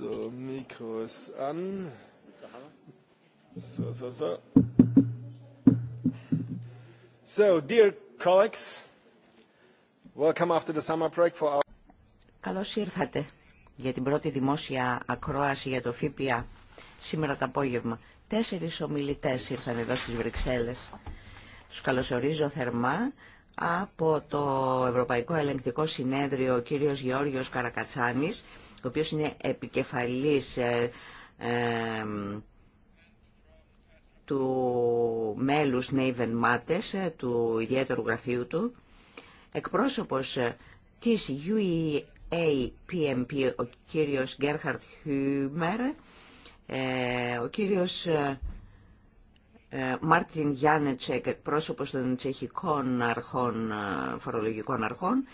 So, an. So, dear colleagues, welcome after the summer break for our... Καλώς ήρθατε για την πρώτη δημόσια ακρόαση για το ΦΠΑ σήμερα το απόγευμα. Τέσσερις ομιλητές ήρθαν εδώ στις Βρυξέλλες. Τους καλωσορίζω θερμά από το Ευρωπαϊκό Ελεγκτικό Συνέδριο ο κύριος Γεώργιος Καρακατσάνης ο οποίος είναι επικεφαλής ε, του μέλους Νέιβεν Μάτες, του ιδιαίτερου γραφείου του, εκπρόσωπος ε, της PMP, e ο κύριος Γκέρχαρτ Χιούμερ, ο κύριος ε, Μάρτιν Γιάννετσεκ, εκπρόσωπος των τσεχικών αρχών, φορολογικών αρχών,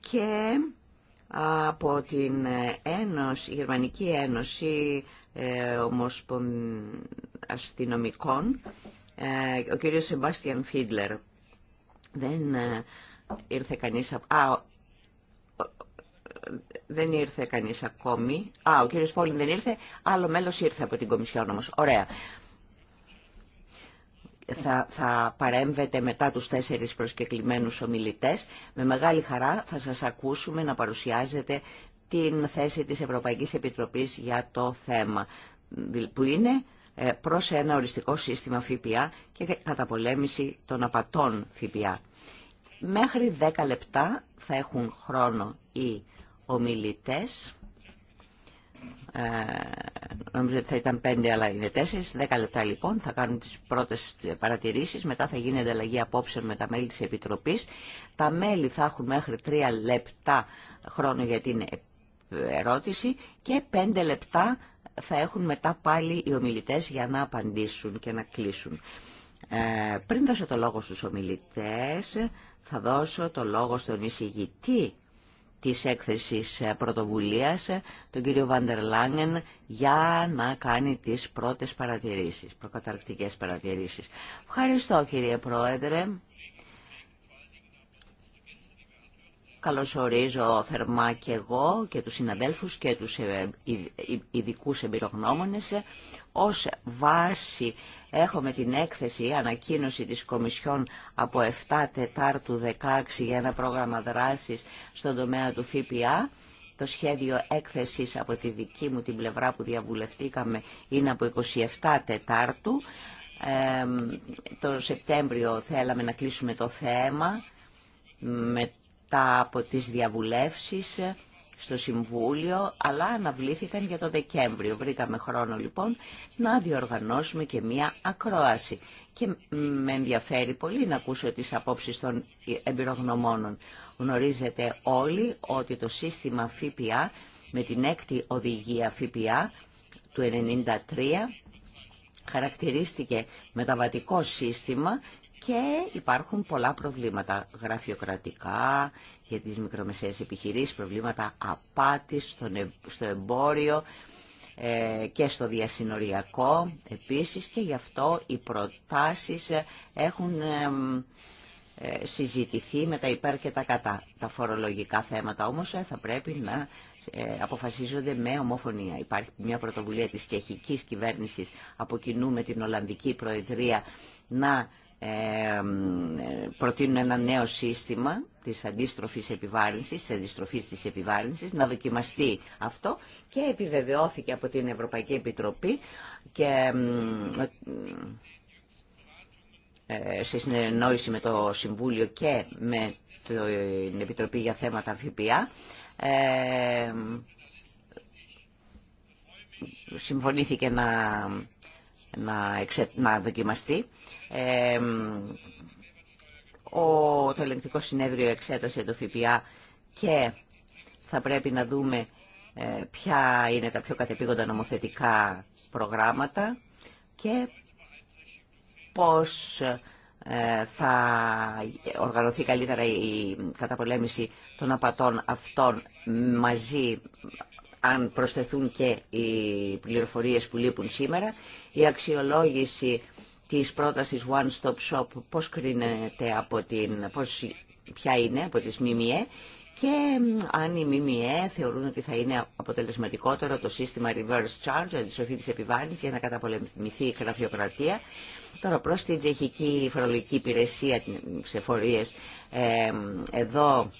και από την ε, Ένωση, η Γερμανική Ένωση ε, Ομοσπον... Αστυνομικών, ε, ο κύριος Σεμπάστιαν Φίτλερ. Δεν ε, ήρθε κανείς... Α, δεν ήρθε κανείς ακόμη. Α, ο κύριος Πόλιν δεν ήρθε. Άλλο μέλος ήρθε από την Κομισιόν όμως. Ωραία θα, θα παρέμβετε μετά τους τέσσερις προσκεκλημένους ομιλητές. Με μεγάλη χαρά θα σας ακούσουμε να παρουσιάζετε την θέση της Ευρωπαϊκής Επιτροπής για το θέμα, που είναι ε, προς ένα οριστικό σύστημα ΦΠΑ και καταπολέμηση των απατών ΦΠΑ. Μέχρι 10 λεπτά θα έχουν χρόνο οι ομιλητές ε, νομίζω ότι θα ήταν πέντε αλλά είναι τέσσερις. Δέκα λεπτά λοιπόν θα κάνουν τις πρώτες παρατηρήσεις. Μετά θα γίνει ανταλλαγή απόψεων με τα μέλη της Επιτροπής. Τα μέλη θα έχουν μέχρι τρία λεπτά χρόνο για την ε, ερώτηση και πέντε λεπτά θα έχουν μετά πάλι οι ομιλητές για να απαντήσουν και να κλείσουν. Ε, πριν δώσω το λόγο στους ομιλητές, θα δώσω το λόγο στον εισηγητή της έκθεσης πρωτοβουλίας, τον κύριο Βάντερ Λάγεν, για να κάνει τις πρώτες παρατηρήσεις, προκαταρκτικές παρατηρήσεις. Ευχαριστώ κύριε Πρόεδρε. Καλωσορίζω θερμά και εγώ και τους συναδέλφους και τους ε, ε, ε, ειδικούς εμπειρογνώμονες ως βάση Έχουμε την έκθεση, η ανακοίνωση της Κομισιόν από 7 Τετάρτου 16 για ένα πρόγραμμα δράσης στον τομέα του ΦΠΑ. Το σχέδιο έκθεσης από τη δική μου την πλευρά που διαβουλευτήκαμε είναι από 27 Τετάρτου. το Σεπτέμβριο θέλαμε να κλείσουμε το θέμα μετά από τις διαβουλεύσεις στο Συμβούλιο, αλλά αναβλήθηκαν για το Δεκέμβριο. Βρήκαμε χρόνο λοιπόν να διοργανώσουμε και μία ακρόαση. Και με ενδιαφέρει πολύ να ακούσω τις απόψεις των εμπειρογνωμόνων. Γνωρίζετε όλοι ότι το σύστημα ΦΠΑ με την έκτη οδηγία ΦΠΑ του 1993 χαρακτηρίστηκε μεταβατικό σύστημα και υπάρχουν πολλά προβλήματα γραφειοκρατικά για τις μικρομεσαίες επιχειρήσεις, προβλήματα απάτης στο εμπόριο ε, και στο διασυνοριακό επίσης και γι' αυτό οι προτάσεις έχουν ε, συζητηθεί με τα υπέρ και τα κατά. Τα φορολογικά θέματα όμως ε, θα πρέπει να αποφασίζονται με ομοφωνία. Υπάρχει μια πρωτοβουλία της τσεχικής κυβέρνησης από κοινού με την Ολλανδική Προεδρία να προτείνουν ένα νέο σύστημα της αντίστροφης επιβάρυνσης, της αντιστροφής της επιβάρυνσης, να δοκιμαστεί αυτό και επιβεβαιώθηκε από την Ευρωπαϊκή Επιτροπή και ε, σε συνεννόηση με το Συμβούλιο και με την Επιτροπή για θέματα ΦΠΑ συμφωνήθηκε να, να δοκιμαστεί ο, το ελεγκτικό συνέδριο εξέτασε το ΦΠΑ και θα πρέπει να δούμε ε, ποια είναι τα πιο κατεπήγοντα νομοθετικά προγράμματα και πώς ε, θα οργανωθεί καλύτερα η καταπολέμηση των απατών αυτών μαζί αν προσθεθούν και οι πληροφορίες που λείπουν σήμερα. Η αξιολόγηση της πρότασης One Stop Shop πώς κρίνεται από την, πώς, ποια είναι από τις ΜΜΕ και αν οι ΜΜΕ θεωρούν ότι θα είναι αποτελεσματικότερο το σύστημα reverse charge, αντισοφή δηλαδή της επιβάρυνσης για να καταπολεμηθεί η γραφειοκρατία. Τώρα προς την τσεχική φορολογική υπηρεσία σε φορείες, ε, εδώ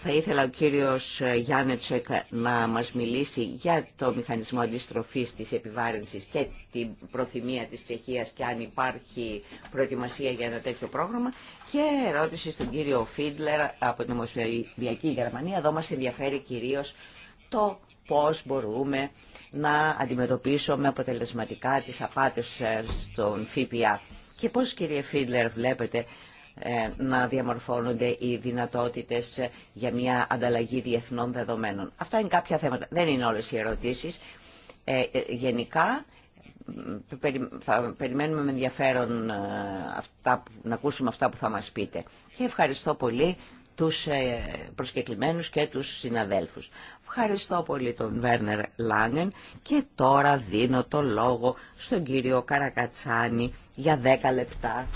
θα ήθελα ο κύριος Γιάννετσεκ να μας μιλήσει για το μηχανισμό αντιστροφής της επιβάρυνσης και την προθυμία της Τσεχίας και αν υπάρχει προετοιμασία για ένα τέτοιο πρόγραμμα και ερώτηση στον κύριο Φίντλερ από την Ομοσπονδιακή Γερμανία. Εδώ μας ενδιαφέρει κυρίως το πώς μπορούμε να αντιμετωπίσουμε αποτελεσματικά τις απάτες ε, στον ΦΠΑ. Και πώς κύριε Φίντλερ βλέπετε ε, να διαμορφώνονται οι δυνατότητες για μια ανταλλαγή διεθνών δεδομένων. Αυτά είναι κάποια θέματα. Δεν είναι όλες οι ερωτήσεις. Ε, ε, γενικά, θα περιμένουμε με ενδιαφέρον αυτά, να ακούσουμε αυτά που θα μας πείτε. Και ευχαριστώ πολύ τους προσκεκλημένους και τους συναδέλφους. Ευχαριστώ πολύ τον Βέρνερ Λάγεν και τώρα δίνω το λόγο στον κύριο Καρακατσάνη για 10 λεπτά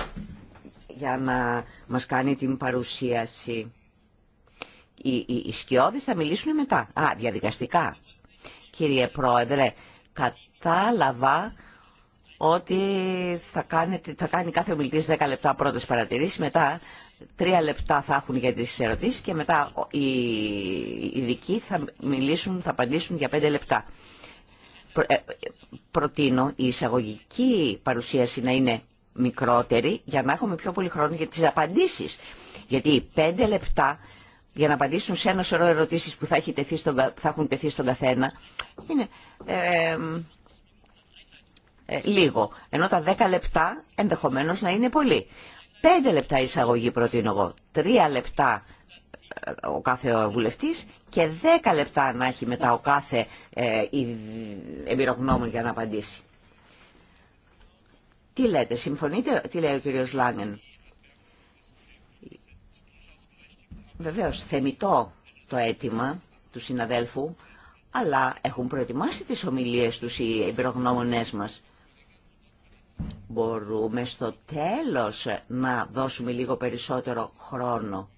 για να μας κάνει την παρουσίαση. Οι, οι, θα μιλήσουν μετά. Α, διαδικαστικά. Κύριε Πρόεδρε, κατάλαβα ότι θα, κάνετε, θα κάνει κάθε ομιλητής 10 λεπτά πρώτες παρατηρήσεις, μετά 3 λεπτά θα έχουν για τις ερωτήσεις και μετά οι ειδικοί θα μιλήσουν, θα απαντήσουν για 5 λεπτά. Προ, ε, προτείνω η εισαγωγική παρουσίαση να είναι μικρότερη για να έχουμε πιο πολύ χρόνο για τις απαντήσεις. Γιατί πέντε λεπτά για να απαντήσουν σε ένα σωρό ερωτήσεις που θα, έχει τεθεί στον, θα έχουν τεθεί στον καθένα είναι ε, ε, λίγο. Ενώ τα δέκα λεπτά ενδεχομένως να είναι πολύ. Πέντε λεπτά εισαγωγή προτείνω εγώ. Τρία λεπτά ε, ο κάθε βουλευτής και δέκα λεπτά να έχει μετά ο κάθε ε, εμπειρογνώμων για να απαντήσει. Τι λέτε, συμφωνείτε, τι λέει ο κύριος Λάνεν. Βεβαίως, θεμητό το αίτημα του συναδέλφου, αλλά έχουν προετοιμάσει τις ομιλίες τους οι εμπειρογνώμονές μας. Μπορούμε στο τέλος να δώσουμε λίγο περισσότερο χρόνο.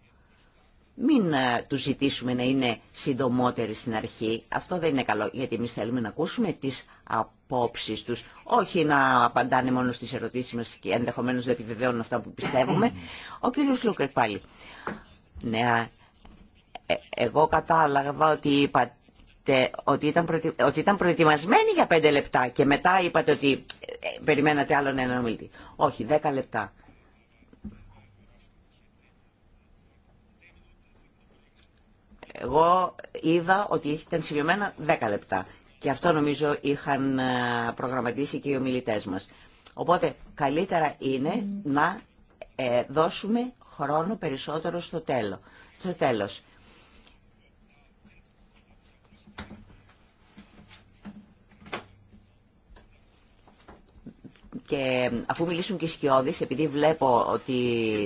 Μην ε, τους ζητήσουμε να είναι συντομότεροι στην αρχή. Αυτό δεν είναι καλό, γιατί εμεί θέλουμε να ακούσουμε τις απόψεις τους, όχι να απαντάνε μόνο στις ερωτήσεις μας και ενδεχομένως να επιβεβαιώνουν αυτά που πιστεύουμε. Ο κύριος Λούκερ πάλι. Ναι, ε, εγώ κατάλαβα ότι είπατε ότι ήταν, ότι ήταν προετοιμασμένοι για πέντε λεπτά και μετά είπατε ότι ε, περιμένατε άλλον έναν ομιλητή. Όχι, δέκα λεπτά. Εγώ είδα ότι ήταν σημειωμένα 10 λεπτά και αυτό νομίζω είχαν ε, προγραμματίσει και οι ομιλητές μας. Οπότε καλύτερα είναι να ε, δώσουμε χρόνο περισσότερο στο τέλο. Στο τέλος. και αφού μιλήσουν και οι σκιώδεις, επειδή βλέπω ότι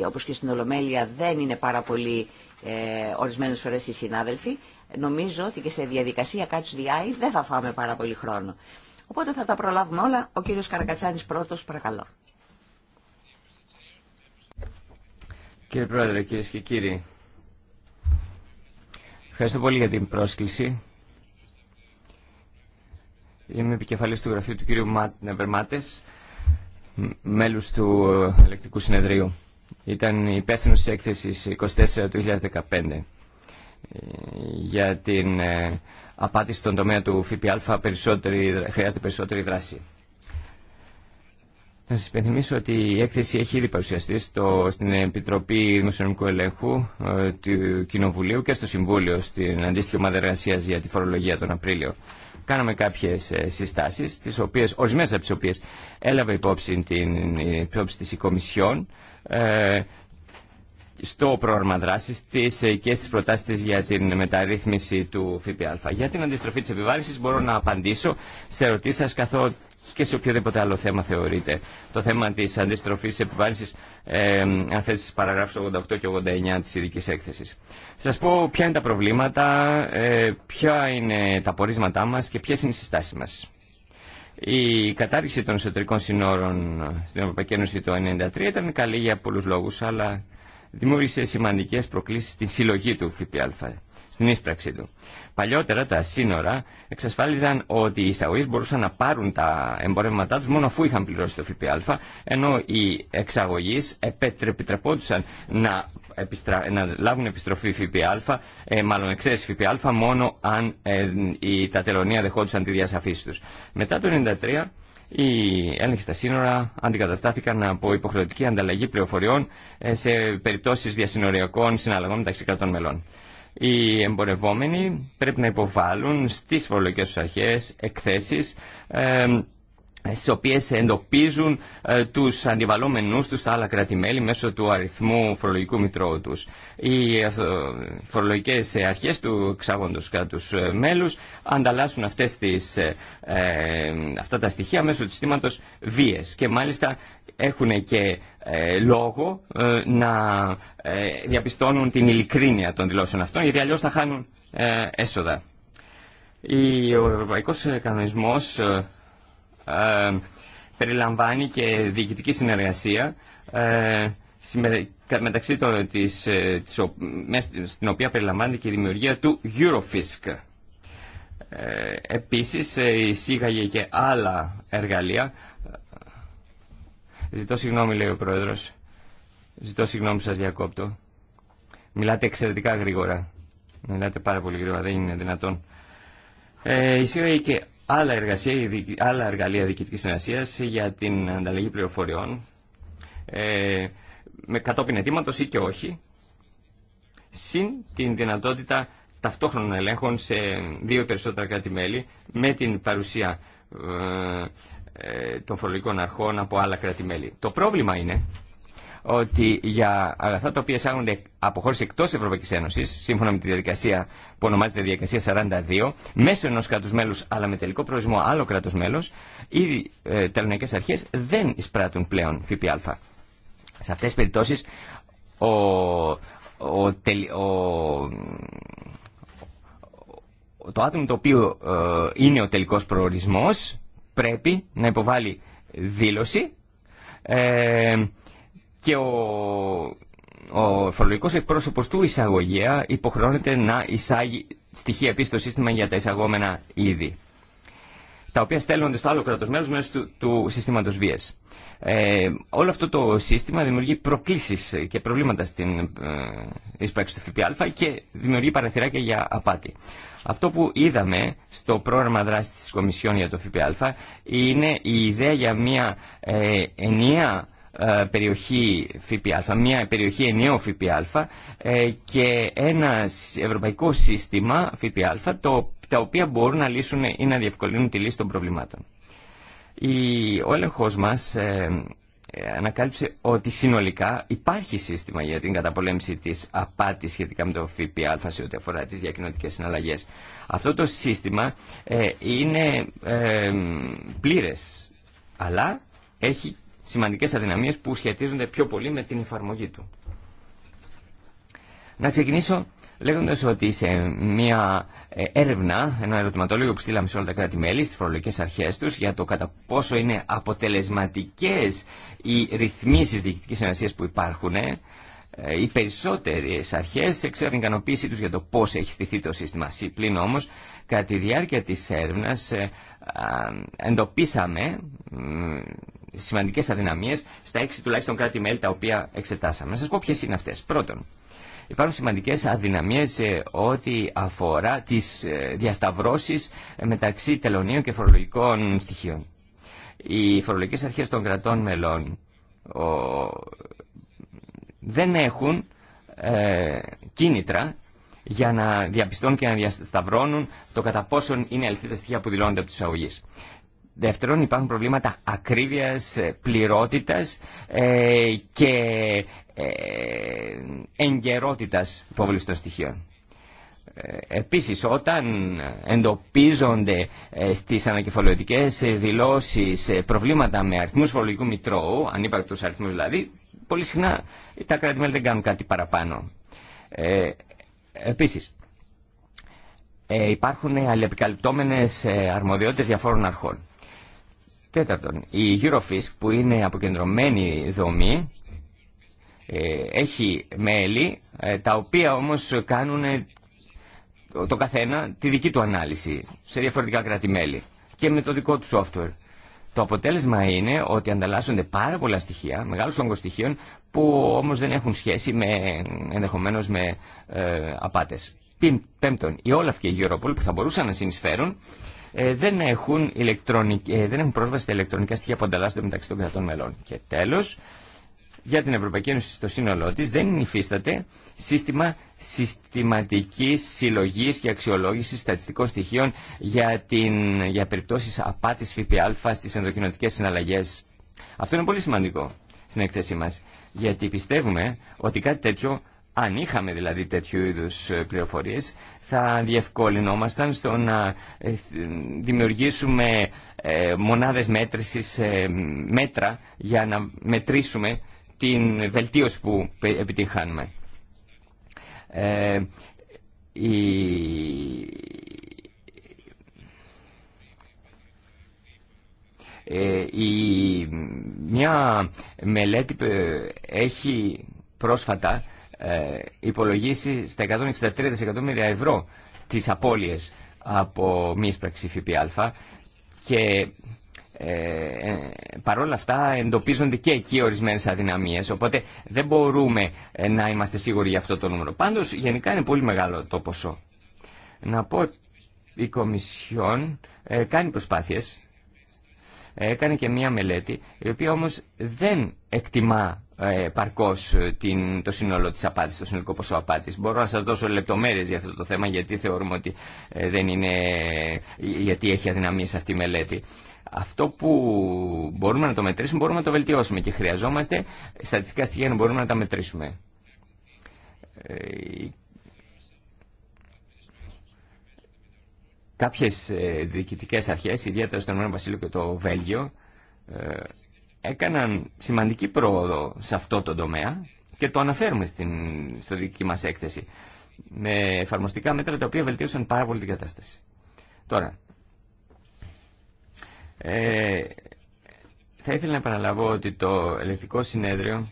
όπως και στην Ολομέλεια δεν είναι πάρα πολύ ε, ορισμένες φορές οι συνάδελφοι, Νομίζω ότι και σε διαδικασία catch the δεν θα φάμε πάρα πολύ χρόνο. Οπότε θα τα προλάβουμε όλα. Ο κύριος Καρακατσάνης πρώτος, παρακαλώ. Κύριε Πρόεδρε, κύριε και κύριοι, ευχαριστώ πολύ για την πρόσκληση. Είμαι επικεφαλής του γραφείου του κύριου Νεβερμάτες, μέλους του ε, Ελεκτικού Συνεδρίου. Ήταν υπεύθυνο τη έκθεση 24 του 2015 για την απάτηση στον τομέα του ΦΠΑ περισσότερη, χρειάζεται περισσότερη δράση. Να σας υπενθυμίσω ότι η έκθεση έχει ήδη παρουσιαστεί στο, στην Επιτροπή Δημοσιονομικού Ελέγχου του Κοινοβουλίου και στο Συμβούλιο στην αντίστοιχη ομάδα εργασία για τη φορολογία τον Απρίλιο. Κάναμε κάποιες συστάσει συστάσεις, οποίε από τις οποίες έλαβε υπόψη την υπόψη της Οικομισιόν, στο πρόγραμμα δράση τη ε, και στι προτάσει τη για την μεταρρύθμιση του ΦΠΑ. Για την αντιστροφή τη επιβάρηση μπορώ να απαντήσω σε ερωτήσει σα καθώ και σε οποιοδήποτε άλλο θέμα θεωρείτε. Το θέμα τη αντιστροφή τη επιβάρηση, ε, αν θέσει παραγράφου 88 και 89 τη ειδική έκθεση. Σα πω ποια είναι τα προβλήματα, ε, ποια είναι τα πορίσματά μα και ποιε είναι οι συστάσει μα. Η κατάργηση των εσωτερικών συνόρων στην Ευρωπαϊκή Ένωση το 1993 ήταν καλή για πολλού λόγου, αλλά δημιούργησε σημαντικές προκλήσεις στην συλλογή του ΦΠΑ, στην ίσπραξή του. Παλιότερα τα σύνορα εξασφάλιζαν ότι οι εισαγωγείς μπορούσαν να πάρουν τα εμπορεύματά του μόνο αφού είχαν πληρώσει το ΦΠΑ, ενώ οι εξαγωγείς επιτρεπόντουσαν να, επιστρα... να λάβουν επιστροφή ΦΠΑ, ε, μάλλον εξαίρεση ΦΠΑ, μόνο αν ε, τα τελωνία δεχόντουσαν τη διασαφή του. Μετά το 1993 οι έλεγχοι στα σύνορα αντικαταστάθηκαν από υποχρεωτική ανταλλαγή πληροφοριών ε, σε περιπτώσεις διασυνοριακών συναλλαγών μεταξύ κρατών μελών. Οι εμπορευόμενοι πρέπει να υποβάλουν στις φορολογικές τους αρχές εκθέσεις ε, στις οποίες εντοπίζουν ε, τους αντιβαλλόμενούς τους στα άλλα κράτη-μέλη μέσω του αριθμού φορολογικού μητρώου τους. Οι ε, φορολογικές ε, αρχές του εξάγοντος κράτους μέλους ανταλλάσσουν αυτές τις, αυτά τα στοιχεία μέσω του συστήματος βίες και μάλιστα έχουν και λόγο να διαπιστώνουν την ειλικρίνεια των δηλώσεων αυτών γιατί αλλιώς θα χάνουν έσοδα. Ο Ευρωπαϊκός Κανονισμός περιλαμβάνει και διοικητική συνεργασία ε, μεταξύ των, της, ε, στην οποία περιλαμβάνεται και η δημιουργία του Eurofisk. Ε, επίσης εισήγαγε και άλλα εργαλεία. Ζητώ συγγνώμη λέει ο Πρόεδρος. Ζητώ συγγνώμη σας διακόπτω. Μιλάτε εξαιρετικά γρήγορα. Μιλάτε πάρα πολύ γρήγορα. Δεν είναι δυνατόν. και άλλα, εργασία, άλλα εργαλεία διοικητικής συνεργασίας για την ανταλλαγή πληροφοριών ε, με κατόπιν αιτήματος ή και όχι συν την δυνατότητα ταυτόχρονων ελέγχων σε δυο ή περισσότερα κράτη-μέλη με την παρουσία ε, ε, των φορολογικών αρχών από άλλα κράτη-μέλη. Το πρόβλημα είναι ότι για αγαθά τα οποία εισάγονται από χώρε εκτό Ευρωπαϊκή Ένωση, σύμφωνα με τη διαδικασία που ονομάζεται Διαδικασία 42, μέσω ενό κράτου μέλου αλλά με τελικό προορισμό άλλο κράτο μέλο, οι ε, τελωνιακέ αρχέ δεν εισπράττουν πλέον ΦΠΑ. Σε αυτέ τι περιπτώσει, ο, ο, ο, το άτομο το οποίο ε, είναι ο τελικός προορισμό πρέπει να υποβάλει δήλωση ε, και ο, ο φορολογικός εκπρόσωπος του εισαγωγέα υποχρεώνεται να εισάγει στοιχεία επίσης στο σύστημα για τα εισαγόμενα είδη τα οποία στέλνονται στο άλλο κράτος μέλος μέσω του, του συστήματος βίας. Ε, όλο αυτό το σύστημα δημιουργεί προκλήσεις και προβλήματα στην ε, εισπράξη του ΦΠΑ και δημιουργεί παραθυράκια για απάτη. Αυτό που είδαμε στο πρόγραμμα δράσης της Κομισιόν για το ΦΠΑ είναι η ιδέα για μια ε, ενιαία ε, περιοχή ΦΠΑ, μια περιοχή ενιαίο ΦΠΑ ε, και ένα ευρωπαϊκό σύστημα ΦΠΑ το, τα οποία μπορούν να λύσουν ή να διευκολύνουν τη λύση των προβλημάτων. Η, ο έλεγχος μας ε, ανακάλυψε ότι συνολικά υπάρχει σύστημα για την καταπολέμηση της απάτης σχετικά με το ΦΠΑ σε ό,τι αφορά τις διακοινωτικές συναλλαγές. Αυτό το σύστημα είναι πλήρε, πλήρες, αλλά έχει σημαντικές αδυναμίες που σχετίζονται πιο πολύ με την εφαρμογή του. Να ξεκινήσω λέγοντας ότι σε μια ε, έρευνα, ένα ερωτηματολόγιο που στείλαμε σε όλα τα κράτη-μέλη, στις φορολογικές αρχές τους, για το κατά πόσο είναι αποτελεσματικές οι ρυθμίσεις διοικητικής συνεργασίας που υπάρχουν, ε, οι περισσότερες αρχές εξέραν την ικανοποίησή τους για το πώς έχει στηθεί το σύστημα. Συμπλήν όμως, κατά τη διάρκεια της έρευνα, ε, εντοπίσαμε σημαντικές αδυναμίες στα έξι τουλάχιστον κράτη-μέλη τα οποία εξετάσαμε. Να σα πω ποιε είναι αυτές. Πρώτον, υπάρχουν σημαντικές αδυναμίες σε ό,τι αφορά τις ε, διασταυρώσεις ε, μεταξύ τελωνίων και φορολογικών στοιχείων. Οι φορολογικέ αρχέ των κρατών μελών δεν έχουν ε, κίνητρα για να διαπιστώνουν και να διασταυρώνουν το κατά πόσον είναι αληθή τα στοιχεία που δηλώνονται από του εισαγωγεί. Δεύτερον, υπάρχουν προβλήματα ακρίβειας, ε, πληρότητας ε, και ε, εγκαιρότητας υπόβλησης των στοιχείων. Ε, επίσης, όταν εντοπίζονται ε, στις ανακεφαλαιωτικές δηλώσεις προβλήματα με αριθμούς φορολογικού μητρώου, ανύπαρκτους αριθμούς δηλαδή, πολύ συχνά τα κράτη-μέλη δεν κάνουν κάτι παραπάνω. Ε, επίσης, υπάρχουν αλληλεπικαλυπτόμενες αρμοδιότητες διαφόρων αρχών. Τέταρτον, η Eurofisk που είναι αποκεντρωμένη δομή ε, έχει μέλη ε, τα οποία όμως κάνουν ε, το καθένα τη δική του ανάλυση σε διαφορετικά κράτη-μέλη και με το δικό του software. Το αποτέλεσμα είναι ότι ανταλλάσσονται πάρα πολλά στοιχεία, μεγάλους όγκους στοιχείων, που όμως δεν έχουν σχέση με, ενδεχομένως με ε, απάτες. Πέμπτον, η Όλαφ και η Europol που θα μπορούσαν να συνεισφέρουν ε, δεν, έχουν ε, δεν έχουν πρόσβαση στα ηλεκτρονικά στοιχεία που ανταλλάσσονται μεταξύ των κρατών μελών. Και τέλο, για την Ευρωπαϊκή Ένωση στο σύνολό τη δεν υφίσταται σύστημα συστηματική συλλογή και αξιολόγηση στατιστικών στοιχείων για, την, για περιπτώσει απάτη ΦΠΑ στι ενδοκινοτικέ συναλλαγέ. Αυτό είναι πολύ σημαντικό στην έκθεσή μα. Γιατί πιστεύουμε ότι κάτι τέτοιο, αν είχαμε δηλαδή τέτοιου είδου πληροφορίε, θα διευκολυνόμασταν στο να ε, δημιουργήσουμε ε, μονάδες μέτρησης, ε, μέτρα για να μετρήσουμε την βελτίωση που επιτυχάνουμε. η... η, μια μελέτη έχει πρόσφατα ε, υπολογίσει στα 163 δισεκατομμύρια ευρώ τις απώλειες από μη σπραξή ΦΠΑ και ε, ε, παρόλα αυτά εντοπίζονται και εκεί ορισμένες αδυναμίες οπότε δεν μπορούμε να είμαστε σίγουροι για αυτό το νούμερο πάντως γενικά είναι πολύ μεγάλο το ποσό να πω η Κομισιόν κάνει προσπάθειες έκανε και μία μελέτη η οποία όμως δεν εκτιμά ε, παρκώς ε, την, το σύνολο της απάτης, το συνολικό ποσό απάτης. Μπορώ να σας δώσω λεπτομέρειες για αυτό το θέμα γιατί θεωρούμε ότι ε, δεν είναι, γιατί έχει αδυναμίες αυτή η μελέτη. Αυτό που μπορούμε να το μετρήσουμε μπορούμε να το βελτιώσουμε και χρειαζόμαστε στατιστικά στοιχεία να μπορούμε να τα μετρήσουμε. κάποιες ε, διοικητικές αρχές, ιδιαίτερα στον Ηνωμένο Βασίλειο και το Βέλγιο, ε, έκαναν σημαντική πρόοδο σε αυτό το τομέα και το αναφέρουμε στην, στο δική μας έκθεση με εφαρμοστικά μέτρα τα οποία βελτίωσαν πάρα πολύ την κατάσταση. Τώρα, ε, θα ήθελα να επαναλαβώ ότι το ελεκτικό συνέδριο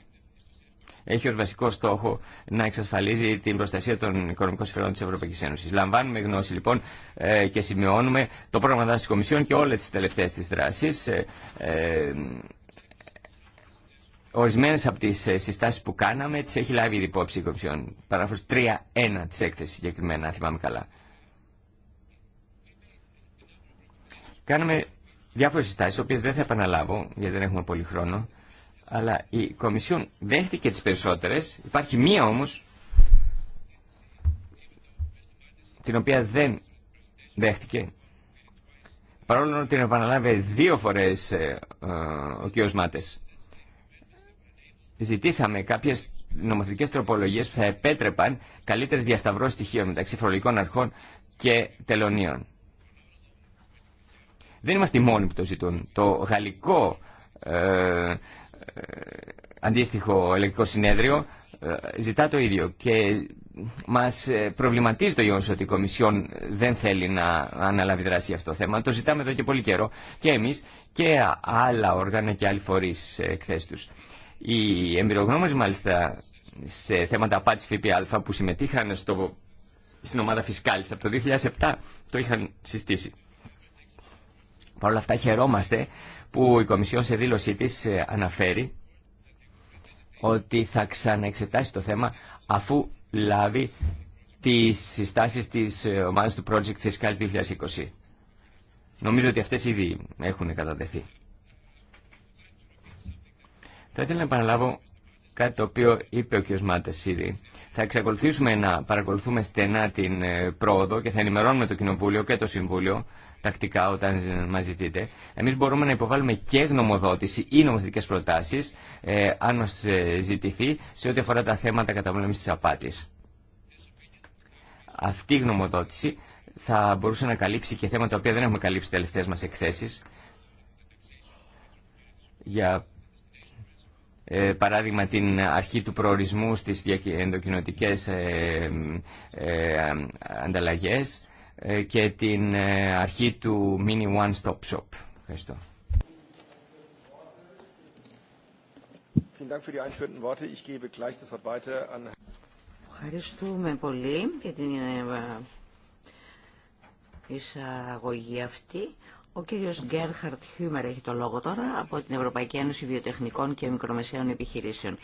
έχει ω βασικό στόχο να εξασφαλίζει την προστασία των οικονομικών συμφερόντων τη Ευρωπαϊκή Ένωση. Λαμβάνουμε γνώση λοιπόν ε, και σημειώνουμε το πρόγραμμα δράση τη Κομισιόν και όλε τι τελευταίε τη δράσει. Ε, ε, Ορισμένε από τι συστάσει που κάναμε τι έχει λάβει ήδη υπόψη η Κομισιόν. Παράγραφο 3-1 τη έκθεση συγκεκριμένα, αν θυμάμαι καλά. Κάναμε διάφορε συστάσει, οποίε δεν θα επαναλάβω, γιατί δεν έχουμε πολύ χρόνο αλλά η Κομισιόν δέχτηκε τις περισσότερες. Υπάρχει μία όμως την οποία δεν δέχτηκε. Παρόλο ότι την επαναλάβει δύο φορές ε, ε ο κ. Μάτες. Ζητήσαμε κάποιες νομοθετικές τροπολογίες που θα επέτρεπαν καλύτερες διασταυρώσεις στοιχείων μεταξύ φορολογικών αρχών και τελωνίων. Δεν είμαστε οι μόνοι που το ζητούν. Το γαλλικό ε, αντίστοιχο ελεκτικό συνέδριο ε, ζητά το ίδιο και μας ε, προβληματίζει το γεγονός ότι η Κομισιόν δεν θέλει να αναλάβει δράση για αυτό το θέμα. Το ζητάμε εδώ και πολύ καιρό και εμείς και άλλα όργανα και άλλοι φορείς εκθέσει τους. Οι εμπειρογνώμες μάλιστα σε θέματα απάτης ΦΠΑ που συμμετείχαν στο, στην ομάδα φυσκάλης από το 2007 το είχαν συστήσει. Παρ' όλα αυτά χαιρόμαστε που η Κομισιόν σε δήλωσή της ε, αναφέρει ότι θα ξαναεξετάσει το θέμα αφού λάβει τις συστάσεις της ε, ομάδας του Project Fiscal 2020. Νομίζω ότι αυτές ήδη έχουν κατατεθεί. Θα ήθελα να επαναλάβω κάτι το οποίο είπε ο κ. Μάτες ήδη θα εξακολουθήσουμε να παρακολουθούμε στενά την ε, πρόοδο και θα ενημερώνουμε το Κοινοβούλιο και το Συμβούλιο τακτικά όταν ε, μα ζητείτε. Εμεί μπορούμε να υποβάλουμε και γνωμοδότηση ή νομοθετικέ προτάσει, ε, αν μα ε, ζητηθεί, σε ό,τι αφορά τα θέματα καταβολή τη απάτη. Αυτή η γνωμοδότηση θα μπορούσε να καλύψει και θέματα τα οποία δεν έχουμε καλύψει τελευταίε μα εκθέσει. Για ε, παράδειγμα την αρχή του προορισμού στις ενδοκινοτικές ε, ε ανταλλαγές ε, και την αρχή του mini one stop shop. Ευχαριστώ. Ευχαριστούμε πολύ για την εισαγωγή αυτή. Ο κύριος Γκέρχαρτ Χιούμερ έχει το λόγο τώρα από την Ευρωπαϊκή Ένωση Βιοτεχνικών και Μικρομεσαίων Επιχειρήσεων.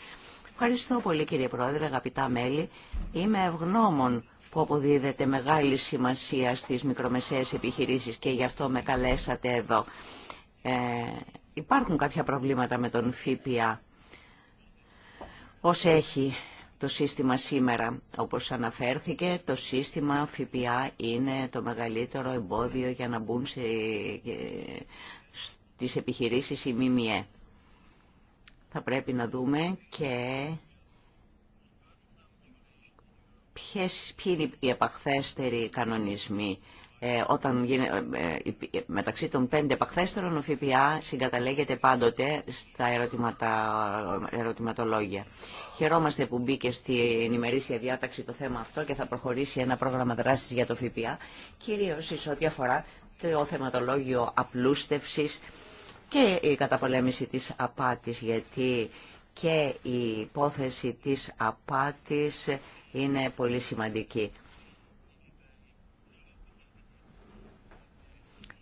Ευχαριστώ πολύ κύριε Πρόεδρε, αγαπητά μέλη. Είμαι ευγνώμων που αποδίδεται μεγάλη σημασία στις μικρομεσαίες επιχειρήσεις και γι' αυτό με καλέσατε εδώ. Ε, υπάρχουν κάποια προβλήματα με τον ΦΠΑ. Ως έχει το σύστημα σήμερα. Όπως αναφέρθηκε, το σύστημα ΦΠΑ είναι το μεγαλύτερο εμπόδιο για να μπουν σε, ε, στις επιχειρήσεις ΜΜΕ. Θα πρέπει να δούμε και ποιες, ποιοι είναι οι επαχθέστεροι κανονισμοί ε, όταν ε, ε, μεταξύ των πέντε επαχθέστερων ο ΦΠΑ συγκαταλέγεται πάντοτε στα ερωτηματολόγια. Χαιρόμαστε που μπήκε στην ημερήσια διάταξη το θέμα αυτό και θα προχωρήσει ένα πρόγραμμα δράσης για το ΦΠΑ, κυρίως σε ό,τι αφορά το θεματολόγιο απλούστευσης και η καταπολέμηση της απάτης, γιατί και η υπόθεση της απάτης είναι πολύ σημαντική.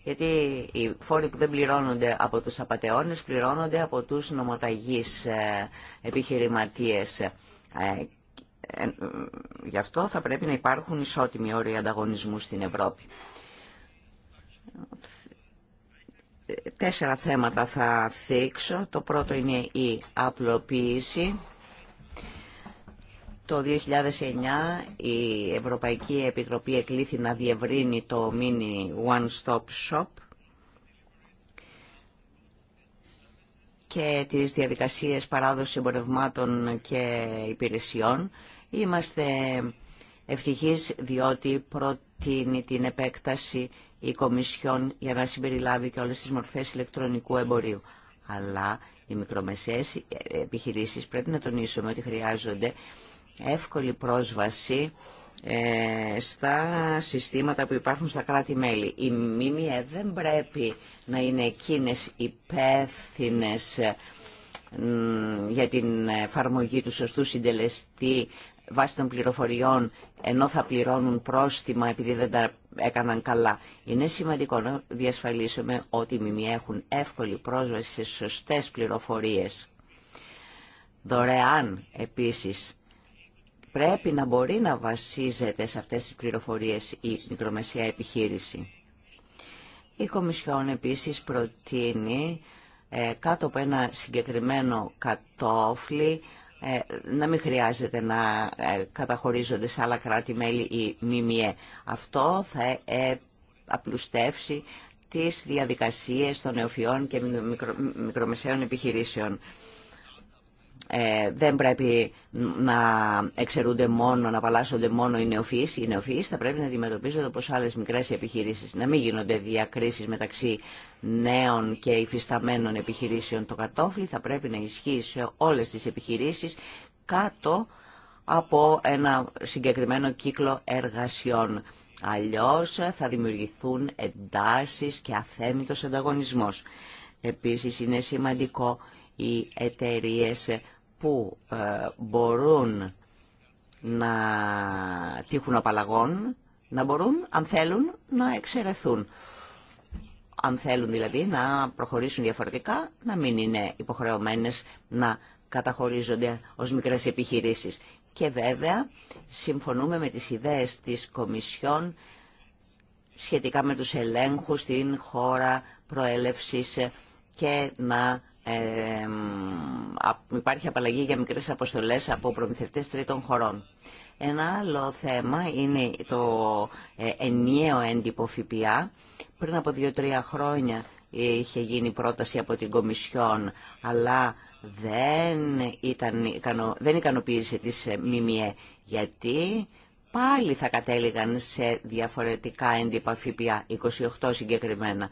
Γιατί οι φόροι που δεν πληρώνονται από τους απαταιώνες πληρώνονται από τους νομοταγείς ε, επιχειρηματίες. Ε, ε, γι' αυτό θα πρέπει να υπάρχουν ισότιμοι όροι ανταγωνισμού στην Ευρώπη. Τέσσερα θέματα θα θίξω. Το πρώτο είναι η απλοποίηση το 2009 η Ευρωπαϊκή Επιτροπή εκλήθη να διευρύνει το mini one-stop shop και τις διαδικασίες παράδοση εμπορευμάτων και υπηρεσιών. Είμαστε ευτυχείς διότι προτείνει την επέκταση η Κομισιόν για να συμπεριλάβει και όλες τις μορφές ηλεκτρονικού εμπορίου. Αλλά οι μικρομεσαίες επιχειρήσεις πρέπει να τονίσουμε ότι χρειάζονται εύκολη πρόσβαση ε, στα συστήματα που υπάρχουν στα κράτη-μέλη. Η ΜΜΕ δεν πρέπει να είναι εκείνες υπεύθυνε για την εφαρμογή του σωστού συντελεστή βάσει των πληροφοριών ενώ θα πληρώνουν πρόστιμα επειδή δεν τα έκαναν καλά. Είναι σημαντικό να διασφαλίσουμε ότι οι ΜΜΕ έχουν εύκολη πρόσβαση σε σωστές πληροφορίες. Δωρεάν επίσης πρέπει να μπορεί να βασίζεται σε αυτές τις πληροφορίες η μικρομεσαία επιχείρηση. Η Κομισιόν επίσης προτείνει ε, κάτω από ένα συγκεκριμένο κατόφλι ε, να μην χρειάζεται να ε, καταχωρίζονται σε άλλα κράτη-μέλη ή ΜΜΕ. Αυτό θα απλουστεύσει τις διαδικασίες των νεοφυών και μικρο, μικρομεσαίων επιχειρήσεων ε, δεν πρέπει να εξαιρούνται μόνο, να απαλλάσσονται μόνο οι νεοφυείς. Οι νεοφυείς θα πρέπει να αντιμετωπίζονται όπως άλλες μικρές επιχειρήσεις. Να μην γίνονται διακρίσεις μεταξύ νέων και υφισταμένων επιχειρήσεων. Το κατόφλι θα πρέπει να ισχύει σε όλες τις επιχειρήσεις κάτω από ένα συγκεκριμένο κύκλο εργασιών. Αλλιώς θα δημιουργηθούν εντάσεις και αθέμητος ανταγωνισμός. Επίσης είναι σημαντικό οι εταιρείε που ε, μπορούν να τύχουν απαλλαγών, να μπορούν, αν θέλουν, να εξαιρεθούν. Αν θέλουν δηλαδή να προχωρήσουν διαφορετικά, να μην είναι υποχρεωμένες να καταχωρίζονται ως μικρές επιχειρήσεις. Και βέβαια, συμφωνούμε με τις ιδέες της Κομισιόν σχετικά με τους ελέγχους στην χώρα προέλευσης και να ε, υπάρχει απαλλαγή για μικρές αποστολές από προμηθευτές τρίτων χωρών. Ένα άλλο θέμα είναι το ε, ενιαίο έντυπο ΦΠΑ. Πριν από δύο-τρία χρόνια είχε γίνει πρόταση από την Κομισιόν, αλλά δεν, ήταν, δεν ικανοποίησε τις ε, ΜΜΕ. Γιατί πάλι θα κατέληγαν σε διαφορετικά έντυπα ΦΠΑ, 28 συγκεκριμένα.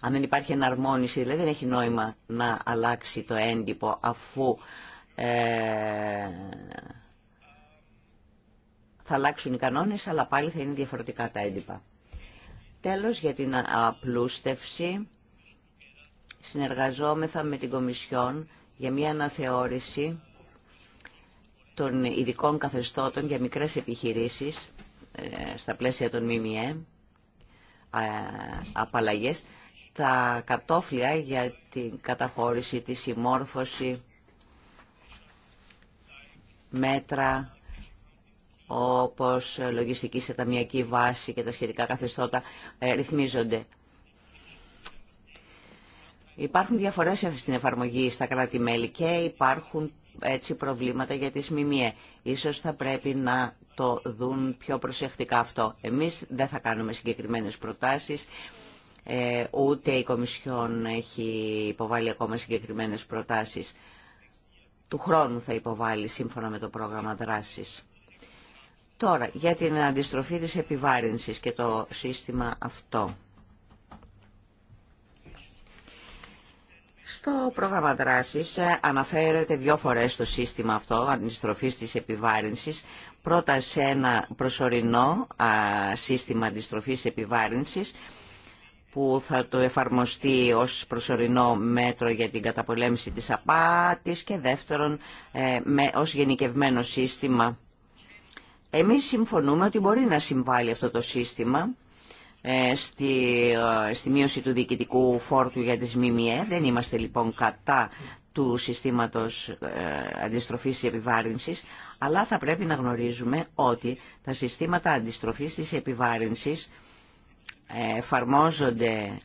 Αν δεν υπάρχει εναρμόνιση, δηλαδή δεν έχει νόημα να αλλάξει το έντυπο αφού ε, θα αλλάξουν οι κανόνες, αλλά πάλι θα είναι διαφορετικά τα έντυπα. Τέλος, για την απλούστευση, συνεργαζόμεθα με την Κομισιόν για μια αναθεώρηση των ειδικών καθεστώτων για μικρές επιχειρήσεις ε, στα πλαίσια των ΜΜΕ, ε, απαλλαγές τα κατόφλια για την καταχώρηση, τη συμμόρφωση, μέτρα όπως λογιστική σε ταμιακή βάση και τα σχετικά καθεστώτα ε, ρυθμίζονται. Υπάρχουν διαφορές στην εφαρμογή στα κράτη-μέλη και υπάρχουν έτσι προβλήματα για τις ΜΜΕ. Ίσως θα πρέπει να το δουν πιο προσεκτικά αυτό. Εμείς δεν θα κάνουμε συγκεκριμένες προτάσεις. Ε, ούτε η Κομισιόν έχει υποβάλει ακόμα συγκεκριμένες προτάσεις. Του χρόνου θα υποβάλει σύμφωνα με το πρόγραμμα δράσης. Τώρα, για την αντιστροφή της επιβάρυνσης και το σύστημα αυτό. Στο πρόγραμμα δράσης ε, αναφέρεται δύο φορές το σύστημα αυτό, αντιστροφής της επιβάρυνσης, πρώτα σε ένα προσωρινό σύστημα αντιστροφής επιβάρυνσης, που θα το εφαρμοστεί ως προσωρινό μέτρο για την καταπολέμηση της απάτης και δεύτερον ε, με, ως γενικευμένο σύστημα. Εμείς συμφωνούμε ότι μπορεί να συμβάλλει αυτό το σύστημα ε, στη, ε, στη μείωση του διοικητικού φόρτου για τις ΜΜΕ. Δεν είμαστε λοιπόν κατά του συστήματος αντιστροφής της επιβάρυνσης, αλλά θα πρέπει να γνωρίζουμε ότι τα συστήματα αντιστροφής της επιβάρυνσης εφαρμόζονται,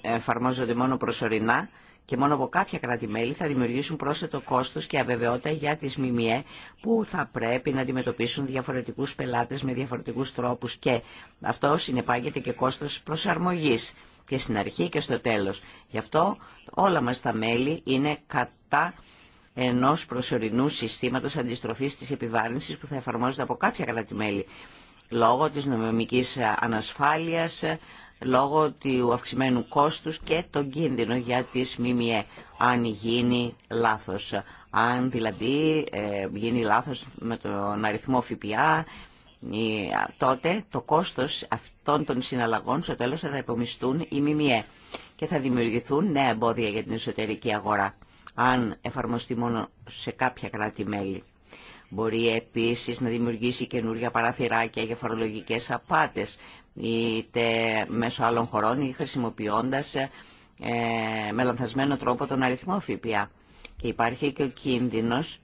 εφαρμόζονται μόνο προσωρινά και μόνο από κάποια κράτη-μέλη θα δημιουργήσουν πρόσθετο κόστος και αβεβαιότητα για τις ΜΜΕ που θα πρέπει να αντιμετωπίσουν διαφορετικούς πελάτες με διαφορετικούς τρόπους και αυτό συνεπάγεται και κόστος προσαρμογής και στην αρχή και στο τέλος. Γι' αυτό όλα μας τα μέλη είναι κατά ενός προσωρινού συστήματος αντιστροφής της επιβάρυνσης που θα εφαρμόζεται από κάποια κράτη-μέλη λόγω της νομιμικής ανασφάλειας, λόγω του αυξημένου κόστους και τον κίνδυνο για τις ΜΜΕ, αν γίνει λάθος. Αν δηλαδή ε, γίνει λάθος με τον αριθμό ΦΠΑ, ε, τότε το κόστος αυτών των συναλλαγών στο τέλος θα τα υπομιστούν οι ΜΜΕ και θα δημιουργηθούν νέα εμπόδια για την εσωτερική αγορά, αν εφαρμοστεί μόνο σε κάποια κράτη-μέλη. Μπορεί επίσης να δημιουργήσει καινούργια παραθυράκια για φορολογικές απάτες, είτε μέσω άλλων χωρών ή χρησιμοποιώντας ε, με λανθασμένο τρόπο τον αριθμό ΦΠΑ. Και υπάρχει και ο κίνδυνος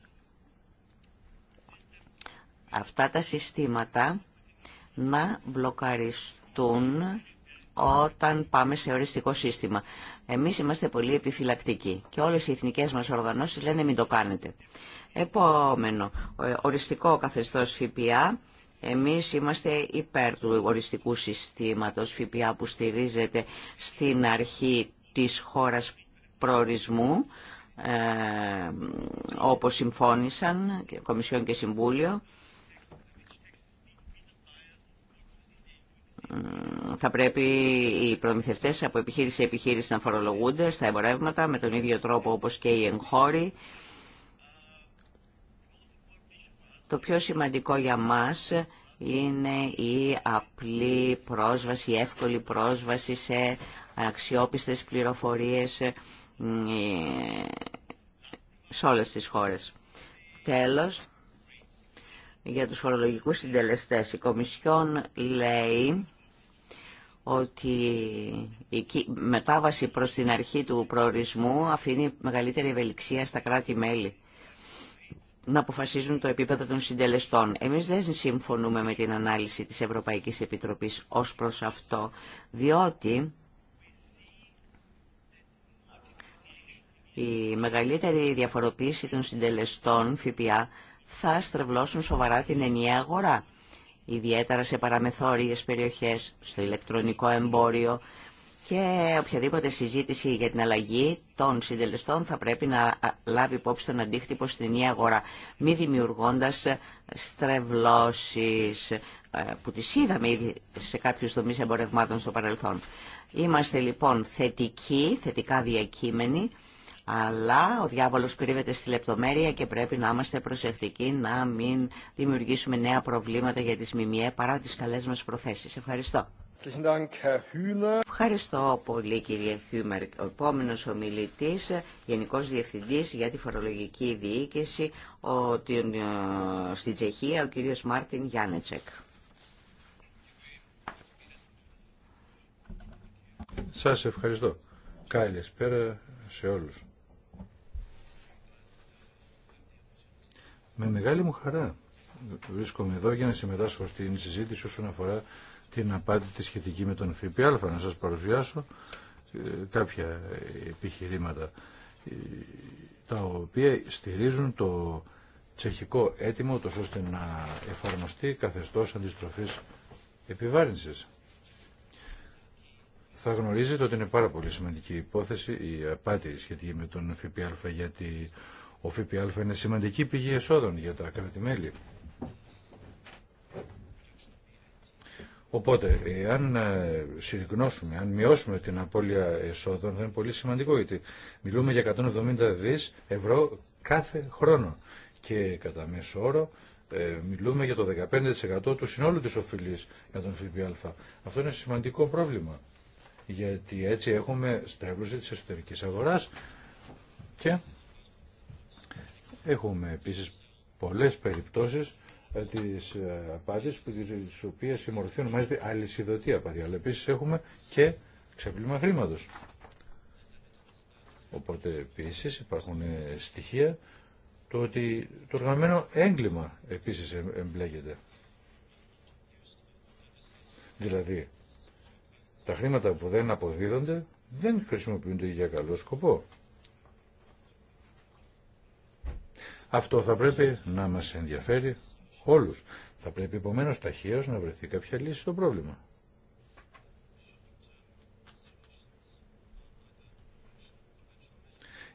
αυτά τα συστήματα να μπλοκαριστούν όταν πάμε σε οριστικό σύστημα. Εμείς είμαστε πολύ επιφυλακτικοί και όλες οι εθνικές μας οργανώσεις λένε μην το κάνετε. Επόμενο, ε, οριστικό καθεστώς ΦΠΑ. Εμείς είμαστε υπέρ του οριστικού συστήματος ΦΠΑ που στηρίζεται στην αρχή της χώρας προορισμού, ε, όπως συμφώνησαν Κομισιόν και Συμβούλιο. Ε, θα πρέπει οι προμηθευτές από επιχείρηση σε επιχείρηση να φορολογούνται στα εμπορεύματα με τον ίδιο τρόπο όπως και οι εγχώροι. Το πιο σημαντικό για μας είναι η απλή πρόσβαση, η εύκολη πρόσβαση σε αξιόπιστες πληροφορίες ε, σε όλες τις χώρες. Τέλος, για τους φορολογικούς συντελεστές. Η Κομισιόν λέει ότι η μετάβαση προς την αρχή του προορισμού αφήνει μεγαλύτερη ευελιξία στα κράτη-μέλη να αποφασίζουν το επίπεδο των συντελεστών. Εμείς δεν συμφωνούμε με την ανάλυση της Ευρωπαϊκής Επιτροπής ως προς αυτό, διότι η μεγαλύτερη διαφοροποίηση των συντελεστών ΦΠΑ θα στρεβλώσουν σοβαρά την ενιαία αγορά, ιδιαίτερα σε παραμεθόριες περιοχές, στο ηλεκτρονικό εμπόριο, και οποιαδήποτε συζήτηση για την αλλαγή των συντελεστών θα πρέπει να λάβει υπόψη τον αντίκτυπο στην νέα αγορά, μη δημιουργώντας στρεβλώσεις ε, που τις είδαμε ήδη σε κάποιους τομείς εμπορευμάτων στο παρελθόν. Είμαστε λοιπόν θετικοί, θετικά διακείμενοι, αλλά ο διάβολος κρύβεται στη λεπτομέρεια και πρέπει να είμαστε προσεκτικοί να μην δημιουργήσουμε νέα προβλήματα για τις ΜΜΕ παρά τις καλές μας προθέσεις. Ευχαριστώ. Ευχαριστώ πολύ κύριε Χιούμερ. Ο επόμενος ομιλητής, Γενικός Διευθυντής για τη Φορολογική Διοίκηση ο, την, ε, Τσεχία, ο κύριος Μάρτιν Γιάννετσεκ. Σας ευχαριστώ. Καλησπέρα σε όλους. Με μεγάλη μου χαρά βρίσκομαι εδώ για να συμμετάσχω στην συζήτηση όσον αφορά την απάτη σχετική με τον ΦΠΑ. Να σας παρουσιάσω ε, κάποια επιχειρήματα ε, τα οποία στηρίζουν το τσεχικό έτοιμο τόσο ώστε να εφαρμοστεί καθεστώς αντιστροφής επιβάρυνσης. Θα γνωρίζετε ότι είναι πάρα πολύ σημαντική υπόθεση η απάτη σχετική με τον ΦΠΑ γιατί ο ΦΠΑ είναι σημαντική πηγή εσόδων για τα κράτη-μέλη. Οπότε, ε, αν ε, συρρυκνώσουμε, αν μειώσουμε την απώλεια εσόδων, θα είναι πολύ σημαντικό, γιατί μιλούμε για 170 δις ευρώ κάθε χρόνο και κατά μέσο όρο ε, μιλούμε για το 15% του συνόλου της οφειλής για τον ΦΠΑ. Αυτό είναι σημαντικό πρόβλημα, γιατί έτσι έχουμε στρέβλωση της εσωτερικής αγοράς και έχουμε επίσης πολλές περιπτώσεις ε, ε, της που της οποίας η μορφή ονομάζεται αλυσιδωτή απάτη. Αλλά επίσης έχουμε και ξεπλήμα χρήματος. Οπότε επίση υπάρχουν ε, στοιχεία το ότι το οργανωμένο έγκλημα επίσης εμπλέκεται. Δηλαδή, τα χρήματα που δεν αποδίδονται δεν χρησιμοποιούνται για καλό σκοπό. Αυτό θα πρέπει να μας ενδιαφέρει όλους. Θα πρέπει επομένω ταχείως να βρεθεί κάποια λύση στο πρόβλημα.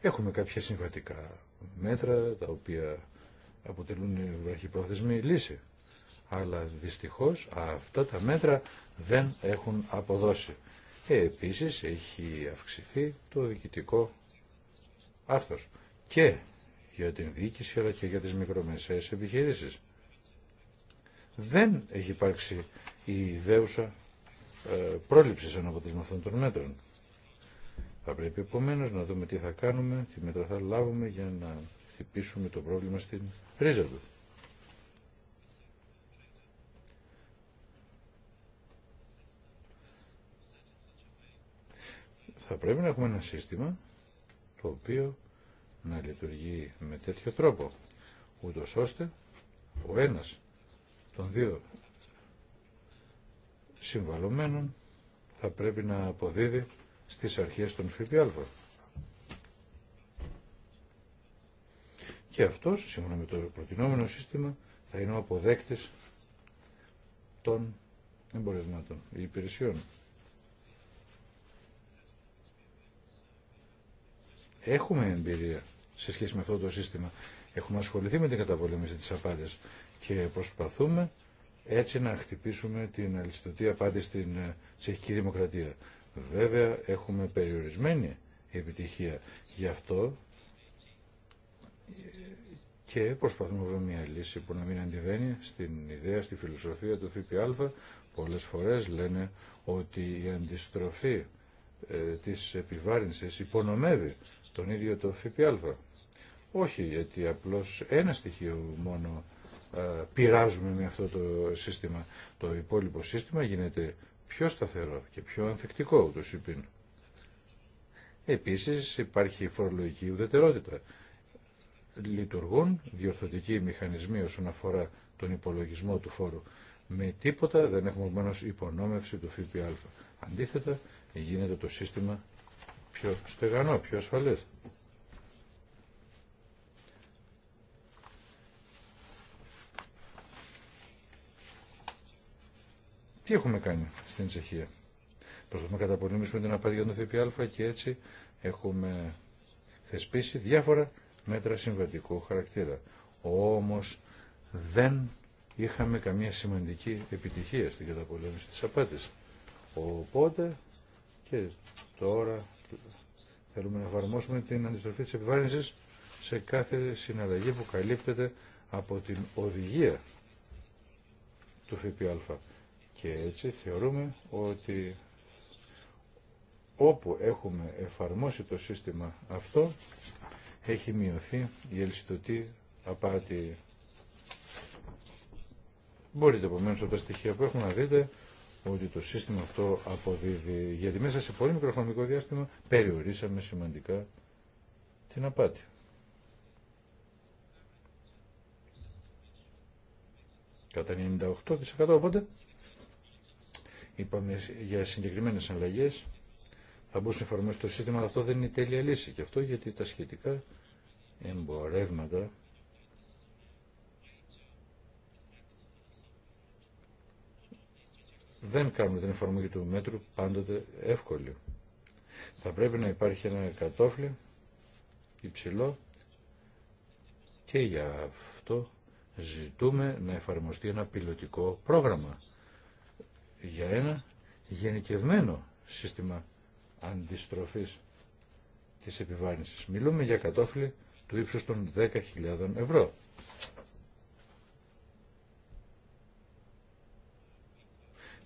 Έχουμε κάποια συμβατικά μέτρα τα οποία αποτελούν βραχυπρόθεσμη λύση. Αλλά δυστυχώς αυτά τα μέτρα δεν έχουν αποδώσει. Και ε, επίσης έχει αυξηθεί το διοικητικό άρθρος και για την διοίκηση αλλά και για τις μικρομεσαίες επιχειρήσεις δεν έχει υπάρξει η ιδέουσα ε, πρόληψη σαν αποτέλεσμα αυτών των μέτρων. Θα πρέπει επομένω να δούμε τι θα κάνουμε, τι μέτρα θα λάβουμε για να χτυπήσουμε το πρόβλημα στην ρίζα του. Θα πρέπει να έχουμε ένα σύστημα το οποίο να λειτουργεί με τέτοιο τρόπο, ούτως ώστε ο ένας των δύο συμβαλωμένων θα πρέπει να αποδίδει στις αρχές των ΦΠΑ. Και αυτός, σύμφωνα με το προτινόμενο σύστημα, θα είναι ο αποδέκτης των εμπορευμάτων ή υπηρεσιών. Έχουμε εμπειρία σε σχέση με αυτό το σύστημα. Έχουμε ασχοληθεί με την καταπολέμηση της απάντησης και προσπαθούμε έτσι να χτυπήσουμε την αλυστοτή απάντηση στην ε, τσεχική δημοκρατία. Βέβαια έχουμε περιορισμένη επιτυχία. Γι' αυτό και προσπαθούμε να βρούμε μια λύση που να μην αντιβαίνει στην ιδέα, στη φιλοσοφία του ΦΠΑ. Πολλές φορές λένε ότι η αντιστροφή ε, της επιβάρυνσης υπονομεύει τον ίδιο το ΦΠΑ. Όχι, γιατί απλώς ένα στοιχείο μόνο ε, πειράζουμε με αυτό το σύστημα. Το υπόλοιπο σύστημα γίνεται πιο σταθερό και πιο ανθεκτικό Το υπήν. Επίσης υπάρχει φορολογική ουδετερότητα. Λειτουργούν διορθωτικοί μηχανισμοί όσον αφορά τον υπολογισμό του φόρου. Με τίποτα δεν έχουμε μόνο υπονόμευση του ΦΠΑ. Αντίθετα, γίνεται το σύστημα πιο στεγανό, πιο ασφαλές. Τι έχουμε κάνει στην Τσεχία. Προσπαθούμε να καταπολεμήσουμε την απάτη για τον ΦΠΑ και έτσι έχουμε θεσπίσει διάφορα μέτρα συμβατικού χαρακτήρα. Όμως δεν είχαμε καμία σημαντική επιτυχία στην καταπολέμηση της απάτης. Οπότε και τώρα θέλουμε να εφαρμόσουμε την αντιστροφή της επιβάρυνσης σε κάθε συναλλαγή που καλύπτεται από την οδηγία του ΦΠΑ. Και έτσι θεωρούμε ότι όπου έχουμε εφαρμόσει το σύστημα αυτό, έχει μειωθεί η ελιστοτή απάτη. Μπορείτε επομένω από τα στοιχεία που έχουμε να δείτε ότι το σύστημα αυτό αποδίδει, γιατί μέσα σε πολύ μικροχρονικό διάστημα περιορίσαμε σημαντικά την απάτη. Κατά 98% οπότε είπαμε για συγκεκριμένες αλλαγές θα μπορούσε να εφαρμόσει το σύστημα, αλλά αυτό δεν είναι η τέλεια λύση. Και αυτό γιατί τα σχετικά εμπορεύματα δεν κάνουν την εφαρμογή του μέτρου πάντοτε εύκολη. Θα πρέπει να υπάρχει ένα κατόφλι υψηλό και για αυτό ζητούμε να εφαρμοστεί ένα πιλωτικό πρόγραμμα για ένα γενικευμένο σύστημα αντιστροφής της επιβάρυνσης. Μιλούμε για κατόφλι του ύψους των 10.000 ευρώ.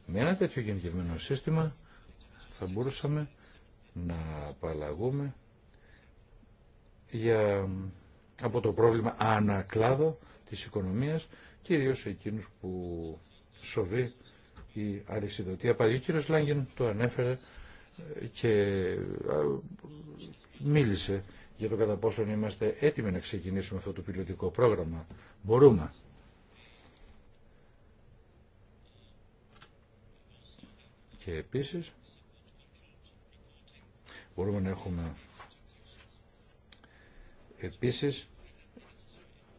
Με ένα τέτοιο γενικευμένο σύστημα θα μπορούσαμε να απαλλαγούμε για, από το πρόβλημα ανακλάδο της οικονομίας, κυρίως εκείνους που σοβεί η αλυσιδωτή απαραίτητη ο Λάγκεν το ανέφερε και μίλησε για το κατά πόσον είμαστε έτοιμοι να ξεκινήσουμε αυτό το πιλωτικό πρόγραμμα. Μπορούμε. Και επίσης μπορούμε να έχουμε επίσης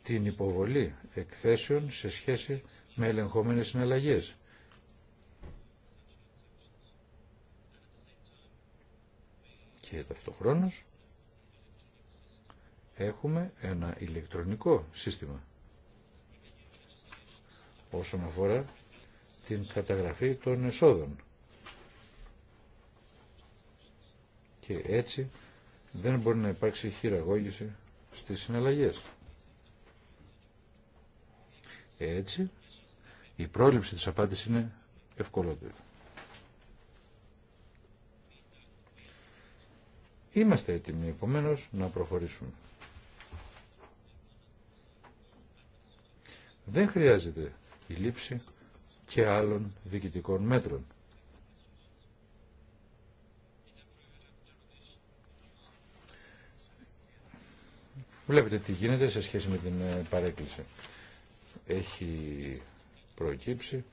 την υποβολή εκθέσεων σε σχέση με ελεγχόμενες συναλλαγές. και ταυτοχρόνως έχουμε ένα ηλεκτρονικό σύστημα όσον αφορά την καταγραφή των εσόδων. Και έτσι δεν μπορεί να υπάρξει χειραγώγηση στις συναλλαγές. Έτσι, η πρόληψη της απάντησης είναι ευκολότερη. Είμαστε έτοιμοι επομένω να προχωρήσουμε. Δεν χρειάζεται η λήψη και άλλων διοικητικών μέτρων. Βλέπετε τι γίνεται σε σχέση με την ε, παρέκκληση. Έχει προκύψει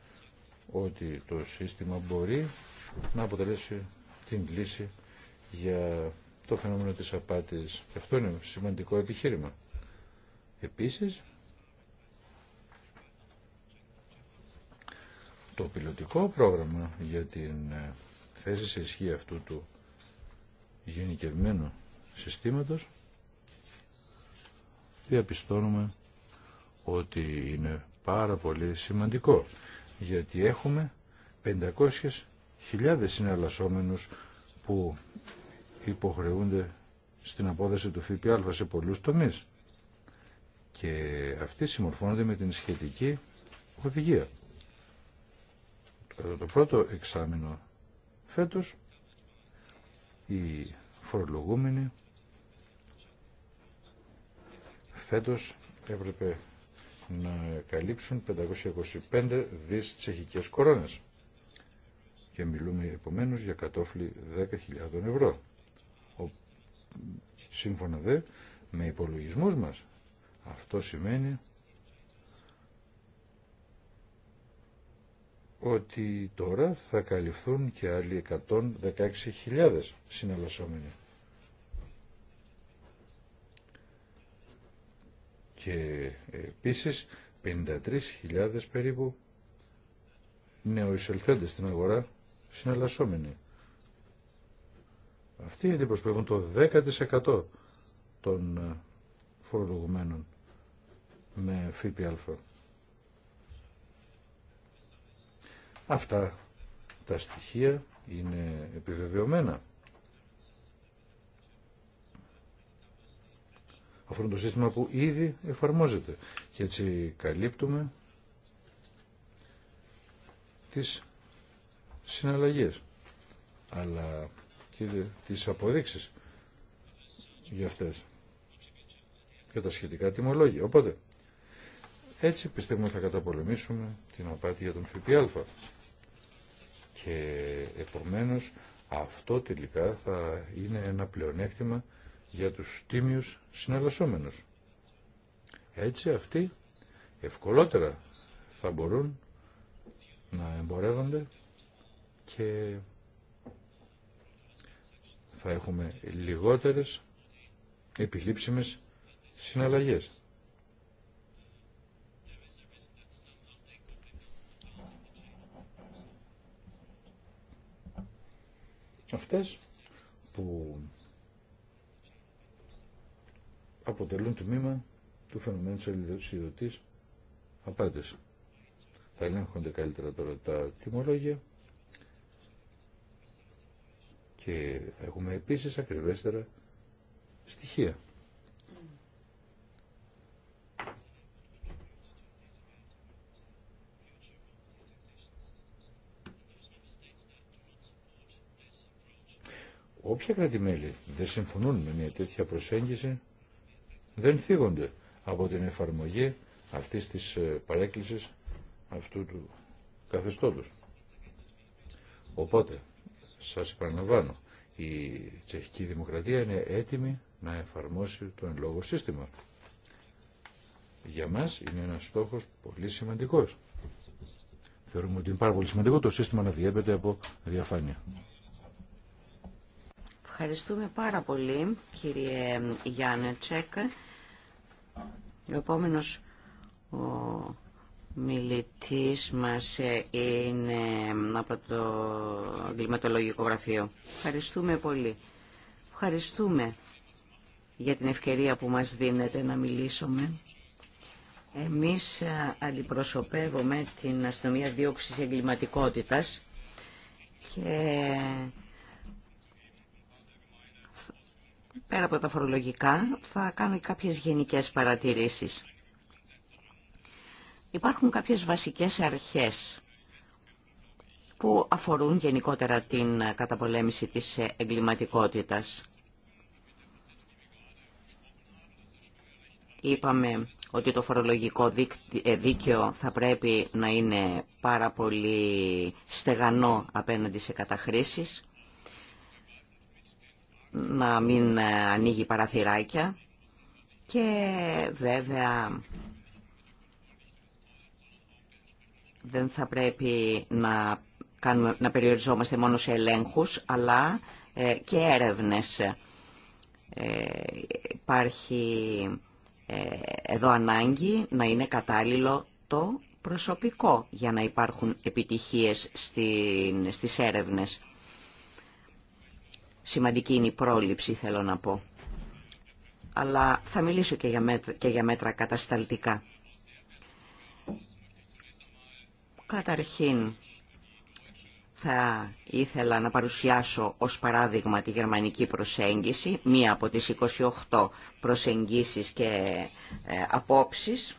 ότι το σύστημα μπορεί να αποτελέσει την λύση για το φαινόμενο της απάτης. Και αυτό είναι σημαντικό επιχείρημα. Επίσης, το πιλωτικό πρόγραμμα για την ε, θέση σε ισχύ αυτού του γενικευμένου συστήματος διαπιστώνουμε ότι είναι πάρα πολύ σημαντικό γιατί έχουμε 500.000 συναλλασσόμενους που υποχρεούνται στην απόδοση του ΦΠΑ σε πολλούς τομείς και αυτοί συμμορφώνονται με την σχετική οδηγία. Το πρώτο εξάμεινο φέτος οι φορολογούμενοι φέτος έπρεπε να καλύψουν 525 δις τσεχικές κορώνες και μιλούμε επομένως για κατόφλι 10.000 ευρώ σύμφωνα δε με υπολογισμούς μας. Αυτό σημαίνει ότι τώρα θα καλυφθούν και άλλοι 116.000 συναλλασσόμενοι. Και επίσης 53.000 περίπου νεοεισελθέντες στην αγορά συναλλασσόμενοι. Αυτοί αντιπροσωπεύουν το 10% των ε, φορολογουμένων με ΦΠΑ. Αυτά τα στοιχεία είναι επιβεβαιωμένα. είναι το σύστημα που ήδη εφαρμόζεται. Και έτσι καλύπτουμε τις συναλλαγές. Αλλά τι τις αποδείξεις για αυτές και τα σχετικά τιμολόγια. Οπότε, έτσι πιστεύουμε θα καταπολεμήσουμε την απάτη για τον ΦΠΑ. Και επομένως αυτό τελικά θα είναι ένα πλεονέκτημα για τους τίμιους συναλλασσόμενους. Έτσι αυτοί ευκολότερα θα μπορούν να εμπορεύονται και θα έχουμε λιγότερες επιλήψιμες συναλλαγές. Αυτές που αποτελούν τμήμα του φαινομένου της αλληλεγγύης απάντηση. Θα ελέγχονται καλύτερα τώρα τα τιμολόγια και έχουμε επίσης ακριβέστερα στοιχεία. Όποια κρατημέλη δεν συμφωνούν με μια τέτοια προσέγγιση δεν φύγονται από την εφαρμογή αυτής της ε, παρέκκλησης αυτού του καθεστώτος. Οπότε σας επαναλαμβάνω, η τσεχική δημοκρατία είναι έτοιμη να εφαρμόσει το εν λόγω σύστημα. Για μας είναι ένας στόχος πολύ σημαντικός. Θεωρούμε ότι είναι πάρα πολύ σημαντικό το σύστημα να διέπεται από διαφάνεια. Ευχαριστούμε πάρα πολύ κύριε Γιάννετσεκ. Ο μιλητής μας ε, είναι ε, από το εγκληματολογικό γραφείο. Ευχαριστούμε πολύ. Ευχαριστούμε για την ευκαιρία που μας δίνετε να μιλήσουμε. Εμείς ε, αντιπροσωπεύουμε την αστυνομία δίωξης εγκληματικότητας και πέρα από τα φορολογικά θα κάνω κάποιες γενικές παρατηρήσεις. Υπάρχουν κάποιες βασικές αρχές που αφορούν γενικότερα την καταπολέμηση της εγκληματικότητας. Είπαμε ότι το φορολογικό ε, δίκαιο θα πρέπει να είναι πάρα πολύ στεγανό απέναντι σε καταχρήσεις, να μην ε, ανοίγει παραθυράκια και βέβαια δεν θα πρέπει να, κάνουμε, να περιοριζόμαστε μόνο σε ελέγχους, αλλά ε, και έρευνες. Ε, υπάρχει ε, εδώ ανάγκη να είναι κατάλληλο το προσωπικό για να υπάρχουν επιτυχίες στην, στις έρευνες. Σημαντική είναι η πρόληψη, θέλω να πω. Αλλά θα μιλήσω και για μέτρα, και για μέτρα κατασταλτικά. Καταρχήν, θα ήθελα να παρουσιάσω ως παράδειγμα τη γερμανική προσέγγιση, μία από τις 28 προσεγγίσεις και ε, απόψεις.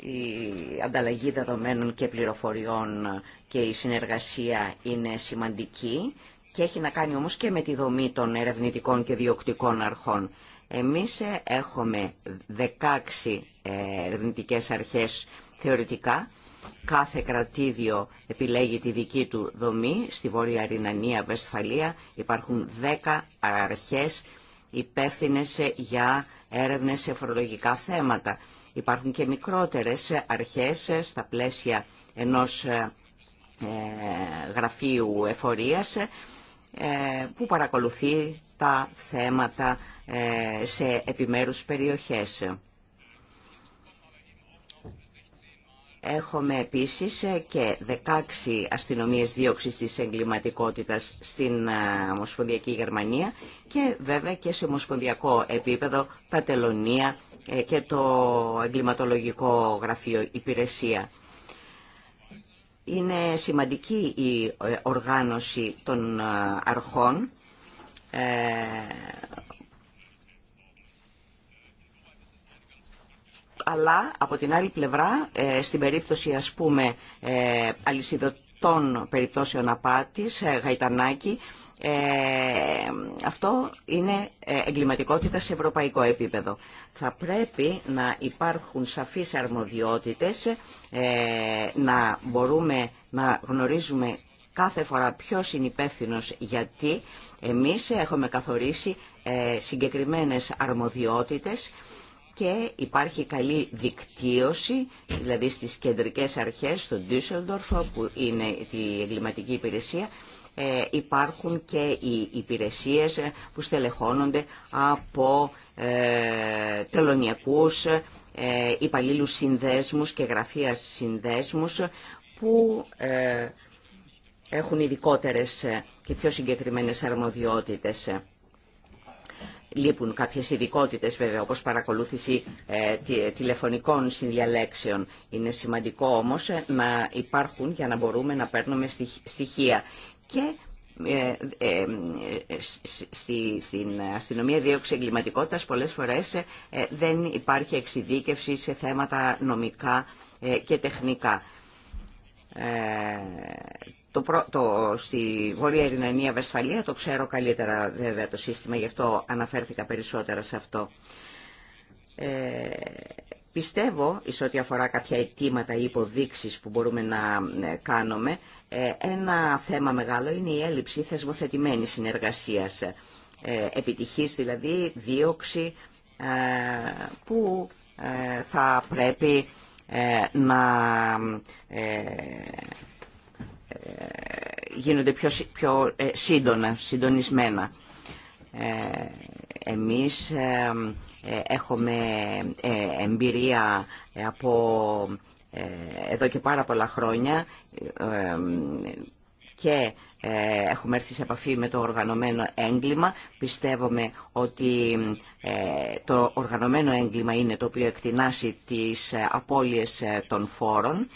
Η ανταλλαγή δεδομένων και πληροφοριών και η συνεργασία είναι σημαντική και έχει να κάνει όμως και με τη δομή των ερευνητικών και διοκτικών αρχών. Εμείς ε, έχουμε 16 ε, ερευνητικέ αρχές θεωρητικά. Κάθε κρατήδιο επιλέγει τη δική του δομή. Στη Βόρεια Ρινανία, Βεσφαλία υπάρχουν 10 αρχές υπεύθυνε για έρευνες σε φορολογικά θέματα. Υπάρχουν και μικρότερες αρχές στα πλαίσια ενός ε, γραφείου εφορίας ε, που παρακολουθεί τα θέματα σε επιμέρους περιοχές. Έχουμε επίσης και 16 αστυνομίες δίωξης της εγκληματικότητας στην ε, Ομοσπονδιακή Γερμανία και βέβαια και σε ομοσπονδιακό επίπεδο τα τελωνία ε, και το εγκληματολογικό γραφείο υπηρεσία. Είναι σημαντική η ε, οργάνωση των αρχών αλλά από την άλλη πλευρά, ε, στην περίπτωση ας πούμε ε, αλυσιδωτών περιπτώσεων απάτης, ε, γαϊτανάκι, αυτό είναι εγκληματικότητα σε ευρωπαϊκό επίπεδο. Θα πρέπει να υπάρχουν σαφείς αρμοδιότητες, να μπορούμε να γνωρίζουμε κάθε φορά ποιος είναι υπεύθυνο γιατί εμείς έχουμε καθορίσει ε, συγκεκριμένες αρμοδιότητες και υπάρχει καλή δικτύωση, δηλαδή στις κεντρικές αρχές, στο Düsseldorf που είναι η εγκληματική υπηρεσία, ε, υπάρχουν και οι υπηρεσίες ε, που στελεχώνονται από ε, τελωνιακούς υπαλλήλους συνδέσμους και γραφεία συνδέσμους που έχουν ειδικότερες και πιο συγκεκριμένες αρμοδιότητες λείπουν κάποιες ειδικότητε βέβαια όπως παρακολούθηση ε, τηλεφωνικών συνδιαλέξεων. Είναι σημαντικό όμως ε, να υπάρχουν για να μπορούμε να παίρνουμε στοιχεία. Και ε, στην αστυνομία δίωξη εγκληματικότητας πολλές φορές δεν υπάρχει εξειδίκευση σε θέματα νομικά και τεχνικά. Το στη Βορεια Ειρηνανία Βεσφαλία το ξέρω καλύτερα βέβαια το σύστημα, γι' αυτό αναφέρθηκα περισσότερα σε αυτό. Ε, πιστεύω, εις ό,τι αφορά κάποια αιτήματα ή υποδείξεις που μπορούμε να ε, κάνουμε, ε, ένα θέμα μεγάλο είναι η έλλειψη θεσμοθετημένης συνεργασίας. Ε, επιτυχής δηλαδή, δίωξη που θα πρέπει να ε, γίνονται πιο, πιο ε, σύντονα, συντονισμένα. Ε, εμείς έχουμε εμπειρία από εδώ και πάρα πολλά χρόνια και έχουμε έρθει σε επαφή με το οργανωμένο έγκλημα. Πιστεύουμε ότι το οργανωμένο έγκλημα είναι το οποίο εκτινάσει τις απώλειες των φόρων.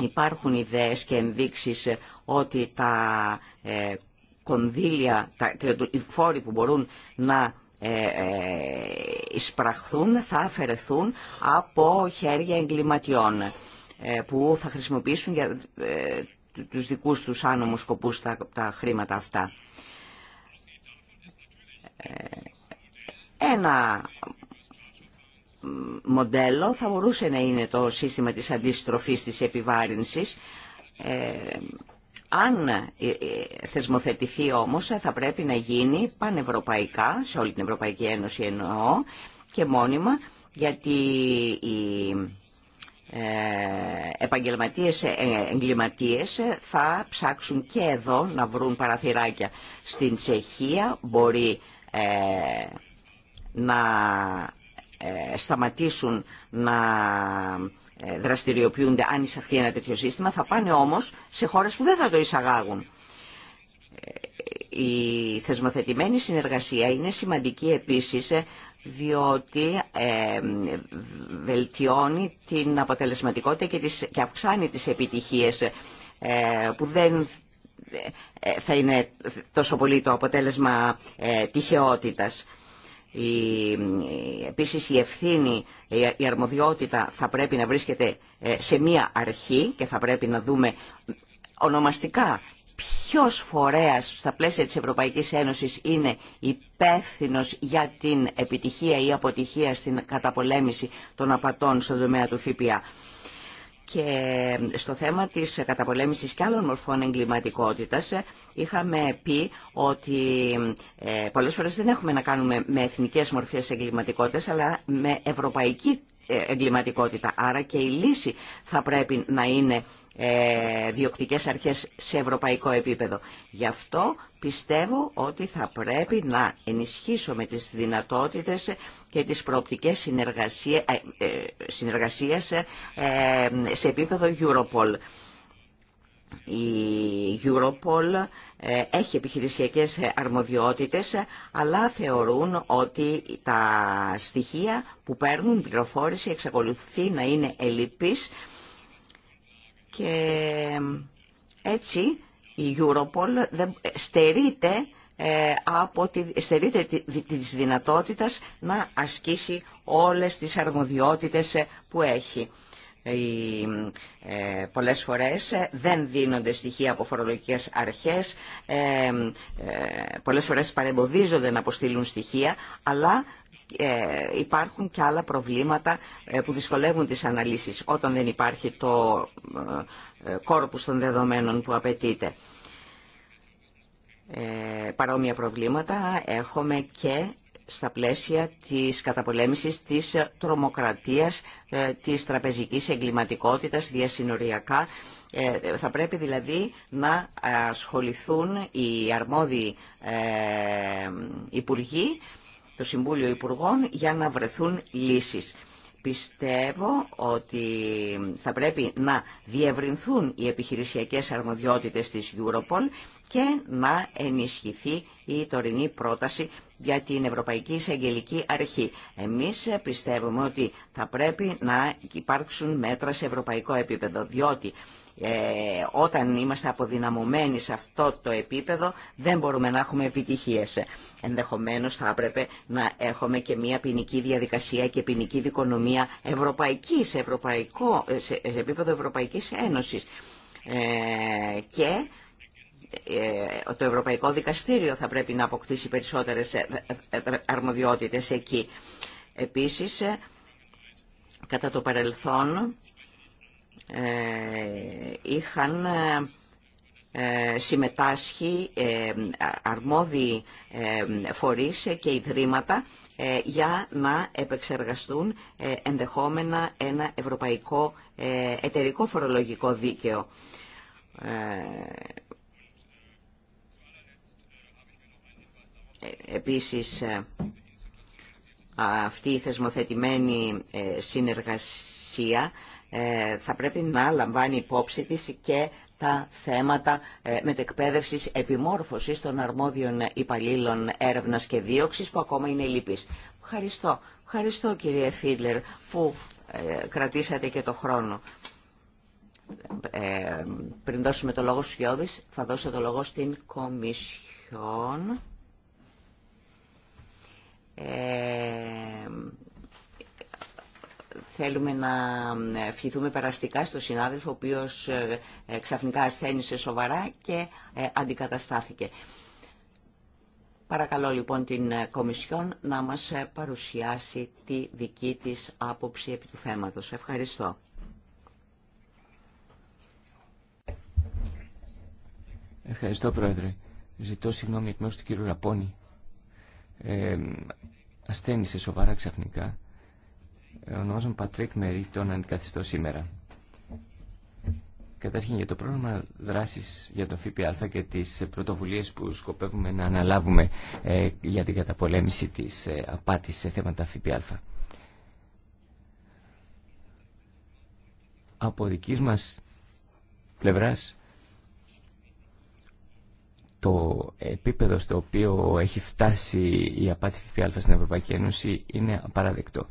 Υπάρχουν ιδέες και ενδείξεις ε, ότι τα ε, κονδύλια, τα, οι φόροι που μπορούν να ε, εισπραχθούν, θα αφαιρεθούν από χέρια εγκληματιών που θα χρησιμοποιήσουν για τους δικούς τους άνομους σκοπούς τα, τα χρήματα αυτά. Ένα μοντέλο θα μπορούσε να είναι το σύστημα της αντιστροφής της επιβάρυνσης. Ε, αν ε, ε, θεσμοθετηθεί όμως θα πρέπει να γίνει πανευρωπαϊκά, σε όλη την Ευρωπαϊκή Ένωση εννοώ, και μόνιμα, γιατί οι ε, επαγγελματίες ε, εγκληματίες θα ψάξουν και εδώ να βρουν παραθυράκια. Στην Τσεχία μπορεί... να ε, σταματήσουν να ε, δραστηριοποιούνται αν εισαχθεί ένα τέτοιο σύστημα, θα πάνε όμως σε χώρες που δεν θα το εισαγάγουν. Ε, η θεσμοθετημένη συνεργασία είναι σημαντική επίσης διότι ε, βελτιώνει την αποτελεσματικότητα και, τις, και αυξάνει τις επιτυχίες που δεν θα είναι τόσο πολύ το αποτέλεσμα τυχεότητας. Η, επίσης η ευθύνη, η αρμοδιότητα θα πρέπει να βρίσκεται ε, σε μία αρχή και θα πρέπει να δούμε ονομαστικά ποιος φορέας στα πλαίσια της Ευρωπαϊκής Ένωσης είναι υπεύθυνο για την επιτυχία ή αποτυχία στην καταπολέμηση των απατών στον τομέα του ΦΠΑ. Και στο θέμα της καταπολέμησης και άλλων μορφών εγκληματικότητας ε, είχαμε πει ότι ε, πολλές φορές δεν έχουμε να κάνουμε με εθνικές μορφές εγκληματικότητας αλλά με ευρωπαϊκή ε, εγκληματικότητα. Άρα και η λύση θα πρέπει να είναι διοκτικές αρχές σε ευρωπαϊκό επίπεδο. Γι' αυτό πιστεύω ότι θα πρέπει να ενισχύσουμε τις δυνατότητες και τις προοπτικές συνεργασία, ε, ε, συνεργασίας ε, σε επίπεδο Europol. Η Europol έχει επιχειρησιακές αρμοδιότητες, αλλά θεωρούν ότι τα στοιχεία που παίρνουν πληροφόρηση εξακολουθεί να είναι ελλειπής και έτσι η Europol δεν στερείται ε, από τη, στερείται της δυνατότητας να ασκήσει όλες τις αρμοδιότητες ε, που έχει. Οι, ε, πολλές φορές ε, δεν δίνονται στοιχεία από φορολογικές αρχές, ε, ε, πολλές φορές παρεμποδίζονται να αποστείλουν στοιχεία, αλλά υπάρχουν και άλλα προβλήματα που δυσκολεύουν τις αναλύσεις όταν δεν υπάρχει το κόρπους των δεδομένων που απαιτείται. Ε, παρόμοια προβλήματα έχουμε και στα πλαίσια της καταπολέμησης της τρομοκρατίας, ε, της τραπεζικής εγκληματικότητας διασυνοριακά. Ε, θα πρέπει δηλαδή να ασχοληθούν οι αρμόδιοι υπουργοί, το Συμβούλιο Υπουργών, για να βρεθούν λύσεις. Πιστεύω ότι θα πρέπει να διευρυνθούν οι επιχειρησιακές αρμοδιότητες της Europol και να ενισχυθεί η τωρινή πρόταση για την Ευρωπαϊκή Εισαγγελική Αρχή. Εμείς πιστεύουμε ότι θα πρέπει να υπάρξουν μέτρα σε ευρωπαϊκό επίπεδο, διότι ε, όταν είμαστε αποδυναμωμένοι σε αυτό το επίπεδο δεν μπορούμε να έχουμε επιτυχίες. Ενδεχομένως θα έπρεπε να έχουμε και μια ποινική διαδικασία και ποινική δικονομία ευρωπαϊκή, σε, ευρωπαϊκό, σε επίπεδο Ευρωπαϊκής Ένωσης. Ε, και ε, το Ευρωπαϊκό Δικαστήριο θα πρέπει να αποκτήσει περισσότερες αρμοδιότητες εκεί. Επίσης, κατά το παρελθόν, ε, είχαν ε, συμμετάσχει ε, αρμόδιοι φορείς και ιδρύματα για να επεξεργαστούν ενδεχόμενα ένα ευρωπαϊκό εταιρικό φορολογικό δίκαιο. Επίσης, αυτή η θεσμοθετημένη συνεργασία ε, θα πρέπει να λαμβάνει υπόψη της και τα θέματα ε, μετεκπαίδευσης επιμόρφωσης των αρμόδιων υπαλλήλων έρευνας και δίωξης που ακόμα είναι λύπης. Ευχαριστώ. Ευχαριστώ κύριε Φίτλερ που ε, κρατήσατε και το χρόνο. Ε, πριν δώσουμε το λόγο στους θα δώσω το λόγο στην Κομισιόν θέλουμε να ευχηθούμε περαστικά στο συνάδελφο ο οποίος ε, ε, ξαφνικά ασθένησε σοβαρά και ε, αντικαταστάθηκε. Παρακαλώ λοιπόν την Κομισιόν να μας παρουσιάσει τη δική της άποψη επί του θέματος. Ευχαριστώ. Ευχαριστώ Πρόεδρε. Ζητώ συγγνώμη εκ μέρους του κύριου Ραπώνη. Ε, ασθένησε σοβαρά ξαφνικά ονομάζομαι Πατρίκ Μερί, τον αντικαθιστώ σήμερα. Καταρχήν για το πρόγραμμα δράσης για το ΦΠΑ και τι πρωτοβουλίες που σκοπεύουμε να αναλάβουμε ε, για την καταπολέμηση της ε, απάτης σε θέματα ΦΠΑ. Από δική μας πλευρά, το επίπεδο στο οποίο έχει φτάσει η απάτη ΦΠΑ στην Ευρωπαϊκή Ένωση είναι απαραδεκτό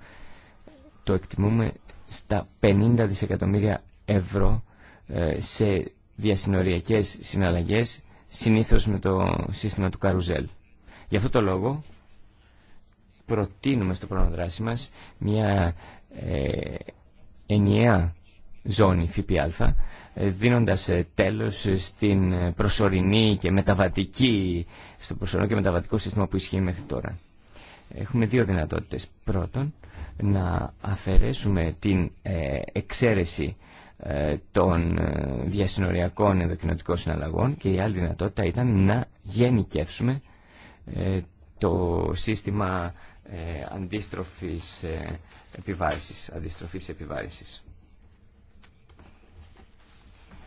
το εκτιμούμε στα 50 δισεκατομμύρια ευρώ ε, σε διασυνοριακές συναλλαγές συνήθως με το σύστημα του καρουζέλ. Γι' αυτό το λόγο προτείνουμε στο πρόγραμμα δράση μας μια ε, ενιαία ζώνη ΦΠΑ ε, δίνοντας τέλος στην προσωρινή και μεταβατική, στο προσωρινό και μεταβατικό σύστημα που ισχύει μέχρι τώρα. Έχουμε δύο δυνατότητες. Πρώτον, να αφαιρέσουμε την ε, εξαίρεση ε, των ε, διασυνοριακών ενδοκινοτικών συναλλαγών και η άλλη δυνατότητα ήταν να γενικεύσουμε το σύστημα αντίστροφης επιβάρησης, αντίστροφης επιβάρησης.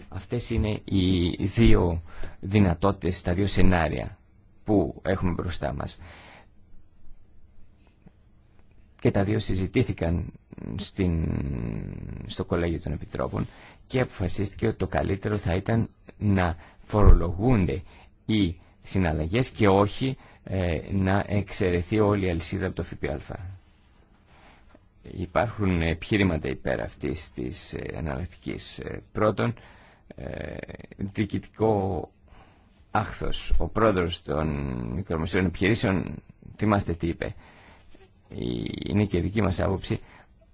Αυτές είναι οι δύο δυνατότητες, τα δύο σενάρια που έχουμε μπροστά μας και τα δύο συζητήθηκαν στην, στο Κολέγιο των Επιτρόπων και αποφασίστηκε ότι το καλύτερο θα ήταν να φορολογούνται οι συναλλαγές και όχι ε, να εξαιρεθεί όλη η αλυσίδα από το ΦΠΑ. Υπάρχουν επιχείρηματα υπέρ αυτής της αναλλακτικής. Ε, ε, πρώτον, ε, διοικητικό άχθος. Ο πρόεδρος των μικρομεσαίων επιχειρήσεων, θυμάστε τι είπε, είναι και δική μας άποψη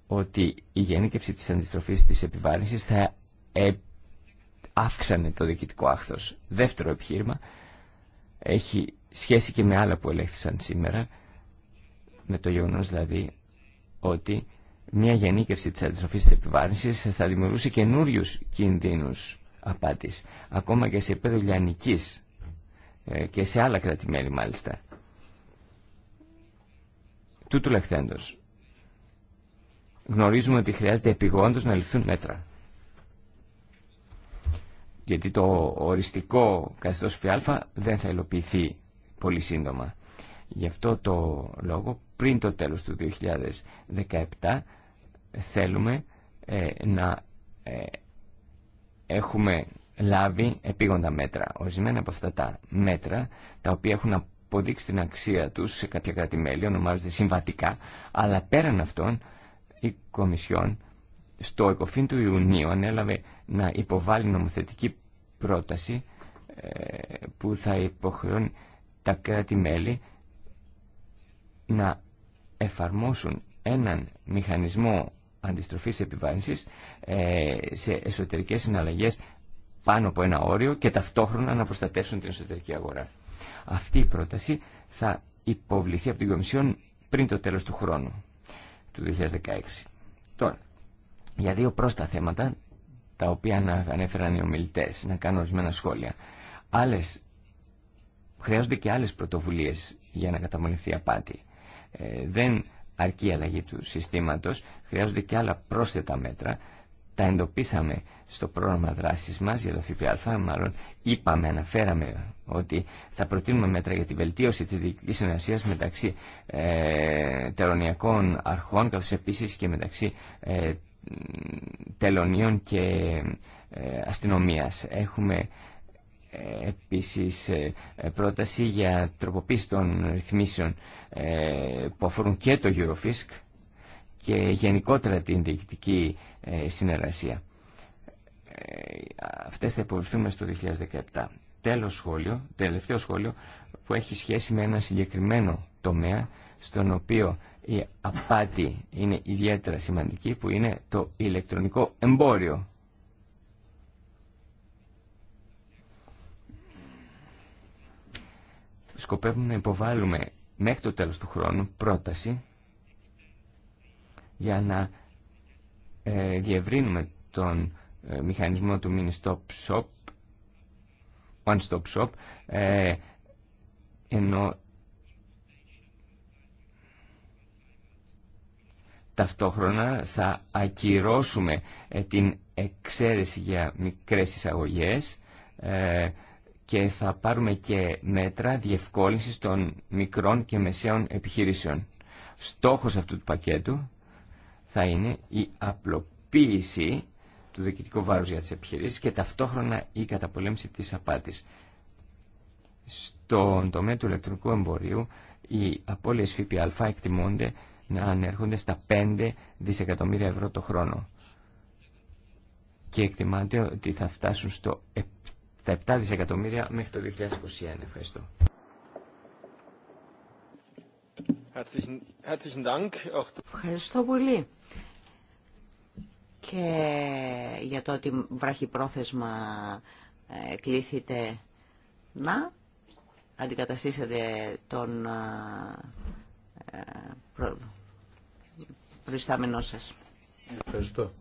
ότι η γενίκευση της αντιστροφής της επιβάρυνσης θα αύξανε το διοικητικό άχθος. Δεύτερο επιχείρημα έχει σχέση και με άλλα που ελέγχθησαν σήμερα, με το γεγονός δηλαδή ότι μια γενίκευση της αντιστροφής της επιβάρυνσης θα δημιουργούσε καινούριου κινδύνους απάτης, ακόμα και σε επίπεδο ε, και σε άλλα κρατημέλη μάλιστα του λεχθέντος. Γνωρίζουμε ότι χρειάζεται επιγόντω να ληφθούν μέτρα. Γιατί το οριστικό καθεστώς α δεν θα υλοποιηθεί πολύ σύντομα. Γι' αυτό το λόγο πριν το τέλος του 2017 θέλουμε ε, να ε, έχουμε λάβει επίγοντα μέτρα. Ορισμένα από αυτά τα μέτρα τα οποία έχουν αποδείξει την αξία τους σε κάποια κράτη-μέλη, ονομάζονται συμβατικά, αλλά πέραν αυτών η Κομισιόν στο εκοφήν του Ιουνίου ανέλαβε να υποβάλει νομοθετική πρόταση ε, που θα υποχρεώνει τα κράτη-μέλη να εφαρμόσουν έναν μηχανισμό αντιστροφής επιβάρυνσης ε, σε εσωτερικές συναλλαγές πάνω από ένα όριο και ταυτόχρονα να προστατεύσουν την εσωτερική αγορά. Αυτή η πρόταση θα υποβληθεί από την Κομισιόν πριν το τέλος του χρόνου, του 2016. Τώρα, για δύο πρόστα θέματα, τα οποία ανέφεραν οι ομιλητές, να κάνουν ορισμένα σχόλια. Άλλες, χρειάζονται και άλλες πρωτοβουλίες για να η απάτη. Ε, δεν αρκεί η αλλαγή του συστήματος, χρειάζονται και άλλα πρόσθετα μέτρα, τα εντοπίσαμε στο πρόγραμμα δράσης μας για το ΦΠΑ, μάλλον είπαμε, αναφέραμε ότι θα προτείνουμε μέτρα για τη βελτίωση της διοικητικής συνεργασίας μεταξύ ε, τελωνιακών αρχών, καθώς επίσης και μεταξύ ε, τελωνίων και ε, αστυνομίας. Έχουμε ε, επίσης ε, πρόταση για τροποποίηση των ρυθμίσεων ε, που αφορούν και το Eurofisc και γενικότερα την διοικητική ε, συνεργασία. Ε, αυτές θα υποβληθούμε στο 2017. Τέλος σχόλιο, τελευταίο σχόλιο που έχει σχέση με ένα συγκεκριμένο τομέα στον οποίο η απάτη είναι ιδιαίτερα σημαντική που είναι το ηλεκτρονικό εμπόριο. Σκοπεύουμε να υποβάλουμε μέχρι το τέλος του χρόνου πρόταση για να ε, διευρύνουμε τον ε, μηχανισμό του mini stop shop, one stop shop, ε, ενώ ταυτόχρονα θα ακυρώσουμε ε, την εξαίρεση για μικρές εισαγωγές ε, και θα πάρουμε και μέτρα διευκόλυνσης των μικρών και μεσαίων επιχειρήσεων. Στόχος αυτού του πακέτου θα είναι η απλοποίηση του διοικητικού βάρους για τις επιχειρήσεις και ταυτόχρονα η καταπολέμηση της απάτης. Στον τομέα του ηλεκτρονικού εμπορίου οι απώλειες ΦΠΑ εκτιμώνται να ανέρχονται στα 5 δισεκατομμύρια ευρώ το χρόνο και εκτιμάται ότι θα φτάσουν στο 7 δισεκατομμύρια μέχρι το 2021. Ευχαριστώ. Ευχαριστώ πολύ. Και για το ότι πρόθεσμα ε, κλείθητε να αντικαταστήσετε τον ε, ε, προ... προϊστάμενό σας. Ευχαριστώ.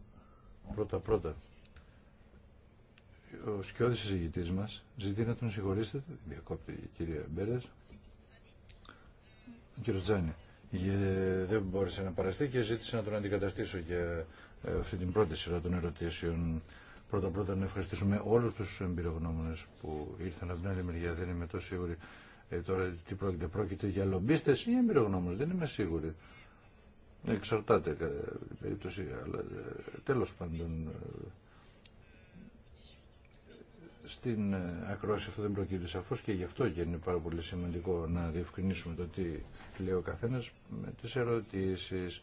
Πρώτα πρώτα. Ο σκιώδης συζητητής μας ζητεί να τον συγχωρήσετε, διακόπτη η κυρία Μπέρες, Κύριε Τζάνη δεν μπόρεσε να παραστεί και ζήτησε να τον αντικαταστήσω για ε, αυτή την πρώτη σειρά των ερωτήσεων. Πρώτα πρώτα να ευχαριστήσουμε όλους τους εμπειρογνώμονες που ήρθαν από την άλλη μεριά. Δεν είμαι τόσο σίγουρη ε, τώρα τι πρόκειται. Πρόκειται για λομπίστε ή εμπειρογνώμονε, Δεν είμαι σίγουρη. Εξαρτάται ε, περίπτωση, αλλά ε, τέλος πάντων στην ε, ακρόαση αυτό δεν προκύπτει σαφώς και γι' αυτό και είναι πάρα πολύ σημαντικό να διευκρινίσουμε το τι λέει ο καθένα με τις ερωτήσεις.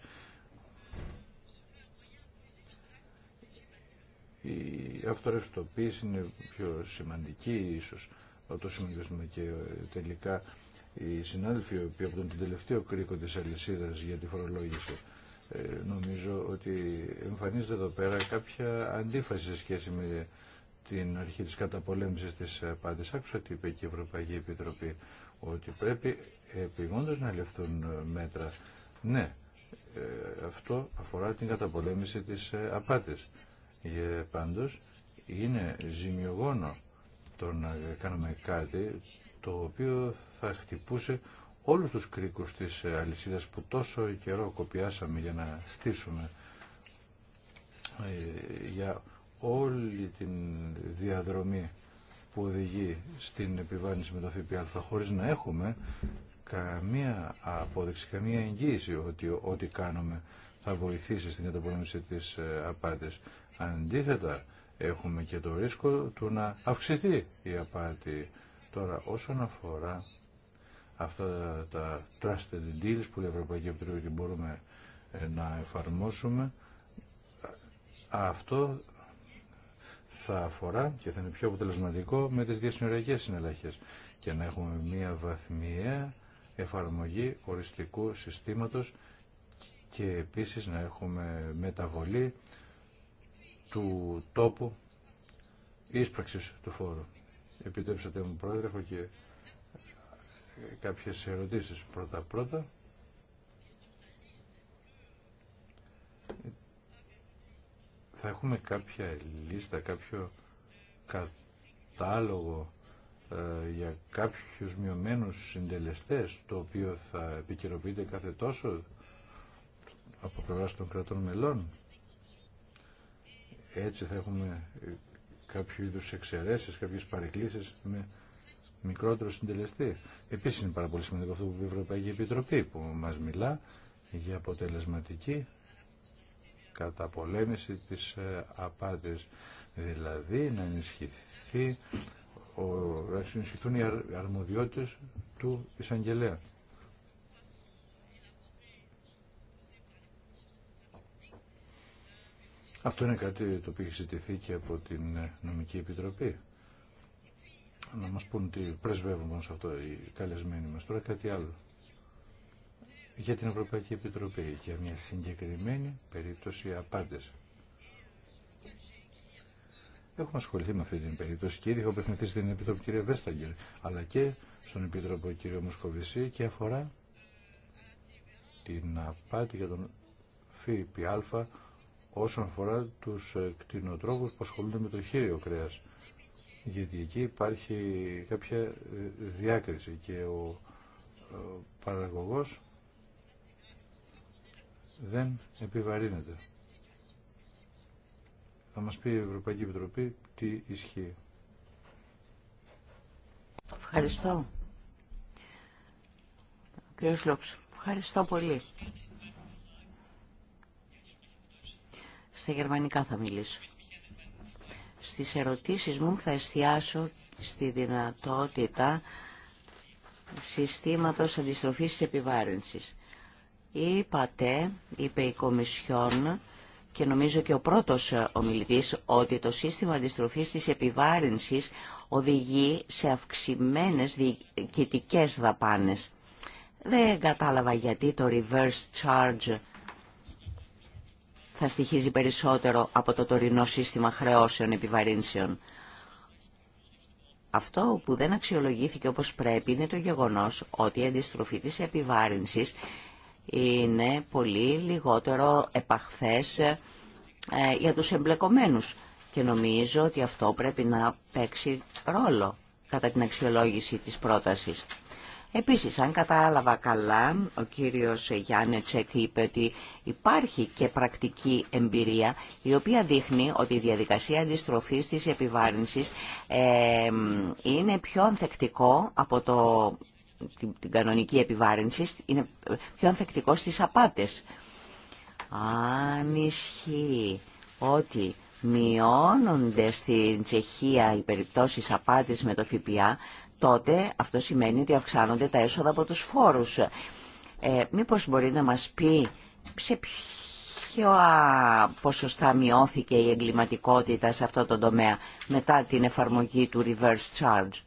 Η αυτορευστοποίηση είναι πιο σημαντική ίσως, το σημαντικό και τελικά οι συνάδελφοι που οποίοι από τον τελευταίο κρίκο της Αλυσίδα για τη φορολόγηση ε, νομίζω ότι εμφανίζεται εδώ πέρα κάποια αντίφαση σε σχέση με την αρχή της καταπολέμησης της ε, πάντης. Άκουσα ότι είπε και η Ευρωπαϊκή Επιτροπή ότι πρέπει επιγόντως να ληφθούν ε, μέτρα. Ναι, ε, αυτό αφορά την καταπολέμηση της απάτης. Για πάντως, είναι ζημιογόνο το να κάνουμε κάτι το οποίο θα χτυπούσε όλους τους κρίκους της αλυσίδας που τόσο καιρό κοπιάσαμε για να στήσουμε για όλη την διαδρομή που οδηγεί στην επιβάλληση με το ΦΠΑ χωρίς να έχουμε καμία απόδειξη, καμία εγγύηση ότι ό,τι κάνουμε θα βοηθήσει στην καταπολέμηση της ε, απάτης. Αντίθετα, έχουμε και το ρίσκο του να αυξηθεί η απάτη. Τώρα, όσον αφορά αυτά τα trusted deals που η Ευρωπαϊκή Επιτροπή μπορούμε ε, να εφαρμόσουμε, αυτό θα αφορά και θα είναι πιο αποτελεσματικό με τις διασυνοριακές συναλλαχές και να έχουμε μία βαθμιαία εφαρμογή οριστικού συστήματος και επίσης να έχουμε μεταβολή του τόπου ίσπραξης του φόρου. Επιτρέψατε μου πρόεδρε, έχω και κάποιες ερωτήσεις πρώτα-πρώτα θα έχουμε κάποια λίστα, κάποιο κατάλογο ε, για κάποιους μειωμένους συντελεστές, το οποίο θα επικαιροποιείται κάθε τόσο από πλευρά των κρατών μελών. Έτσι θα έχουμε ε, κάποιο είδους εξαιρέσεις, κάποιες παρεκκλήσεις με μικρότερο συντελεστή. Επίσης είναι πάρα πολύ σημαντικό αυτό που η Ευρωπαϊκή Επιτροπή που μας μιλά για αποτελεσματική καταπολέμηση της ε, απάτης. Δηλαδή να ενισχυθεί ο, να ενισχυθούν οι αρμοδιότητες του εισαγγελέα. Αυτό είναι κάτι το οποίο έχει ζητηθεί και από την ε, Νομική Επιτροπή. Να μας πούν τι πρεσβεύουν σε αυτό οι καλεσμένοι μας. Τώρα κάτι άλλο για την Ευρωπαϊκή Επιτροπή για μια συγκεκριμένη περίπτωση απάντηση. Έχουμε ασχοληθεί με αυτή την περίπτωση και ήδη έχω απευθυνθεί στην Επιτροπή κ. Βέσταγκερ, αλλά και στον Επίτροπο κ. Μοσκοβησί και αφορά την απάτη για τον ΦΠΑ όσον αφορά τους ε, κτηνοτρόφους που ασχολούνται με το χείριο κρέας. Γιατί εκεί υπάρχει κάποια ε, διάκριση και ο ε, παραγωγός δεν επιβαρύνεται. Θα μας πει η Ευρωπαϊκή Επιτροπή τι ισχύει. Ευχαριστώ. Κύριε Σλόξ, ευχαριστώ πολύ. Στα γερμανικά θα μιλήσω. Στις ερωτήσεις μου θα εστιάσω στη δυνατότητα συστήματος αντιστροφής της επιβάρυνσης. Είπατε, είπε η Κομισιόν, και νομίζω και ο πρώτος ομιλητής, ότι το σύστημα αντιστροφής της επιβάρυνσης οδηγεί σε αυξημένες διοικητικές δαπάνες. Δεν κατάλαβα γιατί το reverse charge θα στοιχίζει περισσότερο από το τωρινό σύστημα χρεώσεων επιβαρύνσεων. Αυτό που δεν αξιολογήθηκε όπως πρέπει είναι το γεγονός ότι η αντιστροφή της επιβάρυνσης είναι πολύ λιγότερο επαχθές ε, για τους εμπλεκομένους. Και νομίζω ότι αυτό πρέπει να παίξει ρόλο κατά την αξιολόγηση της πρότασης. Επίσης, αν κατάλαβα καλά, ο κύριος Γιάννετσεκ είπε ότι υπάρχει και πρακτική εμπειρία η οποία δείχνει ότι η διαδικασία αντιστροφής της επιβάρυνσης ε, είναι πιο ανθεκτικό από το την κανονική επιβάρυνση είναι πιο ανθεκτικό στις απάτες. Αν ισχύει ότι μειώνονται στην Τσεχία οι περιπτώσεις απάτης με το ΦΠΑ, τότε αυτό σημαίνει ότι αυξάνονται τα έσοδα από τους φόρους. Ε, μήπως μπορεί να μας πει σε ποιο ποσοστά μειώθηκε η εγκληματικότητα σε αυτό το τομέα μετά την εφαρμογή του reverse charge.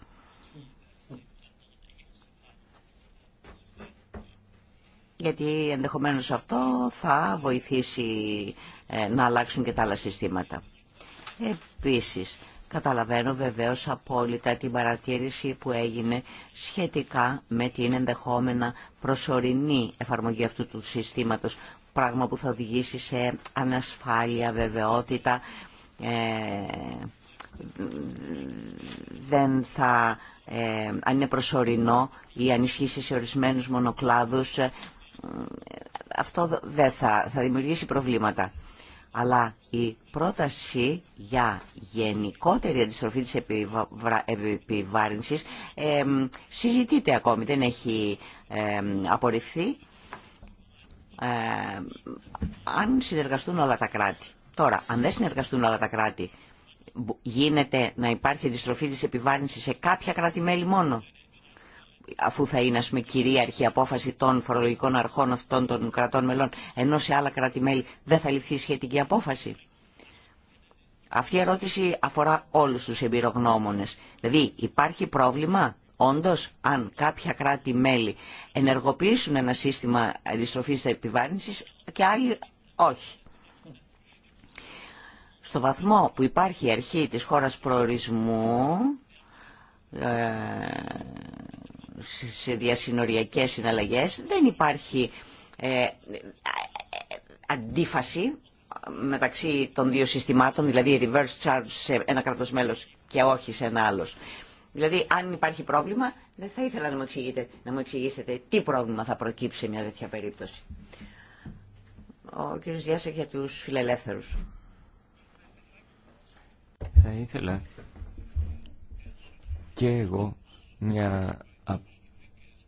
γιατί ενδεχομένως αυτό θα βοηθήσει ε, να αλλάξουν και τα άλλα συστήματα. Επίσης, καταλαβαίνω βεβαίως απόλυτα την παρατήρηση που έγινε σχετικά με την ενδεχόμενα προσωρινή εφαρμογή αυτού του συστήματος, πράγμα που θα οδηγήσει σε ανασφάλεια, βεβαιότητα, ε, δεν ε, αν είναι προσωρινό ή αν ισχύσει σε ορισμένους μονοκλάδους αυτό δεν θα, θα δημιουργήσει προβλήματα. Αλλά η πρόταση για γενικότερη αντιστροφή της επιβάρυνσης ε, συζητείται ακόμη, δεν έχει ε, απορριφθεί αν συνεργαστούν όλα τα κράτη. Τώρα, αν δεν συνεργαστούν όλα τα κράτη, γίνεται να υπάρχει αντιστροφή της επιβάρυνσης σε κάποια κράτη-μέλη μόνο αφού θα είναι ας πούμε, κυρίαρχη απόφαση των φορολογικών αρχών αυτών των κρατών μελών, ενώ σε άλλα κράτη-μέλη δεν θα ληφθεί σχετική απόφαση. Αυτή η ερώτηση αφορά όλους τους εμπειρογνώμονες. Δηλαδή υπάρχει πρόβλημα, όντως, αν κάποια κράτη-μέλη ενεργοποιήσουν ένα σύστημα αντιστροφής επιβάρυνση και άλλοι όχι. Στο βαθμό που υπάρχει η αρχή της χώρας προορισμού, ε, σε διασυνοριακές συναλλαγές δεν υπάρχει ε, αντίφαση μεταξύ των δύο συστημάτων, δηλαδή reverse charge σε ένα κράτος μέλος και όχι σε ένα άλλος. Δηλαδή, αν υπάρχει πρόβλημα, δεν θα ήθελα να μου, να μου εξηγήσετε τι πρόβλημα θα προκύψει σε μια τέτοια περίπτωση. Ο κ. Γιάσεκ για τους φιλελεύθερους. Θα ήθελα και εγώ μια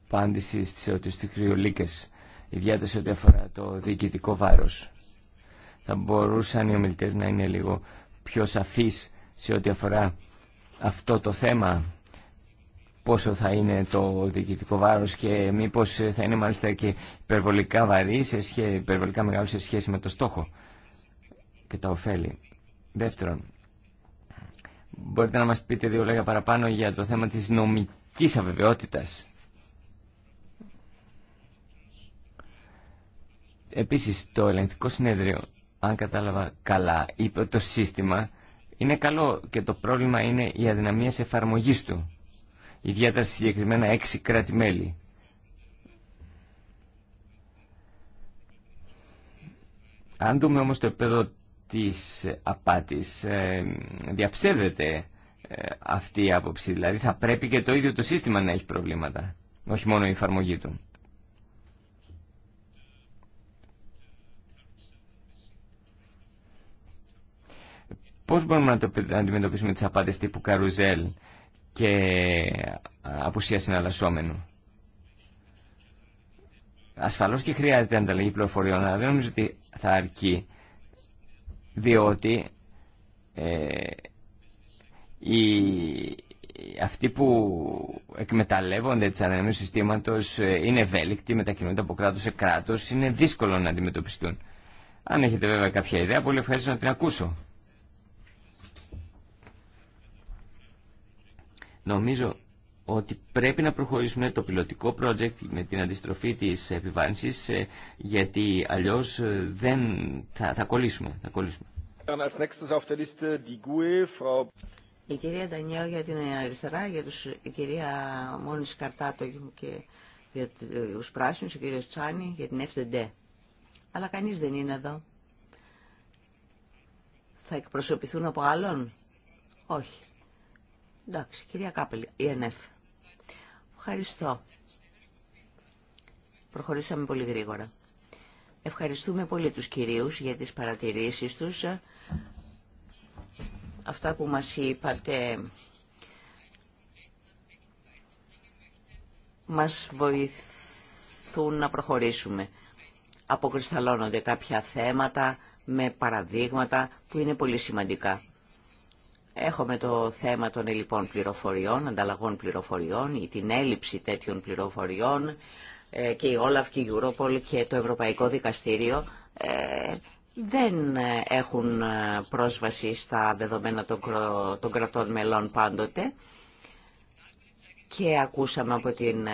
απάντηση στι ερωτήσει του κ. ιδιαίτερα σε ό,τι αφορά το διοικητικό βάρος. Θα μπορούσαν οι ομιλητές να είναι λίγο πιο σαφείς σε ό,τι αφορά αυτό το θέμα, πόσο θα είναι το διοικητικό βάρος και μήπως θα είναι μάλιστα και υπερβολικά βαρύ, σε υπερβολικά μεγάλο σε σχέση με το στόχο και τα ωφέλη. Δεύτερον, μπορείτε να μας πείτε δύο λόγια παραπάνω για το θέμα της νομικής αβεβαιότητας Επίσης το ελεγκτικό συνέδριο, αν κατάλαβα καλά, είπε το σύστημα είναι καλό και το πρόβλημα είναι η αδυναμία σε του. Ιδιαίτερα συγκεκριμένα έξι κράτη-μέλη. Αν δούμε όμως το επίπεδο της απάτης, ε, διαψεύδεται ε, αυτή η άποψη. Δηλαδή θα πρέπει και το ίδιο το σύστημα να έχει προβλήματα, όχι μόνο η εφαρμογή του. Πώς μπορούμε να αντιμετωπίσουμε τις απάτες τύπου καρουζέλ και απουσία συναλλασσόμενου. Ασφαλώς και χρειάζεται ανταλλαγή πληροφοριών, αλλά δεν νομίζω ότι θα αρκεί, διότι ε, οι, αυτοί που εκμεταλλεύονται τις ανανεμίες συστήματος ε, είναι ευέλικτοι, μετακινούνται από κράτος σε κράτος, είναι δύσκολο να αντιμετωπιστούν. Αν έχετε βέβαια κάποια ιδέα, πολύ ευχαριστώ να την ακούσω. Νομίζω ότι πρέπει να προχωρήσουμε το πιλωτικό project με την αντιστροφή της επιβάρυνσης ε, γιατί αλλιώς ε, δεν θα, θα κολλήσουμε. Θα κολλήσουμε. Η κυρία Ντανιέλ για την αριστερά, για τους, η κυρία Μόνης Καρτάτο και για ε, τους πράσινους, ο κύριος Τσάνη για την FDD. Αλλά κανείς δεν είναι εδώ. Θα εκπροσωπηθούν από άλλον. Όχι. Εντάξει, κυρία Κάπελη, ΕΝΕΦ. Ευχαριστώ. Προχωρήσαμε πολύ γρήγορα. Ευχαριστούμε πολύ τους κυρίους για τις παρατηρήσεις τους. Αυτά που μας είπατε μας βοηθούν να προχωρήσουμε. Αποκρισταλώνονται κάποια θέματα με παραδείγματα που είναι πολύ σημαντικά. Έχουμε το θέμα των ελληπών πληροφοριών, ανταλλαγών πληροφοριών ή την έλλειψη τέτοιων πληροφοριών ε, και η Όλαφ και η Europol και το Ευρωπαϊκό Δικαστήριο ε, δεν έχουν ε, πρόσβαση στα δεδομένα των κρατών μελών πάντοτε και ακούσαμε από την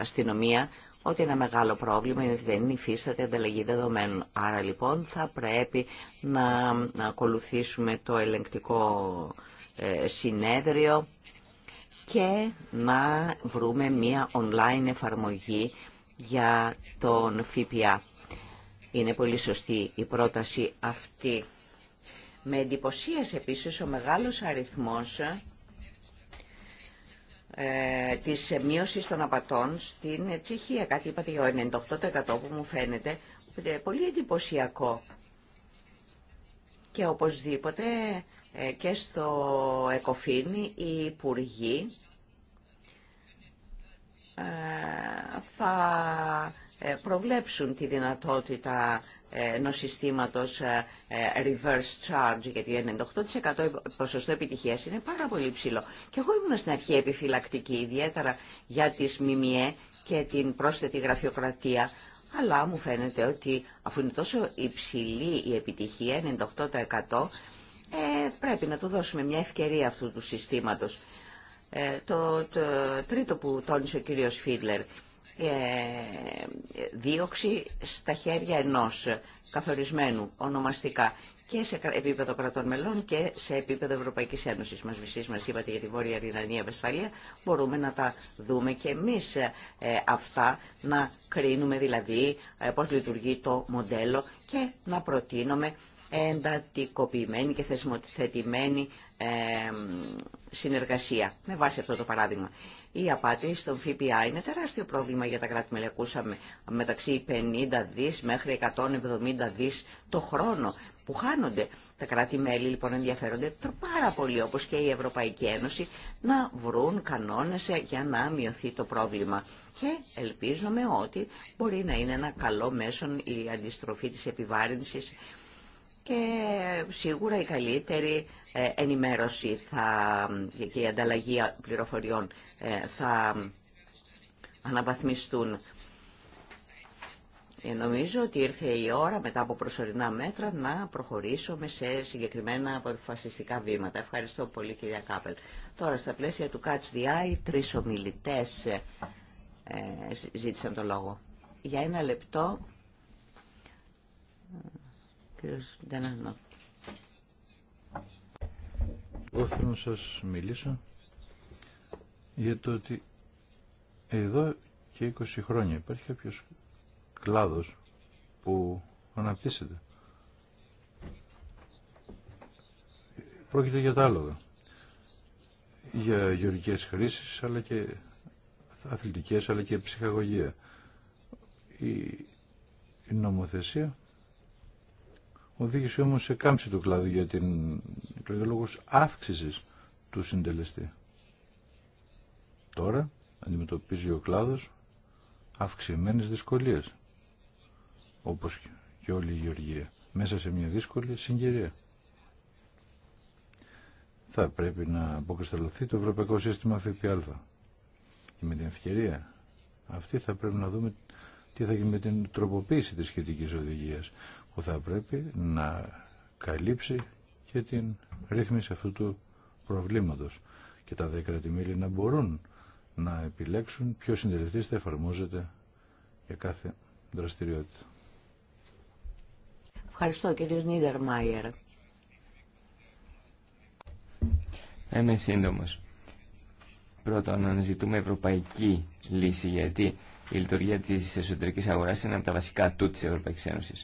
αστυνομία ότι ένα μεγάλο πρόβλημα είναι ότι δεν υφίσταται ανταλλαγή δεδομένων. Άρα λοιπόν θα πρέπει να, να ακολουθήσουμε το ελεγκτικό ε, συνέδριο και να βρούμε μία online εφαρμογή για τον ΦΠΑ. Είναι πολύ σωστή η πρόταση αυτή. Με εντυπωσίασε επίσης ο μεγάλος αριθμός ε, της μείωσης των απατών στην Τσεχία. Κάτι είπατε για 98% που μου φαίνεται ε, πολύ εντυπωσιακό. Και οπωσδήποτε ε, και στο ΕΚΟΦΗΝ οι υπουργοί ε, θα προβλέψουν τη δυνατότητα ενό συστήματος ε, ε, reverse charge, γιατί 98% ποσοστό επιτυχίας είναι πάρα πολύ ψηλό. Και εγώ ήμουν στην αρχή επιφυλακτική, ιδιαίτερα για τις ΜΜΕ και την πρόσθετη γραφειοκρατία, αλλά μου φαίνεται ότι αφού είναι τόσο υψηλή η επιτυχία, 98%, ε, πρέπει να του δώσουμε μια ευκαιρία αυτού του συστήματος. Ε, το, το τρίτο που τόνισε ο κύριος Φίτλερ, ε, δίωξη στα χέρια ενός καθορισμένου ονομαστικά και σε επίπεδο κρατών μελών και σε επίπεδο Ευρωπαϊκής Ένωσης. Μας βυσής μας είπατε για τη Βόρεια Ρινανία Βεσφαλία, μπορούμε να τα δούμε και εμείς ε, αυτά, να κρίνουμε δηλαδή ε, πώς λειτουργεί το μοντέλο και να προτείνουμε εντατικοποιημένη και θεσμοθετημένη ε, συνεργασία με βάση αυτό το παράδειγμα. Η απάτη στον ΦΠΑ είναι τεράστιο πρόβλημα για τα κράτη-μέλη. Ακούσαμε μεταξύ 50 δις μέχρι 170 δις το χρόνο που χάνονται. Τα κράτη-μέλη λοιπόν ενδιαφέρονται πάρα πολύ όπως και η Ευρωπαϊκή Ένωση να βρουν κανόνες για να μειωθεί το πρόβλημα. Και ελπίζομαι ότι μπορεί να είναι ένα καλό μέσο η αντιστροφή της επιβάρυνσης και σίγουρα η καλύτερη ε, ενημέρωση και η ανταλλαγή πληροφοριών ε, θα αναβαθμιστούν. Ε, νομίζω ότι ήρθε η ώρα μετά από προσωρινά μέτρα να προχωρήσουμε σε συγκεκριμένα αποφασιστικά βήματα. Ευχαριστώ πολύ κυρία Κάπελ. Τώρα στα πλαίσια του Catch the Eye τρεις ομιλητές ε, ζήτησαν το λόγο. Για ένα λεπτό. Κύριος Ντενανό. να σας μιλήσω για το ότι εδώ και 20 χρόνια υπάρχει κάποιος κλάδος που αναπτύσσεται. Πρόκειται για τα άλογα. Για γεωργικές χρήσεις, αλλά και αθλητικές, αλλά και ψυχαγωγία. Η νομοθεσία οδήγησε όμως σε κάμψη του κλάδου για την λόγους αύξησης του συντελεστή. Τώρα αντιμετωπίζει ο κλάδος αυξημένες δυσκολίες, όπως και όλη η Γεωργία, μέσα σε μια δύσκολη συγκυρία. Θα πρέπει να αποκρισταλωθεί το Ευρωπαϊκό Σύστημα ΦΠΑ. Και με την ευκαιρία αυτή θα πρέπει να δούμε τι θα γίνει με την τροποποίηση της σχετικής οδηγίας, που θα πρέπει να καλύψει και την ρύθμιση αυτού του προβλήματος και τα δέκρατη μέλη να μπορούν να επιλέξουν ποιο συντελεστής θα εφαρμόζεται για κάθε δραστηριότητα. Ευχαριστώ κύριε Νίδερ Μάιερ. είμαι σύντομο. Πρώτον, να αναζητούμε ευρωπαϊκή λύση, γιατί η λειτουργία τη εσωτερική αγορά είναι από τα βασικά του τη Ευρωπαϊκή Ένωση.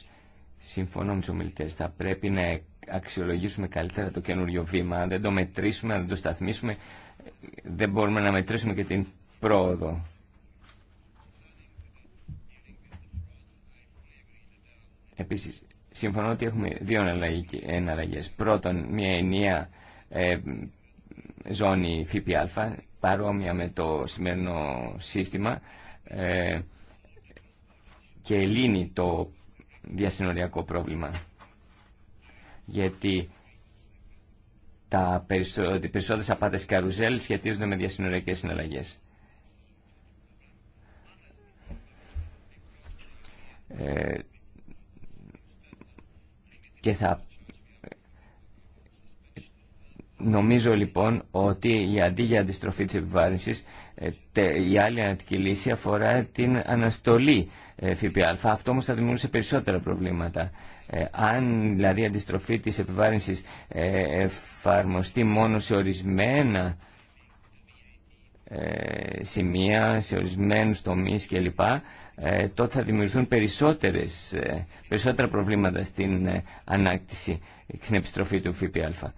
Συμφωνώ με του ομιλητέ. Θα πρέπει να αξιολογήσουμε καλύτερα το καινούριο βήμα, αν δεν το μετρήσουμε, αν δεν το σταθμίσουμε, δεν μπορούμε να μετρήσουμε και την πρόοδο. Επίσης, συμφωνώ ότι έχουμε δύο εναλλαγές. Πρώτον, μια ενιαία ε, ζώνη ΦΠΑ, παρόμοια με το σημερινό σύστημα ε, και λύνει το διασυνοριακό πρόβλημα. Γιατί τα περισσότερε απάτε καρουζέλ σχετίζονται με διασυνοριακές συναλλαγέ. Ε, και θα νομίζω λοιπόν ότι η αντί για αντιστροφή της επιβάρυνσης ε, η άλλη ανατική λύση αφορά την αναστολή ε, ΦΠΑ. Αυτό όμως θα δημιούργησε περισσότερα προβλήματα. Ε, αν δηλαδή η αντιστροφή της επιβάρυνσης ε, εφαρμοστεί μόνο σε ορισμένα ε, σημεία, σε ορισμένους τομείς κλπ, ε, τότε θα δημιουργηθούν περισσότερες, περισσότερα προβλήματα στην ανάκτηση, στην επιστροφή του ΦΠΑ.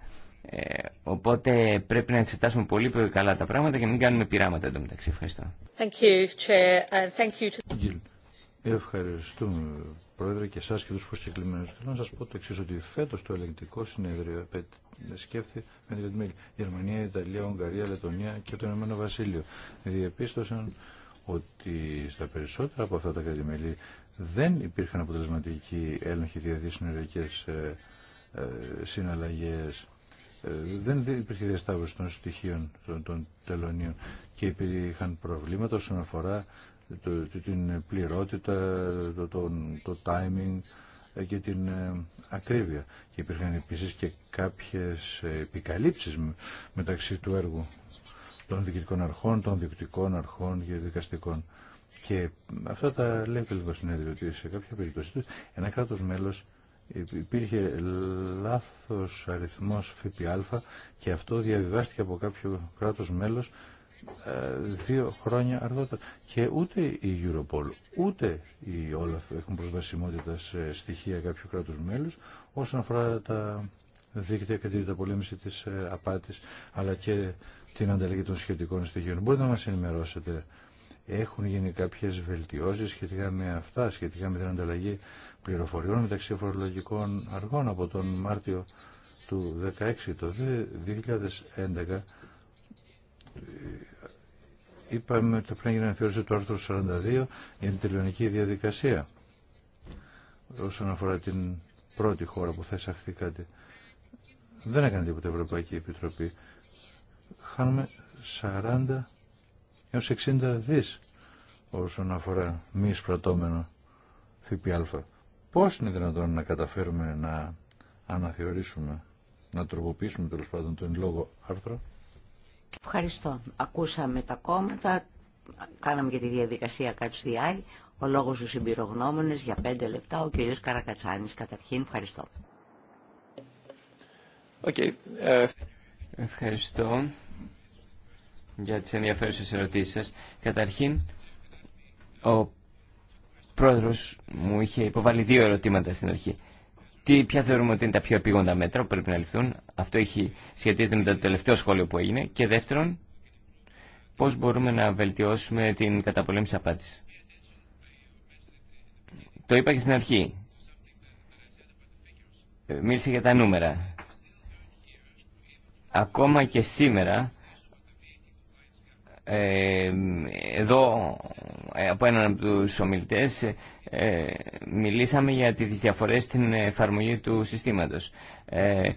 οπότε πρέπει να εξετάσουμε πολύ καλά τα πράγματα και να μην κάνουμε πειράματα εντωμεταξύ. Ευχαριστώ. Thank you, Ευχαριστούμε, Πρόεδρε, και εσά και του προσκεκλημένου. Θέλω να σα πω το εξή, ότι φέτο το ελεγκτικό συνέδριο σκέφτηκε με την Γερμανία, Ιταλία, Ουγγαρία, Λετωνία και το Ηνωμένο Βασίλειο. Διεπίστωσαν ότι στα περισσότερα από αυτά τα κρατη δεν υπήρχαν αποτελεσματικοί έλεγχοι ε, ε συναλλαγέ. Ε, δεν υπήρχε διασταύρωση των στοιχείων των τελωνίων και υπήρχαν προβλήματα όσον αφορά το, την πληρότητα, το, το, το timing ε, και την ε, ακρίβεια. Και υπήρχαν επίσης και κάποιες επικαλύψεις μεταξύ του έργου των διοικητικών αρχών, των διοικητικών αρχών και δικαστικών. Και αυτά τα λέει και λίγο συνέδριο ότι σε κάποια περίπτωση ένα κράτος μέλος υπήρχε λάθος αριθμός ΦΠΑ και αυτό διαβιβάστηκε από κάποιο κράτος μέλος ε, δύο χρόνια αργότερα. Και ούτε η Europol, ούτε η Όλαφ έχουν προσβασιμότητα σε στοιχεία κάποιου κράτους μέλους όσον αφορά τα δίκτυα και την πολέμηση της ε, απάτης, αλλά και την ανταλλαγή των σχετικών στοιχείων. Μπορείτε να μας ενημερώσετε. Έχουν γίνει κάποιες βελτιώσεις σχετικά με αυτά, σχετικά με την ανταλλαγή πληροφοριών μεταξύ φορολογικών αργών από τον Μάρτιο του 2016. Το 2011 είπαμε ότι πρέπει να αναθεώρηση το άρθρο 42 για την τελειωνική διαδικασία όσον αφορά την πρώτη χώρα που θα εισαχθεί κάτι. Δεν έκανε τίποτα η Ευρωπαϊκή Επιτροπή. Χάνουμε 40 έως 60 δις όσον αφορά μη εισπρατώμενο ΦΠΑ. Πώς είναι δυνατόν να καταφέρουμε να αναθεωρήσουμε, να τροποποιήσουμε τέλο πάντων τον λόγο άρθρο. Ευχαριστώ. Ακούσαμε τα κόμματα, κάναμε και τη διαδικασία ΚΑΤΣΔΙ. Ο λόγος του εμπειρογνώμονες για πέντε λεπτά, ο κύριος Καρακατσάνης. Καταρχήν, ευχαριστώ. Okay. Ε, ευχαριστώ για τις ενδιαφέρουσες ερωτήσεις σας. Καταρχήν, ο πρόεδρος μου είχε υποβάλει δύο ερωτήματα στην αρχή τι, ποια θεωρούμε ότι είναι τα πιο επίγοντα μέτρα που πρέπει να ληφθούν. Αυτό έχει σχετίζεται με το τελευταίο σχόλιο που έγινε. Και δεύτερον, πώς μπορούμε να βελτιώσουμε την καταπολέμηση απάτης. Το είπα και στην αρχή. Ε, μίλησε για τα νούμερα. Ακόμα και σήμερα εδώ ε, από έναν από τους ομιλητές ε, μιλήσαμε για τις διαφορές στην εφαρμογή του συστήματος. Ε,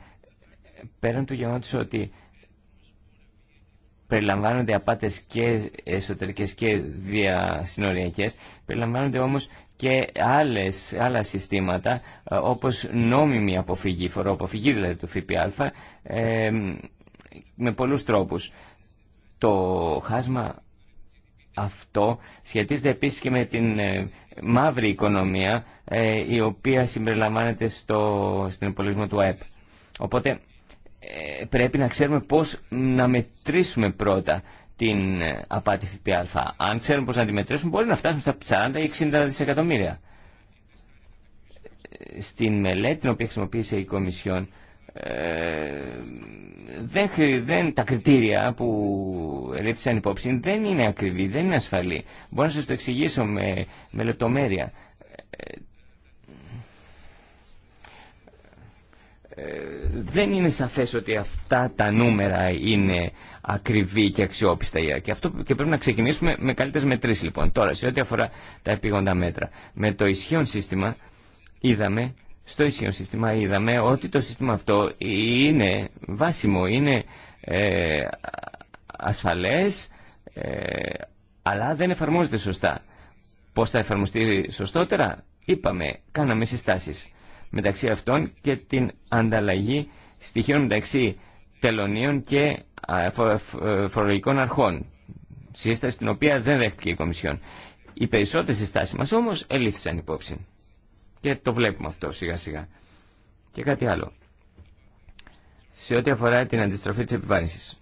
πέραν του γεγονότος ότι περιλαμβάνονται απάτες και εσωτερικές και διασυνοριακές, περιλαμβάνονται όμως και άλλες, άλλα συστήματα όπως νόμιμη αποφυγή, φοροαποφυγή δηλαδή του ΦΠΑ, με πολλούς τρόπους. Το χάσμα αυτό σχετίζεται επίσης και με την ε, μαύρη οικονομία ε, η οποία συμπεριλαμβάνεται στο, στην υπολογισμό του ΑΕΠ. Οπότε ε, πρέπει να ξέρουμε πώς να μετρήσουμε πρώτα την απάτη ΦΠΑ. Αν ξέρουμε πώς να τη μετρήσουμε μπορεί να φτάσουμε στα 40 ή 60 δισεκατομμύρια. Στην μελέτη την οποία χρησιμοποίησε η Κομισιόν ε, δεν, δεν, τα κριτήρια που ελέγχθησαν υπόψη δεν είναι ακριβή, δεν είναι ασφαλή. Μπορώ να σας το εξηγήσω με, με λεπτομέρεια. Ε, δεν είναι σαφές ότι αυτά τα νούμερα είναι ακριβή και αξιόπιστα και, αυτό, και πρέπει να ξεκινήσουμε με καλύτερες μετρήσεις λοιπόν. Τώρα σε ό,τι αφορά τα επίγοντα μέτρα με το ισχύον σύστημα είδαμε στο ισχυρό σύστημα είδαμε ότι το σύστημα αυτό είναι βάσιμο, είναι ε, ασφαλές, ε, αλλά δεν εφαρμόζεται σωστά. Πώς θα εφαρμοστεί σωστότερα, είπαμε, κάναμε συστάσεις. Μεταξύ αυτών και την ανταλλαγή στοιχείων μεταξύ τελωνίων και ε, φορολογικών αρχών. Σύσταση την οποία δεν δέχτηκε η Κομισιόν. Οι περισσότερες συστάσεις μας όμως ελήφθησαν υπόψη. Και το βλέπουμε αυτό σιγά σιγά. Και κάτι άλλο. Σε ό,τι αφορά την αντιστροφή της επιβάρυνσης.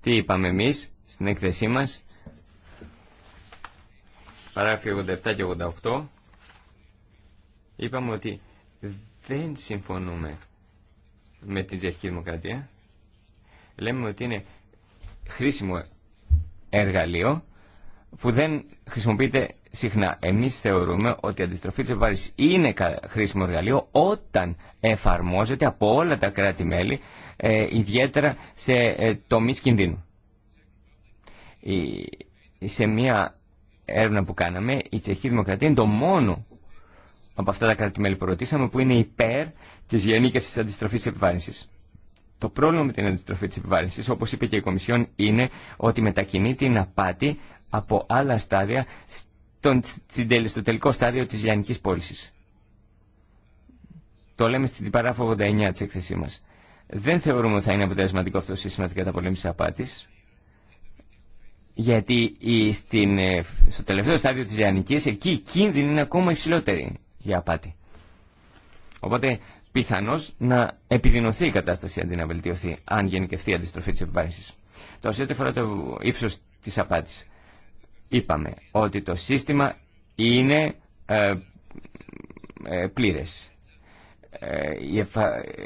Τι είπαμε εμείς στην έκθεσή μας. Παράγραφοι 87 και 88. Είπαμε ότι δεν συμφωνούμε με την Τσεχική Δημοκρατία. Λέμε ότι είναι χρήσιμο εργαλείο που δεν χρησιμοποιείται συχνά. Εμεί θεωρούμε ότι η αντιστροφή τη επιβάρηση είναι χρήσιμο εργαλείο όταν εφαρμόζεται από όλα τα κράτη-μέλη, ε, ιδιαίτερα σε ε, τομεί κινδύνου. Σε μία έρευνα που κάναμε, η Τσεχική Δημοκρατία είναι το μόνο από αυτά τα κράτη-μέλη που ρωτήσαμε που είναι υπέρ τη γενίκευση της αντιστροφή τη Το πρόβλημα με την αντιστροφή τη επιβάρυνση, όπω είπε και η Κομισιόν, είναι ότι μετακινεί την απάτη από άλλα στάδια στον, στο τελικό στάδιο της λιανικής πώληση. Το λέμε στην παράγραφο 89 της έκθεσή μας. Δεν θεωρούμε ότι θα είναι αποτελεσματικό αυτό το σύστημα κατά πολέμηση απάτης, γιατί στην, ε, στο τελευταίο στάδιο της λιανικής εκεί η κίνδυνη είναι ακόμα υψηλότερη για απάτη. Οπότε πιθανώς να επιδεινωθεί η κατάσταση αντί να βελτιωθεί, αν γενικευθεί η αντιστροφή της επιβάρησης. Το ό,τι αφορά το ύψος της απάτης είπαμε ότι το σύστημα είναι ε, ε πλήρες. Ε,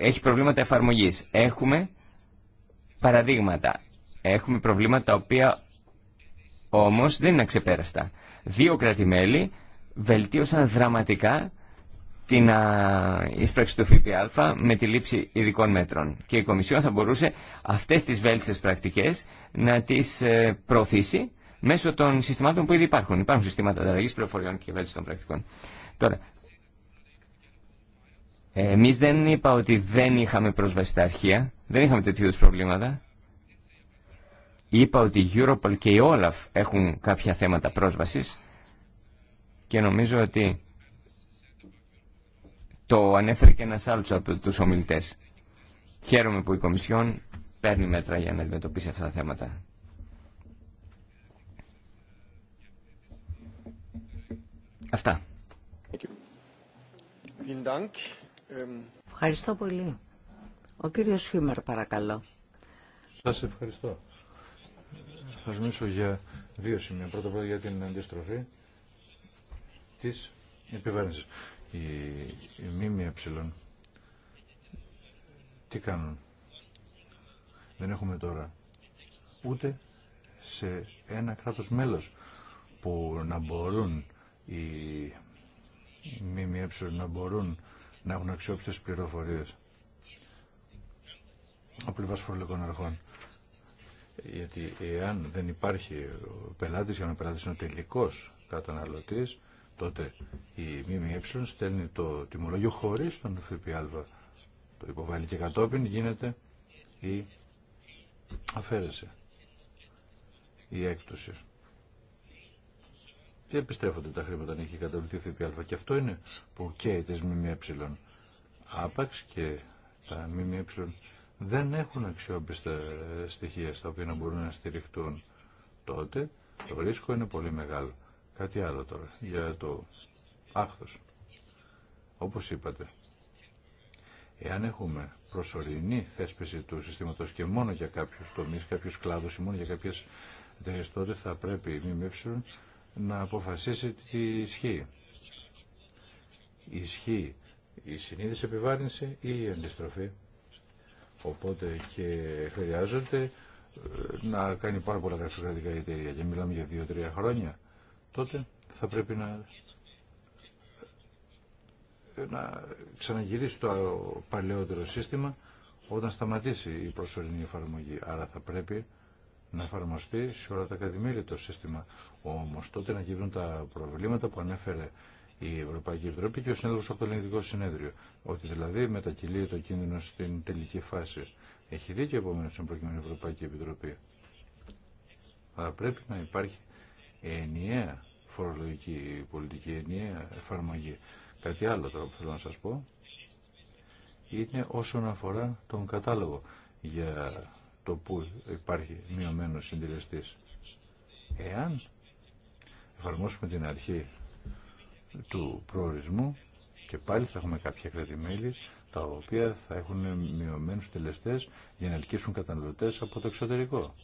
έχει προβλήματα εφαρμογής. Έχουμε παραδείγματα. Έχουμε προβλήματα τα οποία όμως δεν είναι ξεπεραστα Δύο κρατημέλη βελτίωσαν δραματικά την εισπράξη του ΦΠΑ με τη λήψη ειδικών μέτρων. Και η Κομισιόν θα μπορούσε αυτές τις βέλτιστες πρακτικές να τις ε, προωθήσει μέσω των συστημάτων που ήδη υπάρχουν. Υπάρχουν συστήματα ανταλλαγή πληροφοριών και των πρακτικών. Τώρα, Εμεί δεν είπα ότι δεν είχαμε πρόσβαση στα αρχεία, δεν είχαμε τέτοιου είδου προβλήματα. Είπα ότι η Europol και η Όλαφ έχουν κάποια θέματα πρόσβαση. και νομίζω ότι το ανέφερε και ένα άλλο από τους ομιλητέ. Χαίρομαι που η Κομισιόν παίρνει μέτρα για να αντιμετωπίσει αυτά τα θέματα. Αυτά. Ähm, ευχαριστώ πολύ. Ο κύριος Χίμερ παρακαλώ. Σας ευχαριστώ. Θα μιλήσω για δύο σημεία. Πρώτα απ' όλα για την αντιστροφή της επιβάρυνσης. Η, ΜΜΕ τι κάνουν. Δεν έχουμε τώρα ούτε σε ένα κράτος μέλος που να μπορούν οι ΜΜΕ να μπορούν να έχουν αξιόπιστες πληροφορίες από πλευράς φορολογικών αρχών. Γιατί εάν δεν υπάρχει ο πελάτης, να ο πελάτης είναι ο τελικός καταναλωτής, τότε η ΜΜΕ στέλνει το τιμολόγιο χωρίς τον ΦΠΑ. Το υποβάλλει και κατόπιν γίνεται η αφαίρεση, η έκπτωση και επιστρέφονται τα χρήματα αν έχει καταβληθεί ο ΦΠΑ. Και αυτό είναι που καίει τι ΜΜΕ. Άπαξ και τα ΜΜΕ δεν έχουν αξιόπιστα στοιχεία στα οποία να μπορούν να στηριχτούν τότε. Το ρίσκο είναι πολύ μεγάλο. Κάτι άλλο τώρα για το άχθο. Όπω είπατε, εάν έχουμε προσωρινή θέσπιση του συστήματο και μόνο για κάποιου τομεί, κάποιου κλάδου ή μόνο για κάποιε εταιρείε τότε θα πρέπει οι ΜΜΕ να αποφασίσει τι ισχύει. Ισχύει η συνείδηση επιβάρυνση ή η αντιστροφή. Οπότε και χρειάζεται ε, να κάνει πάρα πολλά γραφειοκρατικά εταιρεία και μιλάμε για δύο-τρία χρόνια, τότε θα πρέπει να, ε, να ξαναγυρίσει το παλαιότερο σύστημα όταν σταματήσει η προσωρινή εφαρμογή. Άρα θα πρέπει να εφαρμοστεί σε όλα τα κατημέρια το σύστημα. Όμω τότε να γίνουν τα προβλήματα που ανέφερε η Ευρωπαϊκή Επιτροπή και ο συνέδρος από το Ελληνικό Συνέδριο. Ότι δηλαδή μετακυλεί το κίνδυνο στην τελική φάση. Έχει δίκιο επομένω στην προκειμένη Ευρωπαϊκή Επιτροπή. Αλλά πρέπει να υπάρχει ενιαία φορολογική πολιτική, ενιαία εφαρμογή. Κάτι άλλο τώρα που θέλω να σα πω είναι όσον αφορά τον κατάλογο για το που υπάρχει μειωμένο συντηλεστή. Εάν εφαρμόσουμε την αρχή του προορισμού και πάλι θα έχουμε κάποια κρατημέλη τα οποία θα έχουν μειωμένου τελεστές για να ελκύσουν καταναλωτέ από το εξωτερικό.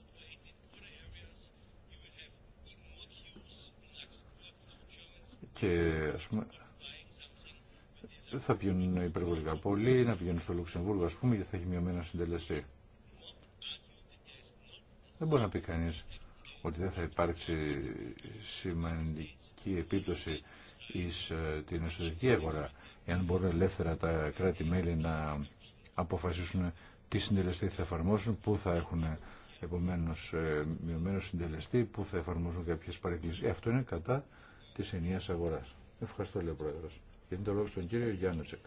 Και ας πούμε, θα πηγαίνουν υπερβολικά πολύ, να πηγαίνουν στο Λουξεμβούργο α πούμε γιατί θα έχει μειωμένο συντελεστή. Δεν μπορεί να πει κανείς ότι δεν θα υπάρξει σημαντική επίπτωση εις ε, την εσωτερική αγορά, εάν μπορούν ελεύθερα τα κράτη-μέλη να αποφασίσουν τι συντελεστή θα εφαρμόσουν, πού θα έχουν ε, επομένως ε, μειωμένο συντελεστή, πού θα εφαρμόσουν κάποιες παρεκκλήσεις. Αυτό είναι κατά της ενιαίας αγοράς. Ευχαριστώ, λέει ο Πρόεδρος. το λόγο στον κύριο Γιάννετσεκ.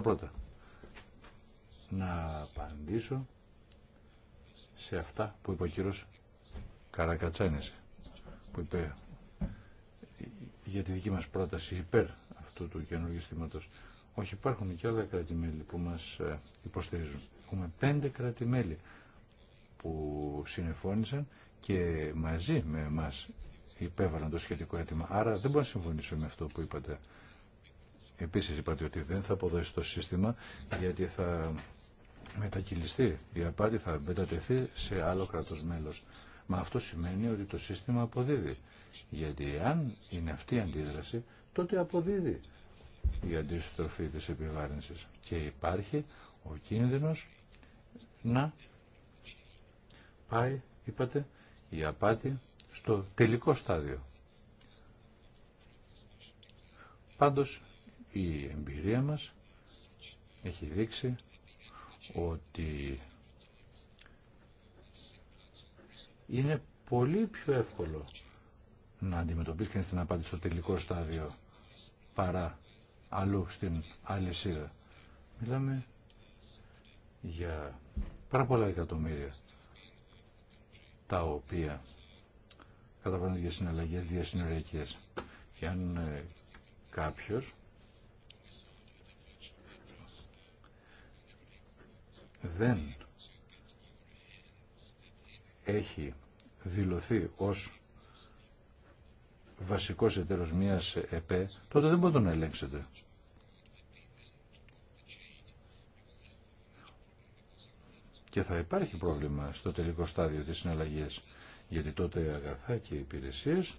πρώτα πρώτα να απαντήσω σε αυτά που είπε ο κύριος Καρακατσάνης που είπε για τη δική μας πρόταση υπέρ αυτού του καινούργιου στήματος. Όχι, υπάρχουν και άλλα κρατημέλη που μας ε, υποστηρίζουν. Έχουμε πέντε κρατημέλη που συνεφώνησαν και μαζί με εμάς υπέβαλαν το σχετικό αίτημα. Άρα δεν μπορώ να συμφωνήσω με αυτό που είπατε. Επίσης είπατε ότι δεν θα αποδώσει το σύστημα γιατί θα μετακυλιστεί. Η απάτη θα μετατεθεί σε άλλο κράτος μέλος. Μα αυτό σημαίνει ότι το σύστημα αποδίδει. Γιατί αν είναι αυτή η αντίδραση, τότε αποδίδει η αντιστροφή της επιβάρυνσης. Και υπάρχει ο κίνδυνος να πάει, είπατε, η απάτη στο τελικό στάδιο. Πάντως η εμπειρία μας έχει δείξει ότι είναι πολύ πιο εύκολο να αντιμετωπίσει κανείς την απάντηση στο τελικό στάδιο παρά αλλού στην αλυσίδα. Μιλάμε για πάρα πολλά εκατομμύρια τα οποία καταβάλλονται για συναλλαγές διασυνοριακές. Και αν ε, κάποιος δεν έχει δηλωθεί ως βασικός εταίρος μιας ΕΠΕ, τότε δεν μπορείτε να ελέγξετε. Και θα υπάρχει πρόβλημα στο τελικό στάδιο της συναλλαγής, γιατί τότε αγαθά και υπηρεσίες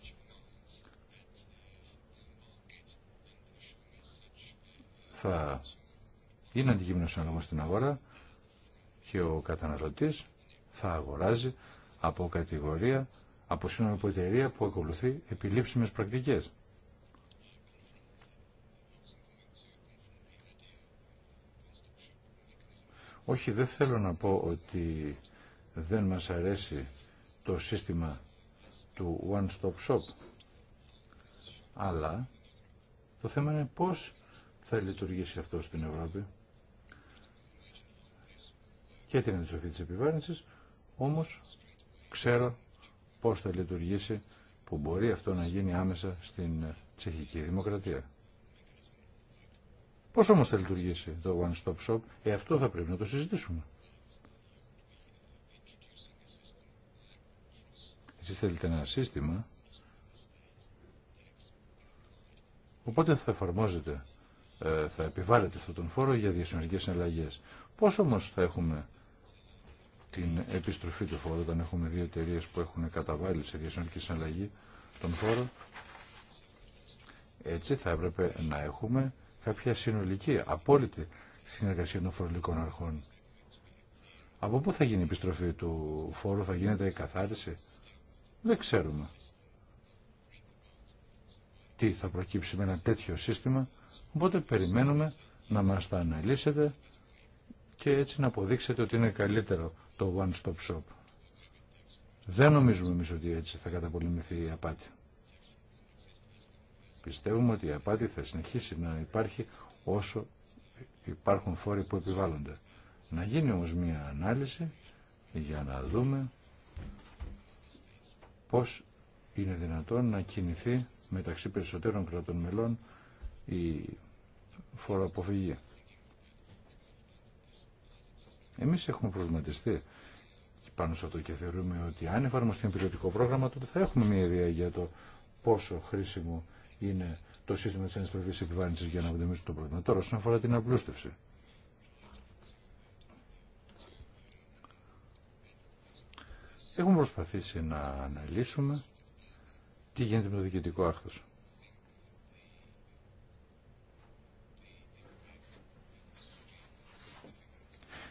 θα είναι αντικείμενο συναλλαγών στην αγορά και ο καταναλωτής θα αγοράζει από κατηγορία, από σύνολο από εταιρεία που ακολουθεί επιλήψιμες πρακτικές. Όχι, δεν θέλω να πω ότι δεν μας αρέσει το σύστημα του One Stop Shop, αλλά το θέμα είναι πώς θα λειτουργήσει αυτό στην Ευρώπη. Και την αντιστροφή της επιβάρυνσης, όμως ξέρω πώς θα λειτουργήσει που μπορεί αυτό να γίνει άμεσα στην τσεχική δημοκρατία. Πώς όμως θα λειτουργήσει το One Stop Shop, ε, αυτό θα πρέπει να το συζητήσουμε. Εσείς θέλετε ένα σύστημα, οπότε θα εφαρμόζεται, ε, θα επιβάλλεται αυτόν τον φόρο για διασυνορικές συναλλαγές. Πώς όμως θα έχουμε την επιστροφή του φόρου όταν έχουμε δύο εταιρείε που έχουν καταβάλει σε διασυνορική συναλλαγή τον φόρο. Έτσι θα έπρεπε να έχουμε κάποια συνολική, απόλυτη συνεργασία των φορολογικών αρχών. Από πού θα γίνει η επιστροφή του φόρου, θα γίνεται η καθάριση. Δεν ξέρουμε. Τι θα προκύψει με ένα τέτοιο σύστημα. Οπότε περιμένουμε να μας τα αναλύσετε και έτσι να αποδείξετε ότι είναι καλύτερο το One Stop Shop. Δεν νομίζουμε εμείς ότι έτσι θα καταπολεμηθεί η απάτη. Πιστεύουμε ότι η απάτη θα συνεχίσει να υπάρχει όσο υπάρχουν φόροι που επιβάλλονται. Να γίνει όμως μία ανάλυση για να δούμε πώς είναι δυνατόν να κινηθεί μεταξύ περισσότερων κρατών μελών η φοροαποφυγή. Εμείς έχουμε προβληματιστεί πάνω σε αυτό και θεωρούμε ότι αν εφαρμοστεί ένα πιλωτικό πρόγραμμα τότε θα έχουμε μια ιδέα για το πόσο χρήσιμο είναι το σύστημα τη ανεσπροφής επιβάρυνσης για να αποτεμήσουμε το πρόβλημα. Τώρα, όσον αφορά την απλούστευση. Έχουμε προσπαθήσει να αναλύσουμε τι γίνεται με το διοικητικό άκθος.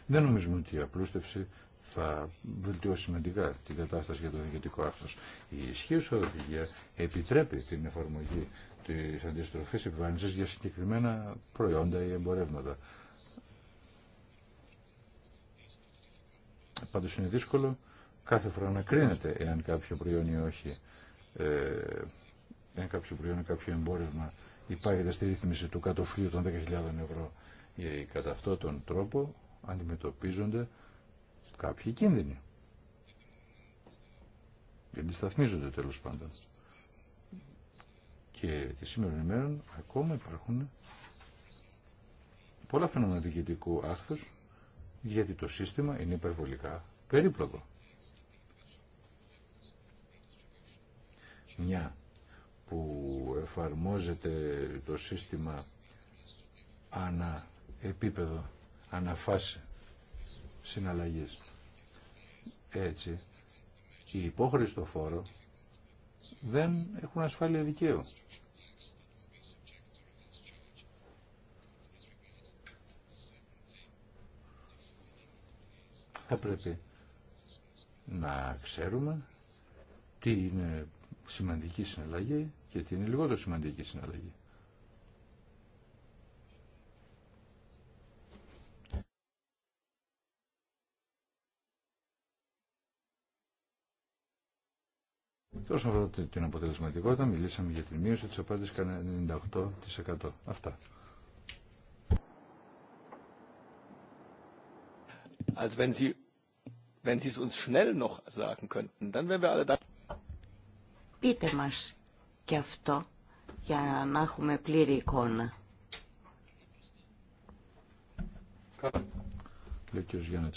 Δεν νομίζουμε ότι η απλούστευση θα βελτιώσει σημαντικά την κατάσταση για το διοικητικό άρθρος. Η ισχύουσα οδηγία επιτρέπει την εφαρμογή τη αντιστροφή επιβάλλησης για συγκεκριμένα προϊόντα ή εμπορεύματα. Πάντω είναι δύσκολο κάθε φορά να κρίνεται εάν κάποιο προϊόν ή όχι, ε, εάν κάποιο προϊόν ή κάποιο εμπόρευμα υπάρχει στη ρύθμιση του κατοφλίου των 10.000 ευρώ. Κατά αυτόν τον τρόπο αντιμετωπίζονται κάποιοι κίνδυνοι. σταθμίζονται τέλος πάντων. Και τη σήμερα ημέρα ακόμα υπάρχουν πολλά φαινόμενα διοικητικού άχθους γιατί το σύστημα είναι υπερβολικά περίπλοκο. Μια που εφαρμόζεται το σύστημα ανά επίπεδο αναφάση συναλλαγής. Έτσι, οι υπόχρεοι φόρο δεν έχουν ασφάλεια δικαίου. Θα πρέπει να ξέρουμε τι είναι σημαντική συναλλαγή και τι είναι λιγότερο σημαντική συναλλαγή. Όσον αφορά την αποτελεσματικότητα, μιλήσαμε για την μείωση της απάντηση κατά 98%. Αυτά. Also wenn Sie, wenn Sie es uns schnell noch sagen könnten, dann wären wir alle da. Πείτε mal, και αυτό για να έχουμε πλήρη εικόνα. Καλά. Λέει ο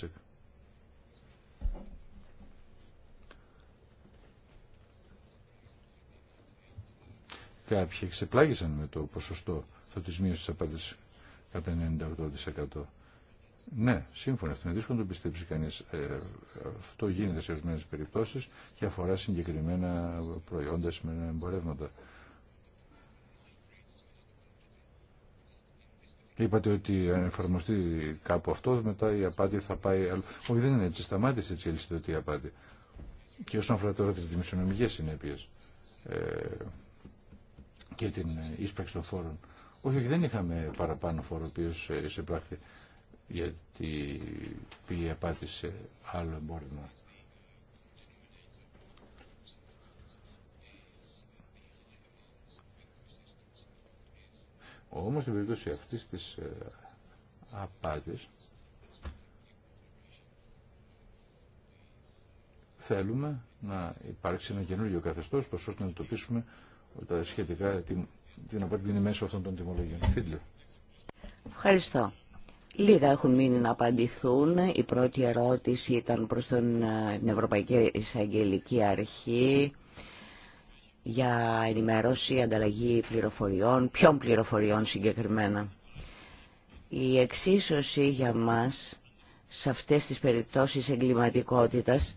Κάποιοι εξεπλάγησαν με το ποσοστό θα της μείωση της απάντησης κατά 98%. Ναι, σύμφωνα αυτό. Είναι δύσκολο να το πιστέψει κανείς. Ε, αυτό γίνεται σε ορισμένε περιπτώσεις και αφορά συγκεκριμένα προϊόντα, με εμπορεύματα. Είπατε ότι αν εφαρμοστεί κάπου αυτό, μετά η απάτη θα πάει αλλού. Όχι, δεν είναι έτσι. Σταμάτησε έτσι η αλυσιδωτή απάτη. Και όσον αφορά τώρα τι δημοσιονομικέ συνέπειε, ε, και την ίσπραξη των φόρων. Όχι, δεν είχαμε παραπάνω φόρο ο οποίο εισεπράχθη γιατί πήγε απάτη σε άλλο εμπόρευμα. Όμως στην περίπτωση αυτής της ε, απάτης θέλουμε να υπάρξει ένα καινούργιο καθεστώς ώστε να εντοπίσουμε τα σχετικά την, την μέσω αυτών των τιμολογιών. Ευχαριστώ. Λίγα έχουν μείνει να απαντηθούν. Η πρώτη ερώτηση ήταν προς ε, την Ευρωπαϊκή Εισαγγελική Αρχή για ενημέρωση, ανταλλαγή πληροφοριών, ποιων πληροφοριών συγκεκριμένα. Η εξίσωση για μας σε αυτές τις περιπτώσεις εγκληματικότητας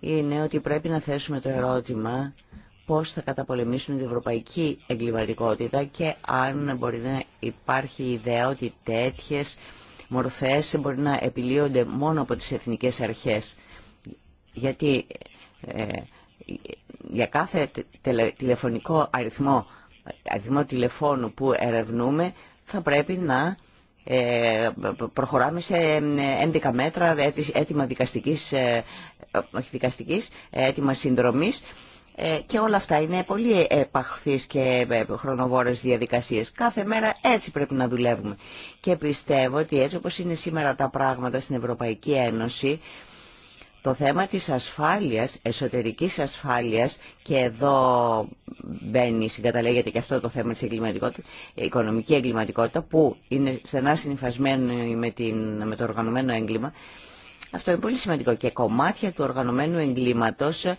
είναι ότι πρέπει να θέσουμε το ερώτημα πώς θα καταπολεμήσουν την ευρωπαϊκή εγκληματικότητα και αν μπορεί να υπάρχει ιδέα ότι τέτοιες μορφές μπορεί να επιλύονται μόνο από τις εθνικές αρχές. Γιατί ε, για κάθε τηλεφωνικό αριθμό, αριθμό τηλεφώνου που ερευνούμε θα πρέπει να ε, προχωράμε σε 11 ε, μέτρα έτοιμα δικαστικής, έτοιμα συνδρομής ε, και όλα αυτά είναι πολύ επαχθείς και ε, χρονοβόρες διαδικασίες. Κάθε μέρα έτσι πρέπει να δουλεύουμε. Και πιστεύω ότι έτσι όπως είναι σήμερα τα πράγματα στην Ευρωπαϊκή Ένωση, το θέμα της ασφάλειας, εσωτερικής ασφάλειας, και εδώ μπαίνει, συγκαταλέγεται και αυτό το θέμα της εγκληματικότητας, οικονομική εγκληματικότητα, που είναι στενά συνειφασμένη με, με το οργανωμένο έγκλημα, αυτό είναι πολύ σημαντικό και κομμάτια του οργανωμένου εγκλήματος ε,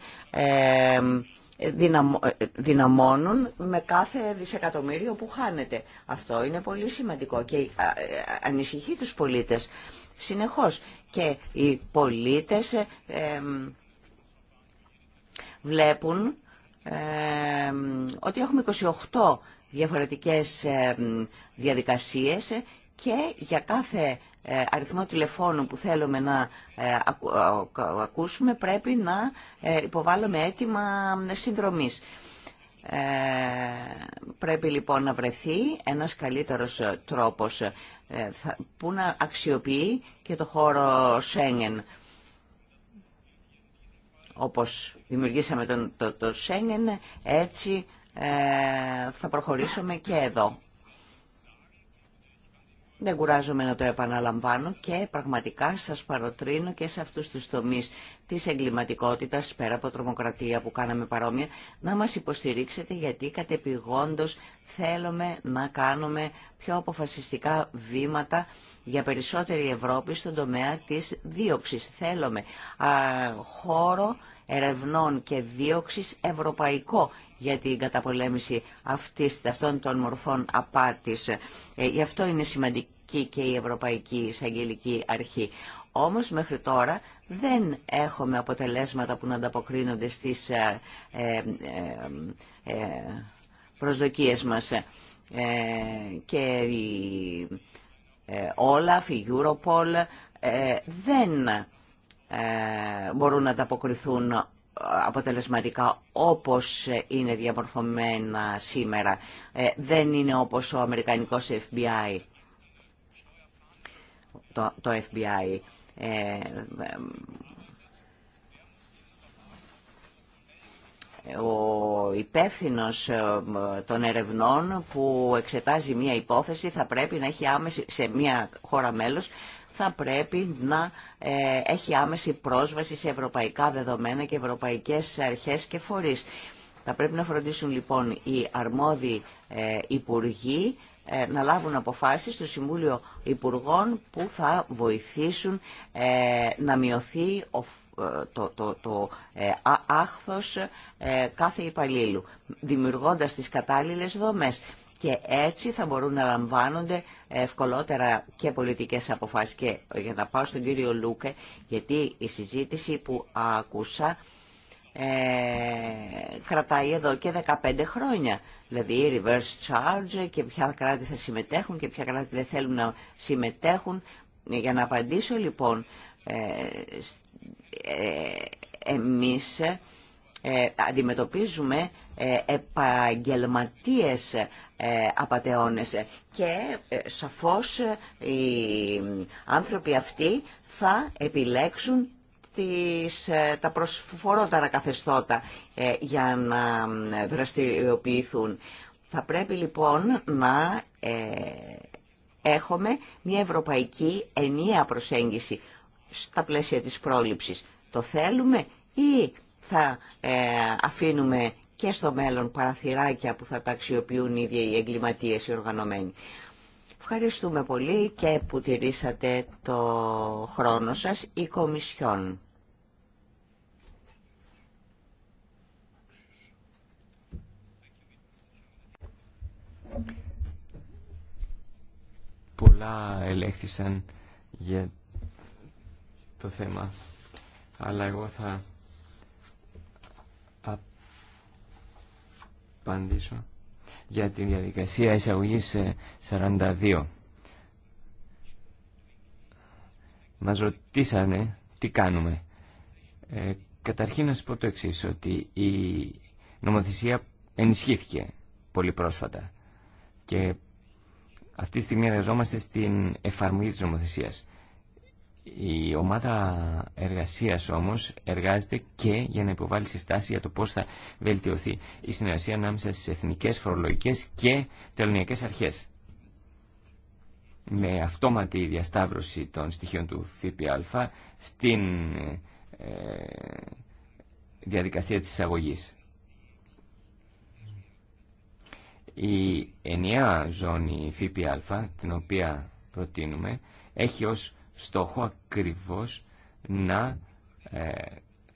ε, δυναμώνουν με κάθε δισεκατομμύριο που χάνεται. Αυτό είναι πολύ σημαντικό και ε, ανησυχεί τους πολίτες συνεχώς. Και οι πολίτες βλέπουν ότι έχουμε 28 διαφορετικές διαδικασίες και για κάθε ε, αριθμό τηλεφώνου που θέλουμε να ε, ακούσουμε πρέπει να ε, υποβάλλουμε αίτημα συνδρομής. Ε, πρέπει λοιπόν να βρεθεί ένας καλύτερος τρόπος που να αξιοποιεί και το χώρο Σέγγεν. Όπως δημιουργήσαμε τον, το, το Σέγγεν, έτσι θα προχωρήσουμε και εδώ. Δεν κουράζομαι να το επαναλαμβάνω και πραγματικά σας παροτρύνω και σε αυτούς τους τομείς της εγκληματικότητας, πέρα από τρομοκρατία που κάναμε παρόμοια, να μας υποστηρίξετε γιατί κατεπηγόντως θέλουμε να κάνουμε πιο αποφασιστικά βήματα για περισσότερη Ευρώπη στον τομέα της δίωξης. Θέλουμε χώρο ερευνών και δίωξης ευρωπαϊκό για την καταπολέμηση αυτής, αυτών των μορφών απάτης. Ε, γι' αυτό είναι σημαντικό και η Ευρωπαϊκή Εισαγγελική Αρχή. Όμως μέχρι τώρα δεν έχουμε αποτελέσματα που να ανταποκρίνονται στις ε, ε, ε, ε προσδοκίες μας. Ε, και η Όλαφ, η Europol δεν μπορούν να ανταποκριθούν αποτελεσματικά όπως είναι διαμορφωμένα σήμερα. δεν είναι όπως ο Αμερικανικός FBI το, το FBI. Ε, ο υπεύθυνο ε, των ερευνών που εξετάζει μια υπόθεση θα πρέπει να έχει άμεση, σε μια χώρα μέλος θα πρέπει να ε, έχει άμεση πρόσβαση σε ευρωπαϊκά δεδομένα και ευρωπαϊκές αρχές και φορείς. Θα πρέπει να φροντίσουν λοιπόν οι αρμόδιοι ε, υπουργοί ε, να λάβουν αποφάσεις στο Συμβούλιο Υπουργών που θα βοηθήσουν ε, να μειωθεί ε, το, το, το άχθος κάθε υπαλλήλου, δημιουργώντας τις κατάλληλες δομές. Και έτσι θα μπορούν να λαμβάνονται ευκολότερα και πολιτικές αποφάσεις. Και για να πάω στον κύριο Λούκε, γιατί η συζήτηση που άκουσα ε, κρατάει εδώ και 15 χρόνια. Δηλαδή reverse charge και ποια κράτη θα συμμετέχουν και ποια κράτη δεν θέλουν να συμμετέχουν. Ε, για να απαντήσω λοιπόν, ε, ε, εμείς ε, αντιμετωπίζουμε ε, επαγγελματίες απατεώνες και σαφώς οι άνθρωποι αυτοί θα επιλέξουν τις, ε, τα προσφορότερα καθεστώτα ε, για να ε, δραστηριοποιηθούν. Θα πρέπει λοιπόν να έχουμε μια ευρωπαϊκή ενιαία προσέγγιση στα πλαίσια της πρόληψης. Το θέλουμε ή θα αφήνουμε και στο μέλλον παραθυράκια που θα τα αξιοποιούν οι ίδιοι οι εγκληματίες οι οργανωμένοι. Ευχαριστούμε πολύ και που τηρήσατε το χρόνο σας η Κομισιόν. Πολλά ελέγχθησαν για το θέμα, αλλά εγώ θα απαντήσω για τη διαδικασία εισαγωγής 42. Ε, Μας ρωτήσανε τι κάνουμε. Ε, καταρχήν να σας πω το εξής, ότι η νομοθεσία ενισχύθηκε πολύ πρόσφατα και αυτή τη στιγμή εργαζόμαστε στην εφαρμογή της νομοθεσίας. Η ομάδα εργασία όμως εργάζεται και για να υποβάλει στάση για το πώς θα βελτιωθεί η συνεργασία ανάμεσα στι εθνικές, φορολογικέ και τελωνιακέ αρχές. Με αυτόματη διασταύρωση των στοιχείων του ΦΠΑ στην ε, διαδικασία της εισαγωγή. Η ενιαία ζώνη ΦΠΑ, την οποία προτείνουμε, έχει ως στόχο ακριβώς να ε,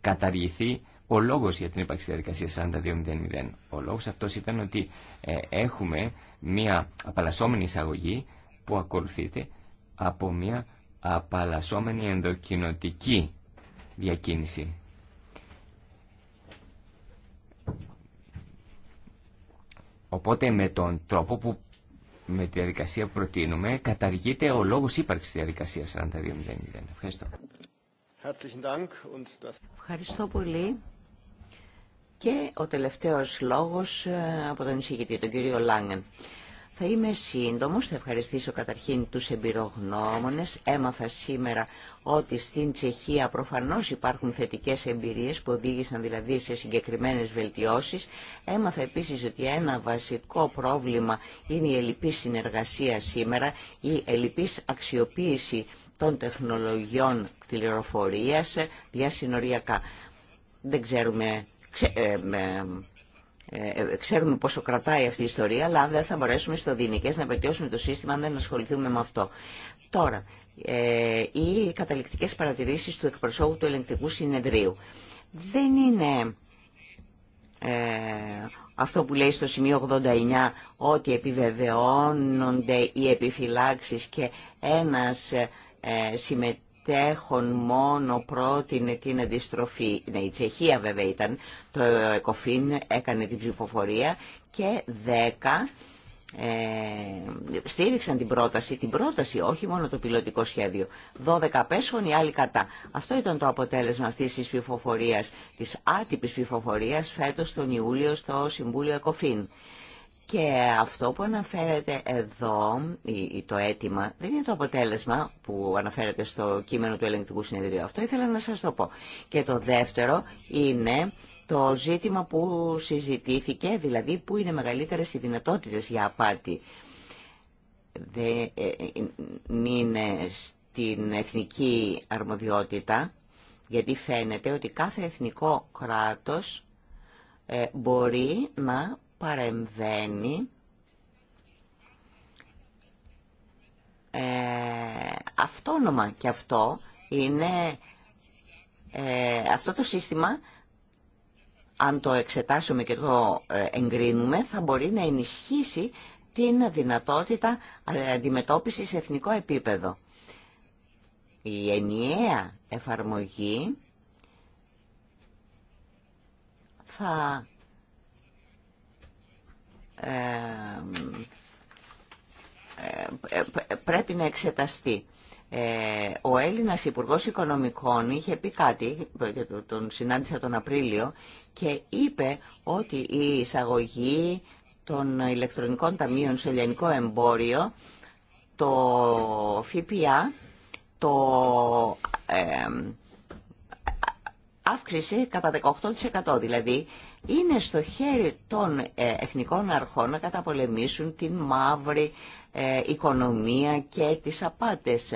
καταργηθεί ο λόγος για την ύπαρξη διαδικασία 42.00. Ο λόγος αυτός ήταν ότι ε, έχουμε μια απαλλασσόμενη εισαγωγή που ακολουθείται από μια απαλλασσόμενη ενδοκινοτική διακίνηση. Οπότε με τον τρόπο που με τη διαδικασία που προτείνουμε καταργείται ο λόγος ύπαρξης της διαδικασίας 42.00. Ευχαριστώ. Ευχαριστώ πολύ. Και ο τελευταίος λόγος ε, από τον εισηγητή, τον κύριο Λάγκεν. Θα είμαι σύντομος, θα ευχαριστήσω καταρχήν τους εμπειρογνώμονες. Έμαθα σήμερα ότι στην Τσεχία προφανώς υπάρχουν θετικές εμπειρίες που οδήγησαν δηλαδή σε συγκεκριμένες βελτιώσεις. Έμαθα επίσης ότι ένα βασικό πρόβλημα είναι η ελλειπής συνεργασία σήμερα, η ελλειπής αξιοποίηση των τεχνολογιών πληροφορίας διασυνοριακά. Δεν ξέρουμε... Ε, ε, ε, ξέρουμε πόσο κρατάει αυτή η ιστορία, αλλά δεν θα μπορέσουμε στο δινικές να βελτιώσουμε το σύστημα αν δεν ασχοληθούμε με αυτό. Τώρα, ε, οι καταληκτικές παρατηρήσεις του εκπροσώπου του ελεγκτικού συνεδρίου. Δεν είναι ε, αυτό που λέει στο σημείο 89 ότι επιβεβαιώνονται οι επιφυλάξεις και ένας ε, συμμετέχον μόνο πρότεινε την αντιστροφή. Ναι, η Τσεχία βέβαια ήταν, το ΕΚΟΦΗΝ έκανε την ψηφοφορία και 10 ε, στήριξαν την πρόταση, την πρόταση όχι μόνο το πιλωτικό σχέδιο. 12 πέσχων οι άλλοι κατά. Αυτό ήταν το αποτέλεσμα αυτής της ψηφοφορίας, της άτυπης ψηφοφορίας φέτος τον Ιούλιο στο Συμβούλιο ΕΚΟΦΗΝ. Και αυτό που αναφέρεται εδώ, το αίτημα, δεν είναι το αποτέλεσμα που αναφέρεται στο κείμενο του ελεγκτικού συνεδρίου. Αυτό ήθελα να σας το πω. Και το δεύτερο είναι το ζήτημα που συζητήθηκε, δηλαδή που είναι μεγαλύτερες οι δυνατότητες για απάτη. Δεν ε, ε, είναι στην εθνική αρμοδιότητα, γιατί φαίνεται ότι κάθε εθνικό κράτος ε, μπορεί να παρεμβαίνει ε, αυτόνομα και αυτό είναι ε, αυτό το σύστημα αν το εξετάσουμε και το ε, εγκρίνουμε θα μπορεί να ενισχύσει την δυνατότητα αντιμετώπιση σε εθνικό επίπεδο. Η ενιαία εφαρμογή θα ε, ε, ε, πρέπει να εξεταστεί. ο Έλληνας Υπουργός Οικονομικών είχε πει κάτι, τον συνάντησα τον Απρίλιο, και είπε ότι η εισαγωγή των ηλεκτρονικών ταμείων σε ελληνικό εμπόριο, το ΦΠΑ, το αύξησε κατά 18%. Δηλαδή είναι στο χέρι των ε, εθνικών αρχών να καταπολεμήσουν την μαύρη ε, οικονομία και τις απάτες.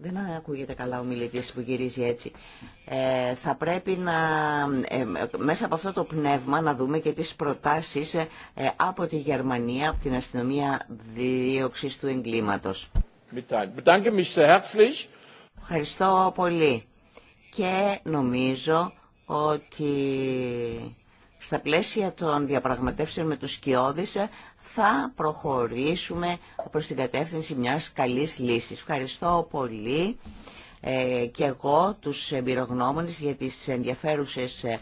Δεν ακούγεται καλά ο μιλητής που γυρίζει έτσι. Ε, θα πρέπει να, μέσα από αυτό το πνεύμα να δούμε και τις προτάσεις από τη Γερμανία, από την αστυνομία δίωξης του εγκλήματος. Ευχαριστώ πολύ. Και νομίζω ότι στα πλαίσια των διαπραγματεύσεων με τους Σκιώδης θα προχωρήσουμε προς την κατεύθυνση μιας καλής λύσης. Ευχαριστώ πολύ ε, και εγώ τους εμπειρογνώμονες για τις ενδιαφέρουσες ε,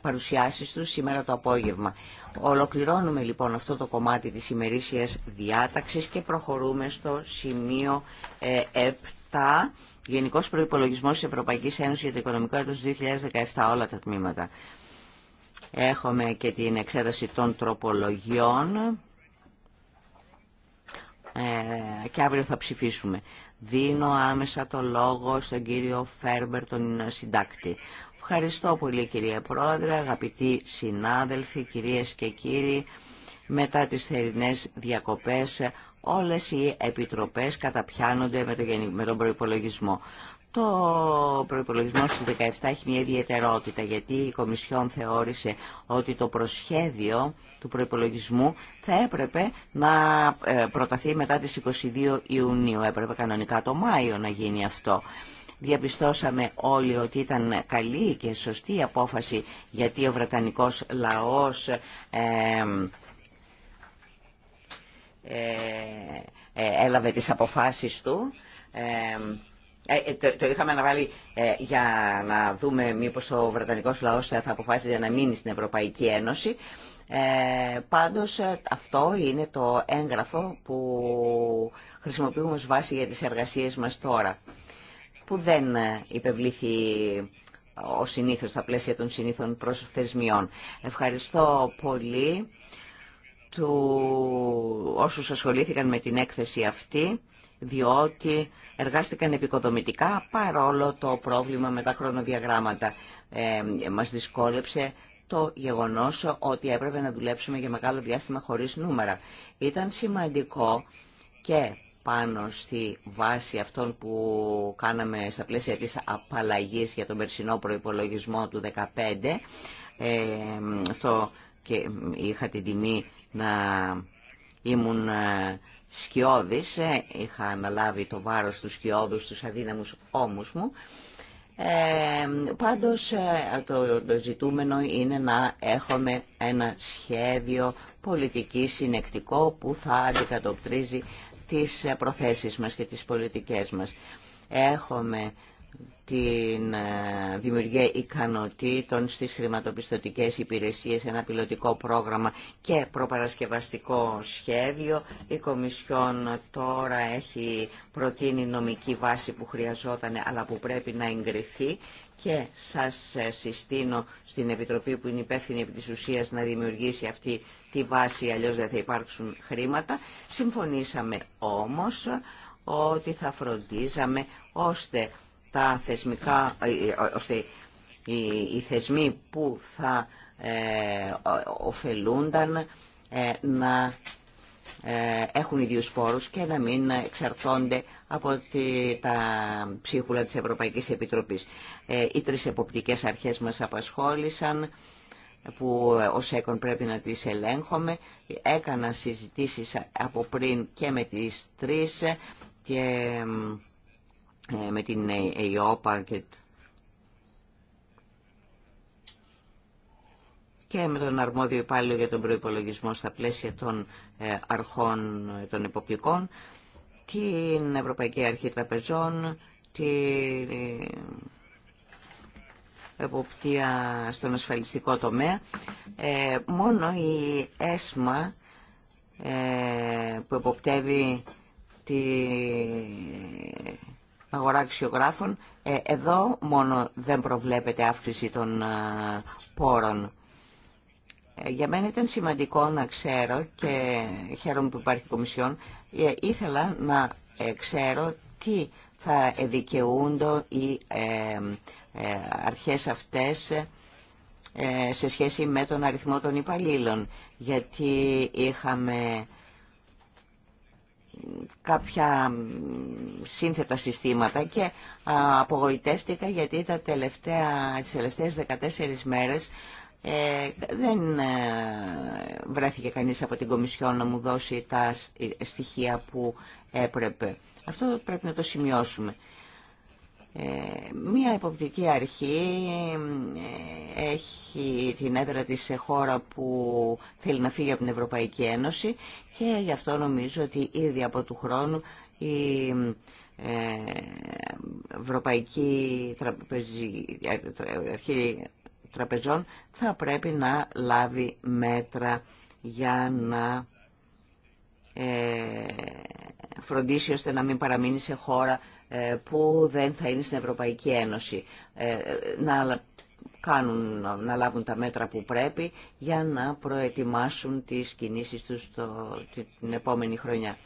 παρουσιάσεις τους σήμερα το απόγευμα. Ολοκληρώνουμε λοιπόν αυτό το κομμάτι της ημερήσιας διάταξης και προχωρούμε στο σημείο 7 ε, Γενικός Προϋπολογισμός της Ευρωπαϊκής Ένωσης για το Οικονομικό έτος 2017, όλα τα τμήματα. Έχουμε και την εξέταση των τροπολογιών ε, και αύριο θα ψηφίσουμε. Δίνω άμεσα το λόγο στον κύριο Φέρμπερ, τον συντάκτη. Ευχαριστώ πολύ κυρία Πρόεδρε, αγαπητοί συνάδελφοι, κυρίες και κύριοι. Μετά τις θερινές διακοπές όλες οι επιτροπές καταπιάνονται με, το, τον προϋπολογισμό. Το προπολογισμό του 17 έχει μια ιδιαιτερότητα γιατί η Κομισιόν θεώρησε ότι το προσχέδιο του προϋπολογισμού θα έπρεπε να ε, προταθεί μετά τις 22 Ιουνίου. Έπρεπε κανονικά το Μάιο να γίνει αυτό. Διαπιστώσαμε όλοι ότι ήταν καλή και σωστή απόφαση γιατί ο Βρετανικός λαός... Ε, ε, ε, έλαβε τις αποφάσεις του. Ε, το, το είχαμε αναβάλει για να δούμε μήπως ο Βρετανικός λαός θα αποφάσιζε να μείνει στην Ευρωπαϊκή Ένωση. Ε, πάντως αυτό είναι το έγγραφο που χρησιμοποιούμε ως βάση για τις εργασίες μας τώρα που δεν υπευλήθη ο συνήθως στα πλαίσια των συνήθων προσθεσμιών. Ευχαριστώ πολύ του όσους ασχολήθηκαν με την έκθεση αυτή, διότι εργάστηκαν επικοδομητικά παρόλο το πρόβλημα με τα χρονοδιαγράμματα. Ε, μας δυσκόλεψε το γεγονός ότι έπρεπε να δουλέψουμε για μεγάλο διάστημα χωρίς νούμερα. Ήταν σημαντικό και πάνω στη βάση αυτών που κάναμε στα πλαίσια της απαλλαγής για τον περσινό προϋπολογισμό του 2015, ε, και είχα την τιμή να ήμουν ε, σκιώδης, ε, είχα αναλάβει το βάρος του σκιώδους, τους αδύναμους ώμους μου. Ε, πάντως ε, το, το ζητούμενο είναι να έχουμε ένα σχέδιο πολιτική συνεκτικό που θα αντικατοπτρίζει τις προθέσεις μας και τις πολιτικές μας. Έχουμε την ε, δημιουργία ικανοτήτων στις χρηματοπιστωτικές υπηρεσίες, ένα πιλωτικό πρόγραμμα και προπαρασκευαστικό σχέδιο. Η Κομισιόν τώρα έχει προτείνει νομική βάση που χρειαζόταν αλλά που πρέπει να εγκριθεί και σας ε, συστήνω στην Επιτροπή που είναι υπεύθυνη επί της ουσίας να δημιουργήσει αυτή τη βάση, αλλιώς δεν θα υπάρξουν χρήματα. Συμφωνήσαμε όμως ότι θα φροντίζαμε ώστε τα θεσμικά, ε, ε, ε, ώστε οι θεσμοί που θα ωφελούνταν να έχουν ίδιους σπόρους και να μην εξαρτώνται από τα ψίχουλα της Ευρωπαϊκής Επιτροπής. Οι τρεις εποπτικές αρχές μας απασχόλησαν που ως έκον πρέπει να τις ελέγχομαι. Έκανα συζητήσεις από πριν και με τις τρεις και ε, με την ε, ΕΙΟΠΑ και... με τον αρμόδιο υπάλληλο για τον προϋπολογισμό στα πλαίσια των ε, αρχών των υποπτικών, την Ευρωπαϊκή Αρχή Τραπεζών, την εποπτεία στον ασφαλιστικό τομέα. μόνο η ΕΣΜΑ που εποπτεύει τη αγορά αξιογράφων. Ε, εδώ μόνο δεν προβλέπεται αύξηση των ε, πόρων. Ε, για μένα ήταν σημαντικό να ξέρω και χαίρομαι που υπάρχει κομισιόν. Ήθελα να ξέρω τι θα εδικαιούνται οι αρχές αυτές σε σχέση με τον αριθμό των υπαλλήλων. Γιατί είχαμε κάποια σύνθετα συστήματα και απογοητεύτηκα γιατί τα τελευταία, τις τελευταίες 14 μέρες ε, δεν ε, βρέθηκε κανείς από την Κομισιόν να μου δώσει τα στοιχεία που έπρεπε. Αυτό πρέπει να το σημειώσουμε. Ε, Μία υποπτική αρχή ε, έχει την έδρα της σε χώρα που θέλει να φύγει από την Ευρωπαϊκή Ένωση και γι' αυτό νομίζω ότι ήδη από του χρόνου η ε, Ευρωπαϊκή Αρχή Τραπεζών θα πρέπει να λάβει μέτρα για να φροντίσει ώστε να μην παραμείνει σε χώρα ε, που δεν θα είναι στην Ευρωπαϊκή Ένωση ε, ε, να, κάνουν, να λάβουν τα μέτρα που πρέπει για να προετοιμάσουν τις κινήσεις τους το, την επόμενη χρονιά.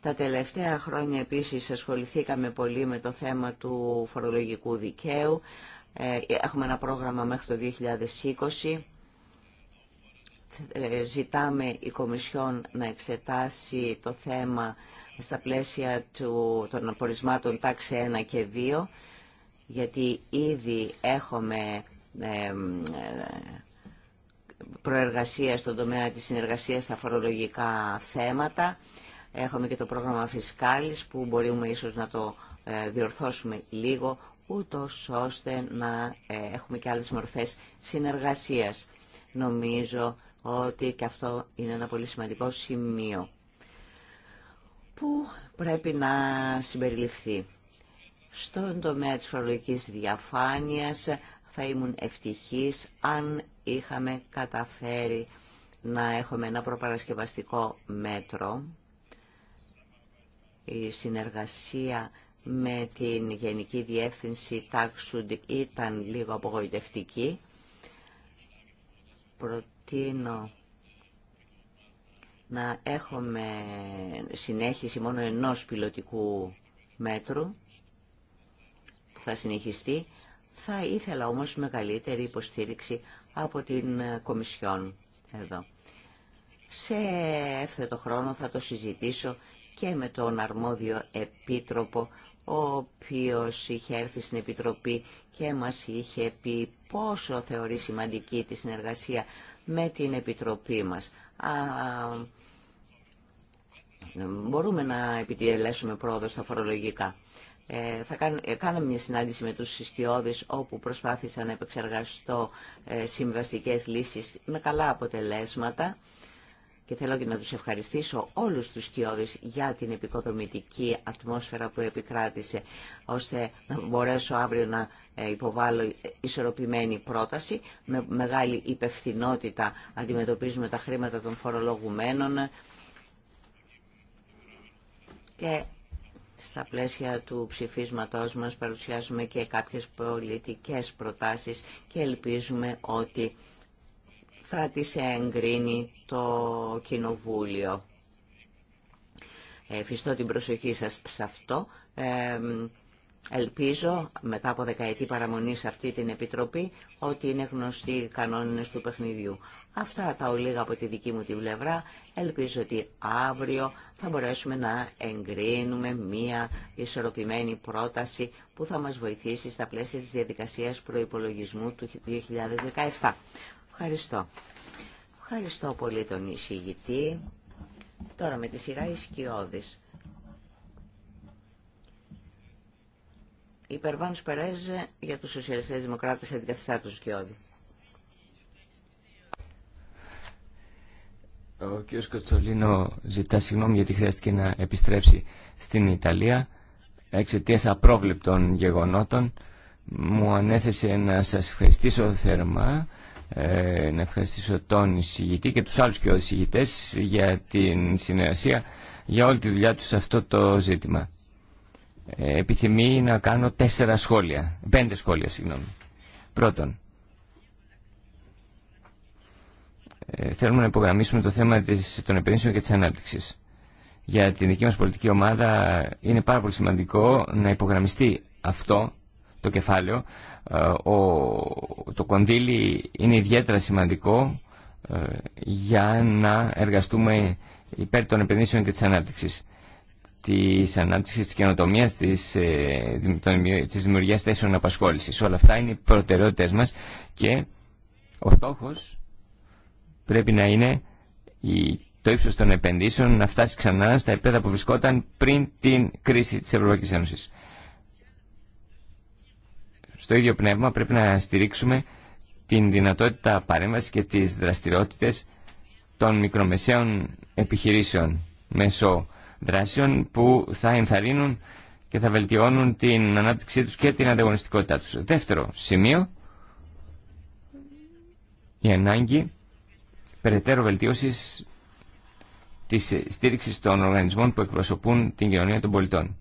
Τα τελευταία χρόνια επίσης ασχοληθήκαμε πολύ με το θέμα του φορολογικού δικαίου. Έχουμε ένα πρόγραμμα μέχρι το 2020. Ζητάμε η Κομισιόν να εξετάσει το θέμα στα πλαίσια του, των απορισμάτων τάξη 1 και 2, γιατί ήδη έχουμε ε, προεργασία στον τομέα της συνεργασίας στα φορολογικά θέματα. Έχουμε και το πρόγραμμα Φισκάλης που μπορούμε ίσως να το ε, διορθώσουμε λίγο, ούτω ώστε να ε, έχουμε και άλλες μορφές συνεργασίας. Νομίζω ότι και αυτό είναι ένα πολύ σημαντικό σημείο που πρέπει να συμπεριληφθεί. Στον τομέα της φορολογικής διαφάνειας θα ήμουν ευτυχής αν είχαμε καταφέρει να έχουμε ένα προπαρασκευαστικό μέτρο. Η συνεργασία με την Γενική Διεύθυνση Τάξουντ ήταν λίγο απογοητευτική. Προτείνω να έχουμε συνέχιση μόνο ενός πιλωτικού μέτρου που θα συνεχιστεί. Θα ήθελα όμως μεγαλύτερη υποστήριξη από την Κομισιόν εδώ. Σε έφθετο χρόνο θα το συζητήσω και με τον αρμόδιο επίτροπο, ο οποίος είχε έρθει στην Επιτροπή και μας είχε πει πόσο θεωρεί σημαντική τη συνεργασία με την Επιτροπή μας μπορούμε να επιτελέσουμε πρόοδο στα φορολογικά. Ε, θα κάν, ε, κάναμε μια συνάντηση με τους συσκιώδεις όπου προσπάθησαν να επεξεργαστώ ε, συμβαστικές λύσεις με καλά αποτελέσματα και θέλω και να τους ευχαριστήσω όλους τους κοιόδης για την επικοδομητική ατμόσφαιρα που επικράτησε, ώστε να μπορέσω αύριο να ε, υποβάλω ισορροπημένη πρόταση. Με μεγάλη υπευθυνότητα αντιμετωπίζουμε τα χρήματα των φορολογουμένων και στα πλαίσια του ψηφίσματός μας παρουσιάζουμε και κάποιες πολιτικές προτάσεις και ελπίζουμε ότι θα τις εγκρίνει το Κοινοβούλιο. Φυστώ την προσοχή σας σε αυτό. Ελπίζω μετά από δεκαετή παραμονή σε αυτή την Επιτροπή ότι είναι γνωστοί οι κανόνες του παιχνιδιού. Αυτά τα ολίγα από τη δική μου τη πλευρά. Ελπίζω ότι αύριο θα μπορέσουμε να εγκρίνουμε μία ισορροπημένη πρόταση που θα μας βοηθήσει στα πλαίσια της διαδικασίας προϋπολογισμού του 2017. Ευχαριστώ. Ευχαριστώ πολύ τον εισηγητή. Τώρα με τη σειρά Η Περβάνος Περέζε για τους Σοσιαλιστές Δημοκράτες αντικαθιστά του Σκιώδη. Ο κ. Κοτσολίνο ζητά συγγνώμη γιατί χρειάστηκε να επιστρέψει στην Ιταλία εξαιτίας απρόβλεπτων γεγονότων. Μου ανέθεσε να σας ευχαριστήσω θερμά ε, να ευχαριστήσω τον εισηγητή και τους άλλους και εισηγητές για την συνεργασία, για όλη τη δουλειά τους σε αυτό το ζήτημα. Ε, επιθυμεί να κάνω τέσσερα σχόλια, πέντε σχόλια συγγνώμη. Πρώτον, ε, θέλουμε να υπογραμμίσουμε το θέμα της, των επενδύσεων και της ανάπτυξης. Για την δική μας πολιτική ομάδα είναι πάρα πολύ σημαντικό να υπογραμμιστεί αυτό το κεφάλαιο. Ε, το κονδύλι είναι ιδιαίτερα σημαντικό ε, για να εργαστούμε υπέρ των επενδύσεων και της ανάπτυξης. Της ανάπτυξης της καινοτομίας, της, ε, της δημιουργίας θέσεων απασχόλησης. Όλα αυτά είναι οι προτεραιότητες μας και ο στόχος πρέπει να είναι το ύψος των επενδύσεων να φτάσει ξανά στα επίπεδα που βρισκόταν πριν την κρίση της Ευρωπαϊκής Ένωσης. Στο ίδιο πνεύμα πρέπει να στηρίξουμε την δυνατότητα παρέμβασης και τις δραστηριότητες των μικρομεσαίων επιχειρήσεων μέσω δράσεων που θα ενθαρρύνουν και θα βελτιώνουν την ανάπτυξή τους και την ανταγωνιστικότητά τους. Δεύτερο σημείο, η ανάγκη περαιτέρω βελτίωσης της στήριξης των οργανισμών που εκπροσωπούν την κοινωνία των πολιτών.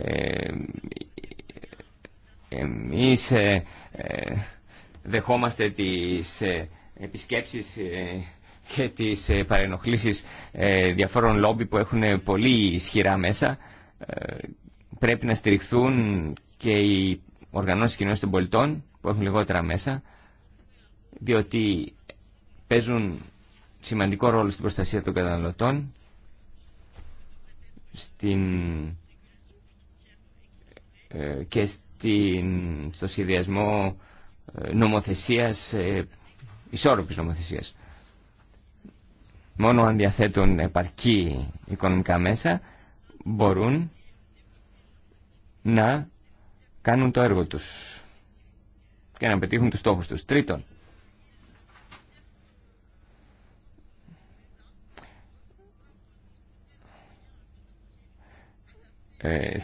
Ε, εμείς ε, ε, δεχόμαστε τις επισκέψεις και τις παρενοχλήσεις διαφόρων λόμπι που έχουν πολύ ισχυρά μέσα. Πρέπει να στηριχθούν και οι οργανώσεις κοινωνίας των πολιτών που έχουν λιγότερα μέσα, διότι παίζουν σημαντικό ρόλο στην προστασία των καταναλωτών, στην ε, και στην, στο σχεδιασμό ε, νομοθεσίας, ε, ισόρροπης νομοθεσίας. Μόνο αν διαθέτουν επαρκή οικονομικά μέσα μπορούν να κάνουν το έργο τους και να πετύχουν τους στόχους τους. Τρίτον,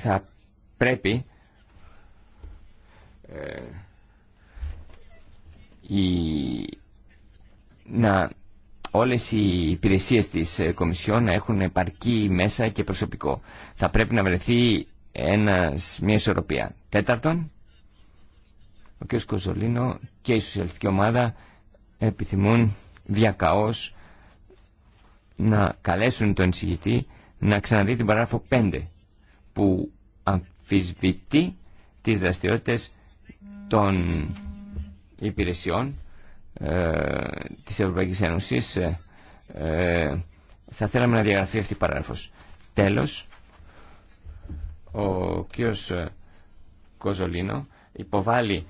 θα πρέπει ε, η, να όλες οι υπηρεσίες της ε, Κομισιόν να έχουν επαρκή μέσα και προσωπικό. Θα πρέπει να βρεθεί ένας, μια ισορροπία. Τέταρτον, ο κ. Κοζολίνο και η Σοσιαλιστική Ομάδα επιθυμούν διακαώς να καλέσουν τον εισηγητή να ξαναδεί την παράγραφο 5 που αμφισβητεί τις δραστηριότητες των υπηρεσιών ε, της Ευρωπαϊκής ε, ε, θα θέλαμε να διαγραφεί αυτή η παράγραφος. Τέλος, ο κ. Κοζολίνο υποβάλλει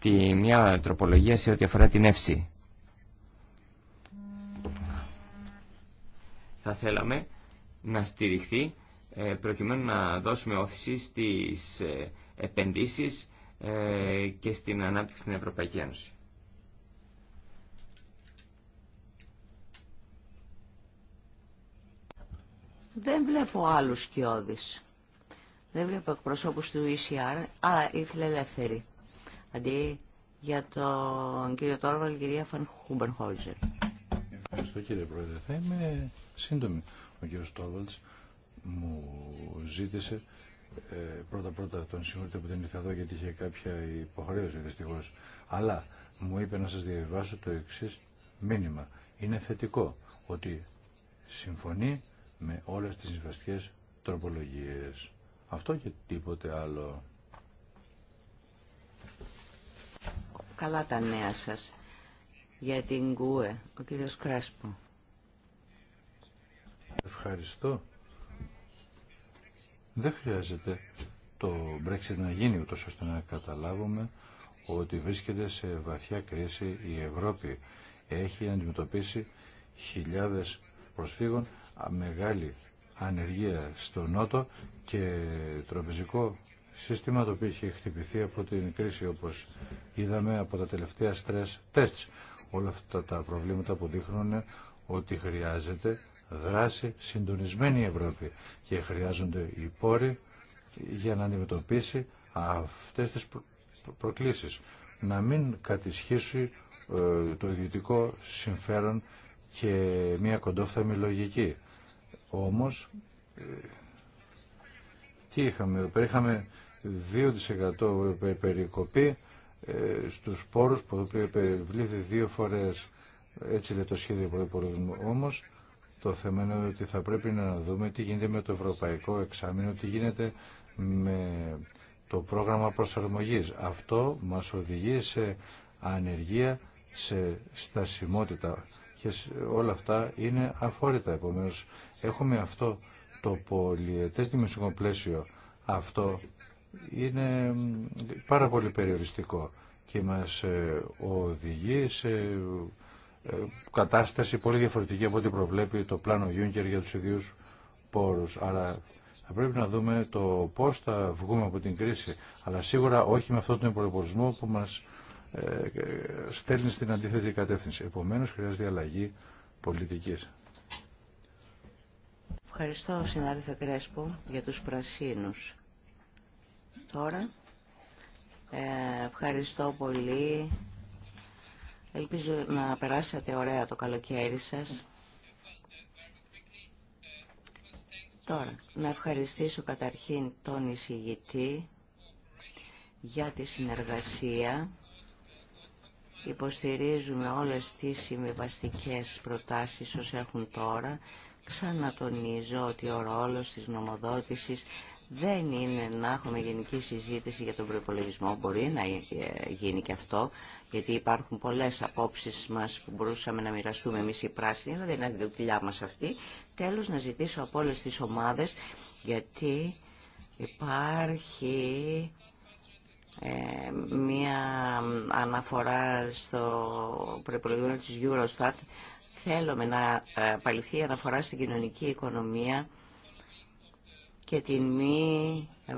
τη, μια τροπολογία σε ό,τι αφορά την εύση. Θα θέλαμε να στηριχθεί ε, προκειμένου να δώσουμε όθηση στις επενδύσεις ε, και στην ανάπτυξη στην Ευρωπαϊκή Ένωση. Δεν βλέπω άλλους σκιώδεις. Δεν βλέπω εκπροσώπους του ECR. Α, η φιλελεύθερη. Αντί για τον κύριο Τόρβαλ, κυρία Φαν Χουμπερνχόλζερ. Ευχαριστώ κύριε Πρόεδρε. Θα είμαι σύντομη. Ο κύριος Τόρβαλτς μου ζήτησε πρώτα-πρώτα ε, τον συγχωρείτε που δεν ήρθα εδώ γιατί είχε κάποια υποχρέωση δυστυχώ. Αλλά μου είπε να σα διαβάσω το εξή μήνυμα. Είναι θετικό ότι συμφωνεί με όλε τι συμβαστικέ τροπολογίε. Αυτό και τίποτε άλλο. Καλά τα νέα σα Για την ΚΟΕ, ο κύριος Κράσπο. Ευχαριστώ. Δεν χρειάζεται το Brexit να γίνει ούτως ώστε να καταλάβουμε ότι βρίσκεται σε βαθιά κρίση η Ευρώπη. Έχει αντιμετωπίσει χιλιάδες προσφύγων, μεγάλη ανεργία στο Νότο και τροπεζικό σύστημα το οποίο έχει χτυπηθεί από την κρίση όπως είδαμε από τα τελευταία stress tests. Όλα αυτά τα προβλήματα που δείχνουν ότι χρειάζεται δράση συντονισμένη η Ευρώπη και χρειάζονται οι πόροι για να αντιμετωπίσει αυτές τις προκλήσεις. Να μην κατησχίσει ε, το ιδιωτικό συμφέρον και μια κοντόφθαμη λογική. Όμως, ε, τι είχαμε εδώ πέρα, είχαμε 2% περικοπή ε, στους πόρους που επιβλήθη δύο φορές έτσι λέει το σχέδιο προϋπολογισμού. Όμως το θέμα ότι θα πρέπει να δούμε τι γίνεται με το ευρωπαϊκό εξάμεινο, τι γίνεται με το πρόγραμμα προσαρμογής. Αυτό μας οδηγεί σε ανεργία, σε στασιμότητα και όλα αυτά είναι αφόρητα. Επομένως, έχουμε αυτό το πολιετές δημιουργικό πλαίσιο. Αυτό είναι πάρα πολύ περιοριστικό και μας ε, οδηγεί σε κατάσταση πολύ διαφορετική από ό,τι προβλέπει το πλάνο Juncker για τους ιδίους πόρους. Άρα θα πρέπει να δούμε το πώς θα βγούμε από την κρίση, αλλά σίγουρα όχι με αυτόν τον υπολογισμό που μας ε, στέλνει στην αντίθετη κατεύθυνση. Επομένως χρειάζεται αλλαγή πολιτικής. Ευχαριστώ συνάδελφε Κρέσπο για τους πρασίνους. Τώρα, ε, ευχαριστώ πολύ Ελπίζω να περάσατε ωραία το καλοκαίρι σας. Τώρα, να ευχαριστήσω καταρχήν τον εισηγητή για τη συνεργασία. Υποστηρίζουμε όλες τις συμβιβαστικέ προτάσεις όσες έχουν τώρα. Ξανατονίζω ότι ο ρόλος της νομοδότησης δεν είναι να έχουμε γενική συζήτηση για τον προπολογισμό. Μπορεί να γίνει και αυτό, γιατί υπάρχουν πολλές απόψεις μας που μπορούσαμε να μοιραστούμε εμείς οι πράσινοι, αλλά δεν είναι δουλειά μας αυτή. Τέλος, να ζητήσω από όλες τις ομάδες, γιατί υπάρχει ε, μία αναφορά στο προπολογισμό της Eurostat. Θέλουμε να ε, παληθεί η αναφορά στην κοινωνική οικονομία και την μη ε,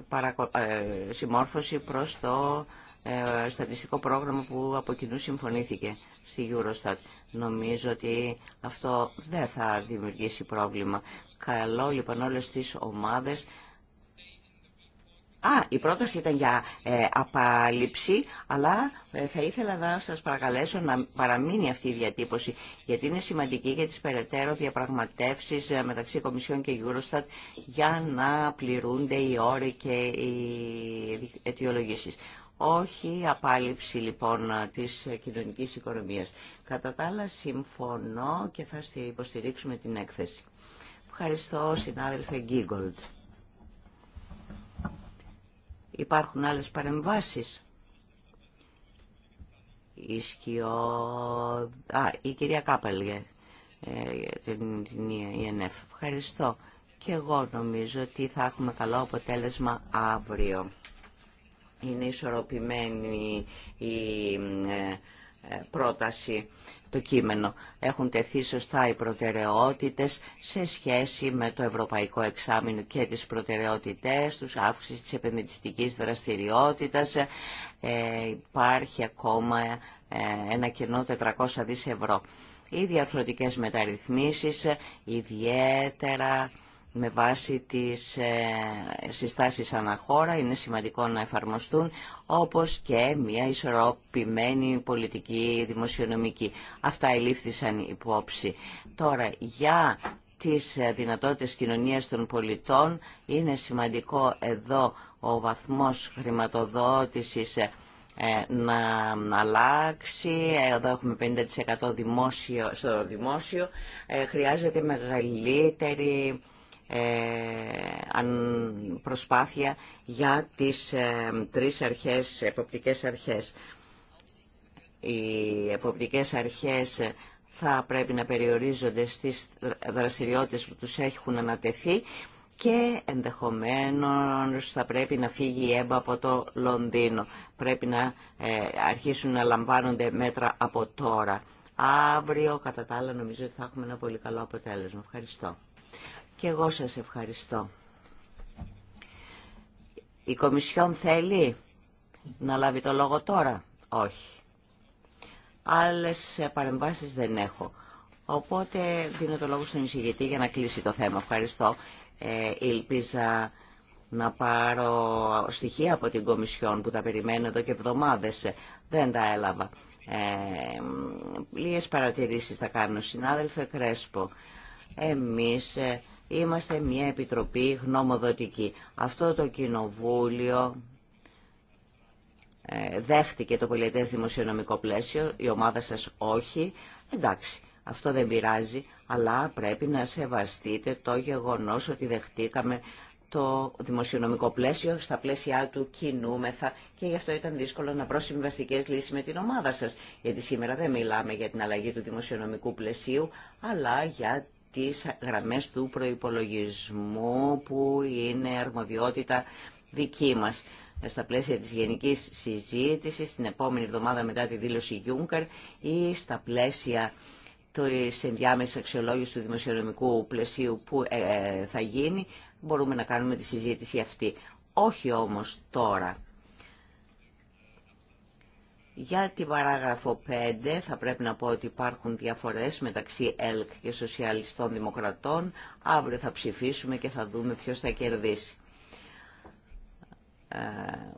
ε, συμμόρφωση προς το ε, στατιστικό πρόγραμμα που από κοινού συμφωνήθηκε στη Eurostat. Νομίζω ότι αυτό δεν θα δημιουργήσει πρόβλημα. Καλό λοιπόν όλες τις ομάδες Α, η πρόταση ήταν για ε, απάλληψη, αλλά ε, θα ήθελα να σας παρακαλέσω να παραμείνει αυτή η διατύπωση, γιατί είναι σημαντική για τις περαιτέρω διαπραγματεύσεις ε, μεταξύ Κομισιών και Eurostat για να πληρούνται οι όροι και οι αιτιολογήσεις. Όχι απάλληψη λοιπόν της κοινωνικής οικονομίας. Κατά τα άλλα συμφωνώ και θα υποστηρίξουμε την έκθεση. Ευχαριστώ συνάδελφε Γκίγκολτ. Υπάρχουν άλλες παρεμβάσεις. Η, σκιο... Α, η κυρία Κάπαλγε, την Ευχαριστώ. Και εγώ νομίζω ότι θα έχουμε καλό αποτέλεσμα αύριο. Είναι ισορροπημένη η ε, ε, πρόταση, το κείμενο. Έχουν τεθεί σωστά οι προτεραιότητες σε σχέση με το Ευρωπαϊκό Εξάμεινο και τις προτεραιότητές τους, αύξηση της επενδυτιστικής δραστηριότητας. Ε, υπάρχει ακόμα ε, ένα κοινό 400 δις ευρώ. Οι διαρθρωτικές μεταρρυθμίσεις, ιδιαίτερα με βάση τις ε, συστάσεις αναχώρα είναι σημαντικό να εφαρμοστούν όπως και μια ισορροπημένη πολιτική δημοσιονομική. Αυτά ελήφθησαν υπόψη. Τώρα για τις ε, δυνατότητες κοινωνίας των πολιτών είναι σημαντικό εδώ ο βαθμός χρηματοδότησης ε, να αλλάξει. Εδώ έχουμε 50% δημόσιο, στο δημόσιο. Χρειάζεται μεγαλύτερη ε, προσπάθεια για τις ε, τρεις αρχές, εποπτικές αρχές. Οι εποπτικές αρχές θα πρέπει να περιορίζονται στις δραστηριότητες που τους έχουν ανατεθεί και ενδεχομένως θα πρέπει να φύγει η ΕΜΠΑ από το Λονδίνο. Πρέπει να ε, αρχίσουν να λαμβάνονται μέτρα από τώρα. Αύριο, κατά τα άλλα, νομίζω ότι θα έχουμε ένα πολύ καλό αποτέλεσμα. Ευχαριστώ. Και εγώ σας ευχαριστώ. Η Κομισιόν θέλει να λάβει το λόγο τώρα. Όχι. Άλλες παρεμβάσεις δεν έχω. Οπότε δίνω το λόγο στον εισηγητή για να κλείσει το θέμα. Ευχαριστώ. Ε, να πάρω στοιχεία από την Κομισιόν που τα περιμένω εδώ και εβδομάδες. Δεν τα έλαβα. Ε, λίγες παρατηρήσεις θα κάνω. Συνάδελφε Κρέσπο, εμείς... Ε, Είμαστε μια επιτροπή γνωμοδοτική. Αυτό το κοινοβούλιο ε, δέχτηκε το πολιτές δημοσιονομικό πλαίσιο, η ομάδα σας όχι. Εντάξει, αυτό δεν πειράζει, αλλά πρέπει να σεβαστείτε το γεγονός ότι δεχτήκαμε το δημοσιονομικό πλαίσιο, στα πλαίσια του κινούμεθα και γι' αυτό ήταν δύσκολο να βρω συμβαστικέ λύσει με την ομάδα σα. Γιατί σήμερα δεν μιλάμε για την αλλαγή του δημοσιονομικού πλαισίου, αλλά για τις γραμμές του προϋπολογισμού που είναι αρμοδιότητα δική μας. Στα πλαίσια της γενικής συζήτησης, την επόμενη εβδομάδα μετά τη δήλωση Γιούγκαρ ή στα πλαίσια της ενδιάμεσης αξιολόγηση του δημοσιονομικού πλαισίου που ε, ε, θα γίνει, μπορούμε να κάνουμε τη συζήτηση αυτή. Όχι όμως τώρα. Για την παράγραφο 5 θα πρέπει να πω ότι υπάρχουν διαφορές μεταξύ ΕΛΚ και Σοσιαλιστών Δημοκρατών. Αύριο θα ψηφίσουμε και θα δούμε ποιος θα κερδίσει. Ε,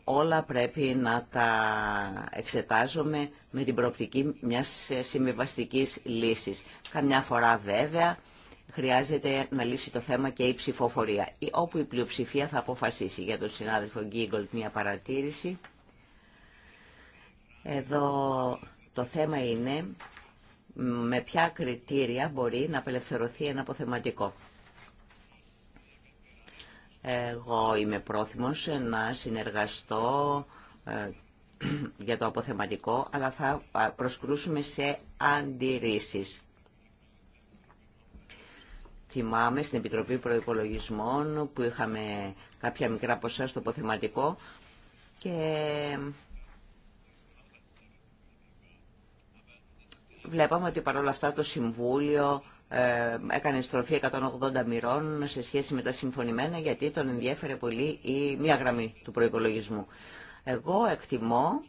όλα πρέπει να τα εξετάζουμε με την προοπτική μιας συμβιβαστικής λύσης. Καμιά φορά βέβαια χρειάζεται να λύσει το θέμα και η ψηφοφορία, όπου η πλειοψηφία θα αποφασίσει. Για τον συνάδελφο Γκίγκολτ μια παρατήρηση. Εδώ το θέμα είναι με ποια κριτήρια μπορεί να απελευθερωθεί ένα αποθεματικό. Εγώ είμαι πρόθυμος να συνεργαστώ ε, για το αποθεματικό, αλλά θα προσκρούσουμε σε αντιρρήσεις. Θυμάμαι στην Επιτροπή Προϋπολογισμών που είχαμε κάποια μικρά ποσά στο αποθεματικό και Βλέπαμε ότι παρόλα αυτά το Συμβούλιο ε, έκανε στροφή 180 μοιρών σε σχέση με τα συμφωνημένα γιατί τον ενδιέφερε πολύ η μία γραμμή του προϋπολογισμού. Εγώ εκτιμώ,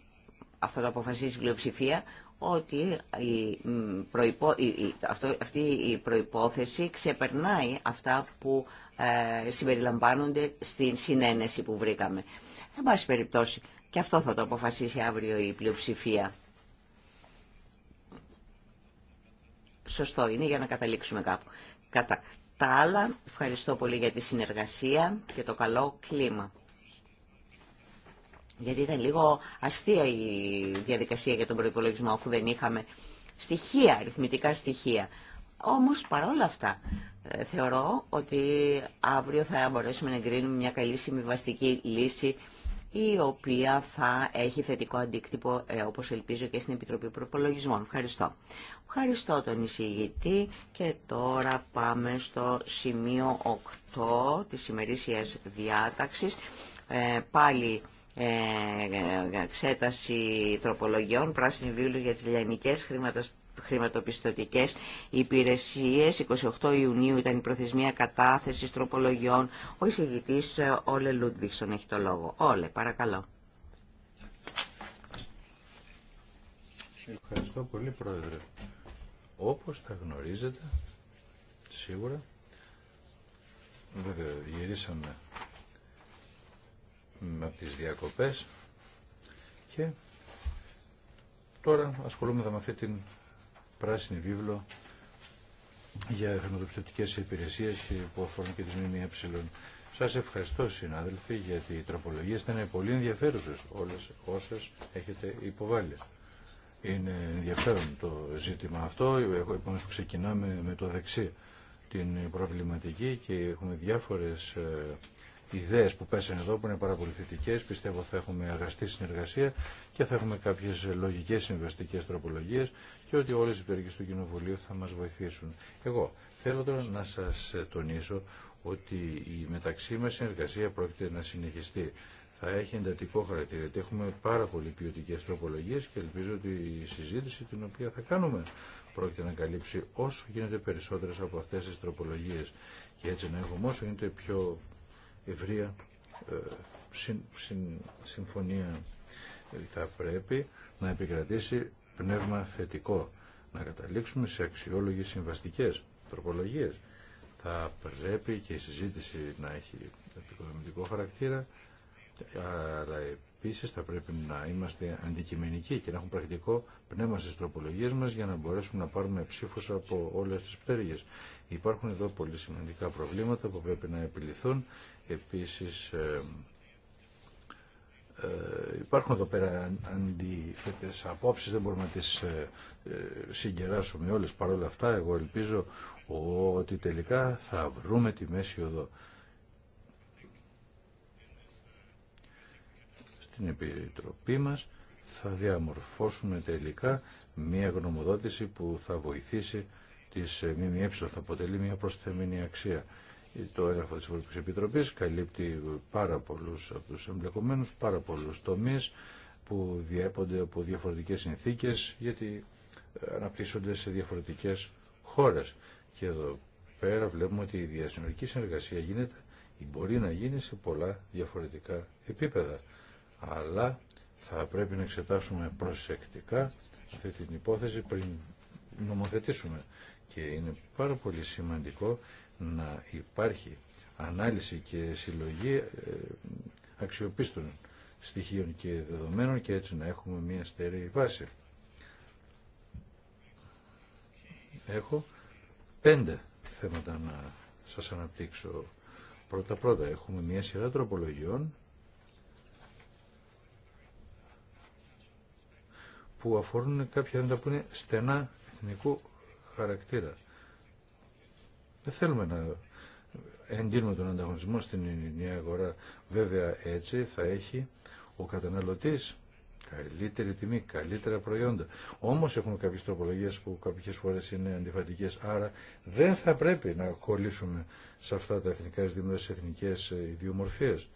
αυτό το αποφασίζει η πλειοψηφία, ότι η αυτή η προϋπόθεση ξεπερνάει αυτά που ε, συμπεριλαμβάνονται στην συνένεση που βρήκαμε. Εν πάση περιπτώσει, και αυτό θα το αποφασίσει αύριο η πλειοψηφία. σωστό είναι για να καταλήξουμε κάπου. Κατά τα άλλα, ευχαριστώ πολύ για τη συνεργασία και το καλό κλίμα. Γιατί ήταν λίγο αστεία η διαδικασία για τον προπολογισμό, αφού δεν είχαμε στοιχεία, αριθμητικά στοιχεία. Όμως, παρόλα αυτά, ε, θεωρώ ότι αύριο θα μπορέσουμε να εγκρίνουμε μια καλή συμβιβαστική λύση η οποία θα έχει θετικό αντίκτυπο, ε, όπως ελπίζω, και στην Επιτροπή Προπολογισμών. Ευχαριστώ. Ευχαριστώ τον εισηγητή και τώρα πάμε στο σημείο 8 της ημερήσιας διάταξης. Ε, πάλι ε, εξέταση τροπολογιών, πράσινη βίβλου για τις λιανικές χρηματοστατικές χρηματοπιστωτικές υπηρεσίες. 28 Ιουνίου ήταν η προθεσμία κατάθεσης τροπολογιών. Ο εισηγητής ε, Όλε Λούντβιξον έχει το λόγο. Όλε, παρακαλώ. Ευχαριστώ πολύ, Πρόεδρε. Όπως τα γνωρίζετε, σίγουρα, βέβαια γυρίσαμε από τις διακοπές και τώρα ασχολούμαι με αυτή την πράσινη βίβλο για χρηματοπιστωτικές υπηρεσίες που αφορούν και τις ΜΜΕ. Σας ευχαριστώ συνάδελφοι γιατί οι τροπολογία ήταν πολύ ενδιαφέρουσες όλες όσες έχετε υποβάλει. Είναι ενδιαφέρον το ζήτημα αυτό, επομένως ξεκινάμε με το δεξί την προβληματική και έχουμε διάφορες ε, ιδέες που πέσανε εδώ που είναι πάρα πολύ θετικές. Πιστεύω θα έχουμε αγαστή συνεργασία και θα έχουμε κάποιες λογικές συμβαστικές τροπολογίες και ότι όλες οι περιοχές του Κοινοβουλίου θα μας βοηθήσουν. Εγώ θέλω τώρα να σας τονίσω ότι η μεταξύ μας συνεργασία πρόκειται να συνεχιστεί. Θα έχει εντατικό χαρακτήρα, γιατί έχουμε πάρα πολύ ποιοτικέ τροπολογίε και ελπίζω ότι η συζήτηση την οποία θα κάνουμε πρόκειται να καλύψει όσο γίνεται περισσότερε από αυτέ τι τροπολογίε και έτσι να έχουμε όσο γίνεται πιο ευρεία ε, συμφωνία. Ε, θα πρέπει να επικρατήσει πνεύμα θετικό, να καταλήξουμε σε αξιόλογες συμβαστικές τροπολογίες. Θα πρέπει και η συζήτηση να έχει επικοδομητικό χαρακτήρα, αλλά επίσης θα πρέπει να είμαστε αντικειμενικοί και να έχουμε πρακτικό πνεύμα στις τροπολογίες μας για να μπορέσουμε να πάρουμε ψήφους από όλες τις πέργες. Υπάρχουν εδώ πολύ σημαντικά προβλήματα που πρέπει να επιληθούν Επίσης ε, ε, υπάρχουν εδώ πέρα αντίθετες απόψεις, δεν μπορούμε να τις ε, συγκεράσουμε όλες παρόλα αυτά. Εγώ ελπίζω ότι τελικά θα βρούμε τη μέση οδό. Στην Επιτροπή μας θα διαμορφώσουμε τελικά μία γνωμοδότηση που θα βοηθήσει τις ΜΜΕ, θα αποτελεί μία προσθεμένη αξία. Το έγγραφο της Ευρωπαϊκής Επιτροπής καλύπτει πάρα πολλούς από τους εμπλεκομένους, πάρα πολλούς τομείς που διέπονται από διαφορετικές συνθήκες γιατί αναπτύσσονται σε διαφορετικές χώρες. Και εδώ πέρα βλέπουμε ότι η διασυνορική συνεργασία γίνεται ή μπορεί να γίνει σε πολλά διαφορετικά επίπεδα. Αλλά θα πρέπει να εξετάσουμε προσεκτικά αυτή την υπόθεση πριν νομοθετήσουμε. Και είναι πάρα πολύ σημαντικό να υπάρχει ανάλυση και συλλογή ε, αξιοπίστων στοιχείων και δεδομένων και έτσι να έχουμε μια στερεή βάση. Έχω πέντε θέματα να σας αναπτύξω. Πρώτα-πρώτα έχουμε μια σειρά τροπολογιών που αφορούν κάποια θέματα που είναι στενά εθνικού χαρακτήρα. Δεν θέλουμε να εντείνουμε τον ανταγωνισμό στην ελληνική αγορά. Βέβαια έτσι θα έχει ο καταναλωτής καλύτερη τιμή, καλύτερα προϊόντα. Όμως έχουμε κάποιες τροπολογίες που κάποιες φορές είναι αντιφατικές, άρα δεν θα πρέπει να κολλήσουμε σε αυτά τα εθνικά ζητήματα, σε εθνικές ιδιομορφίες.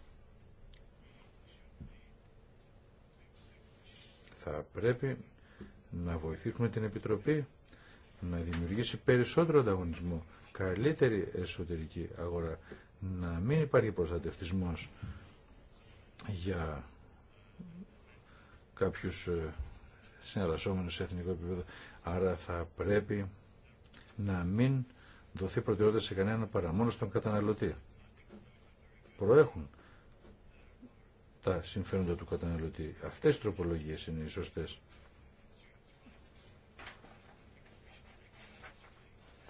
Θα πρέπει να βοηθήσουμε την Επιτροπή να δημιουργήσει περισσότερο ανταγωνισμό καλύτερη εσωτερική αγορά. Να μην υπάρχει προστατευτισμός για κάποιους ε, συνεργασόμενους σε εθνικό επίπεδο. Άρα θα πρέπει να μην δοθεί προτεραιότητα σε κανέναν παρά μόνο στον καταναλωτή. Προέχουν τα συμφέροντα του καταναλωτή. Αυτές οι τροπολογίες είναι οι σωστές.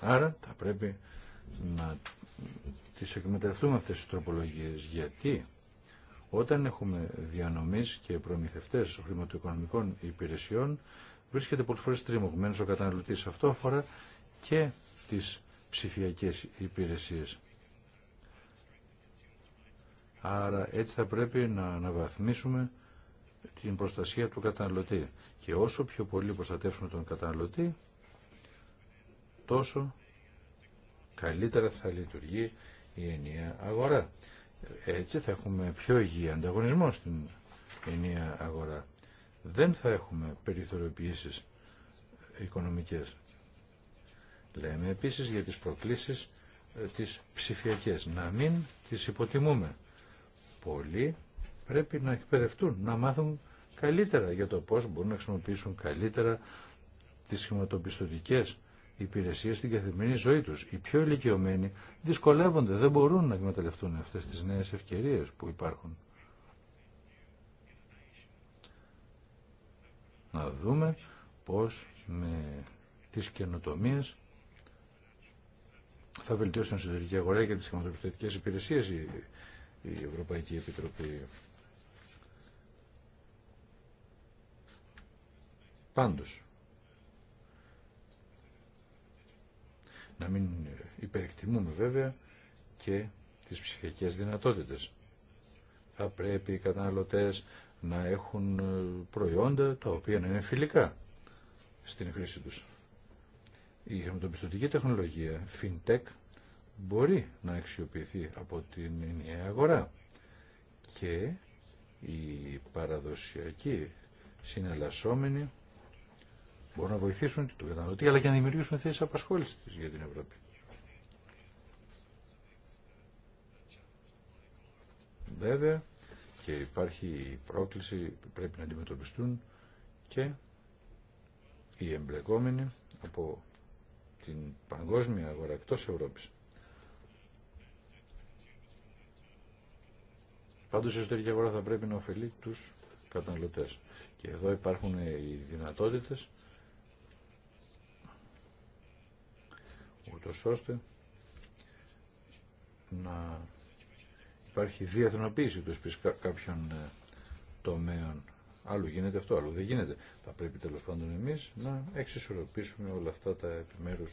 Άρα θα πρέπει να τις εκμεταλλευτούμε αυτές τις τροπολογίες. Γιατί όταν έχουμε διανομής και προμηθευτές χρηματοοικονομικών υπηρεσιών βρίσκεται πολλές φορές τριμωγμένος ο καταναλωτής. Αυτό αφορά και τις ψηφιακές υπηρεσίες. Άρα έτσι θα πρέπει να αναβαθμίσουμε την προστασία του καταναλωτή. Και όσο πιο πολύ προστατεύσουμε τον καταναλωτή, τόσο καλύτερα θα λειτουργεί η ενιαία αγορά. Έτσι θα έχουμε πιο υγιή ανταγωνισμό στην ενιαία αγορά. Δεν θα έχουμε περιθωριοποιήσεις οικονομικές. Λέμε επίσης για τις προκλήσεις ε, τις ψηφιακές. Να μην τις υποτιμούμε. Πολλοί πρέπει να εκπαιδευτούν, να μάθουν καλύτερα για το πώς μπορούν να χρησιμοποιήσουν καλύτερα τις χρηματοπιστωτικές υπηρεσίες στην καθημερινή ζωή τους. Οι πιο ηλικιωμένοι δυσκολεύονται, δεν μπορούν να εκμεταλλευτούν αυτές τις νέες ευκαιρίες που υπάρχουν. Να δούμε πώς με τις καινοτομίες θα βελτιώσουν την εσωτερική αγορά και τις χρηματοπιστωτικές υπηρεσίες η, η Ευρωπαϊκή Επιτροπή. Πάντως, Να μην υπερεκτιμούμε βέβαια και τις ψηφιακές δυνατότητες. Θα πρέπει οι καταναλωτές να έχουν ε, προϊόντα τα οποία να είναι φιλικά στην χρήση τους. Η χρηματοπιστωτική τεχνολογία, fintech, μπορεί να αξιοποιηθεί από την ενιαία αγορά και η παραδοσιακή συναλλασσόμενη μπορούν να βοηθήσουν τον καταναλωτή, αλλά και να δημιουργήσουν θέσει απασχόληση για την Ευρώπη. Βέβαια, και υπάρχει η πρόκληση που πρέπει να αντιμετωπιστούν και οι εμπλεκόμενοι από την παγκόσμια αγορά εκτός Ευρώπης. Πάντως η εσωτερική αγορά θα πρέπει να ωφελεί τους καταναλωτές. Και εδώ υπάρχουν οι δυνατότητες ούτως ώστε να υπάρχει διεθνοποίηση του κάποιων ε, τομέων. Άλλο γίνεται αυτό, άλλο δεν γίνεται. Θα πρέπει τέλο πάντων εμεί να εξισορροπήσουμε όλα αυτά τα επιμέρου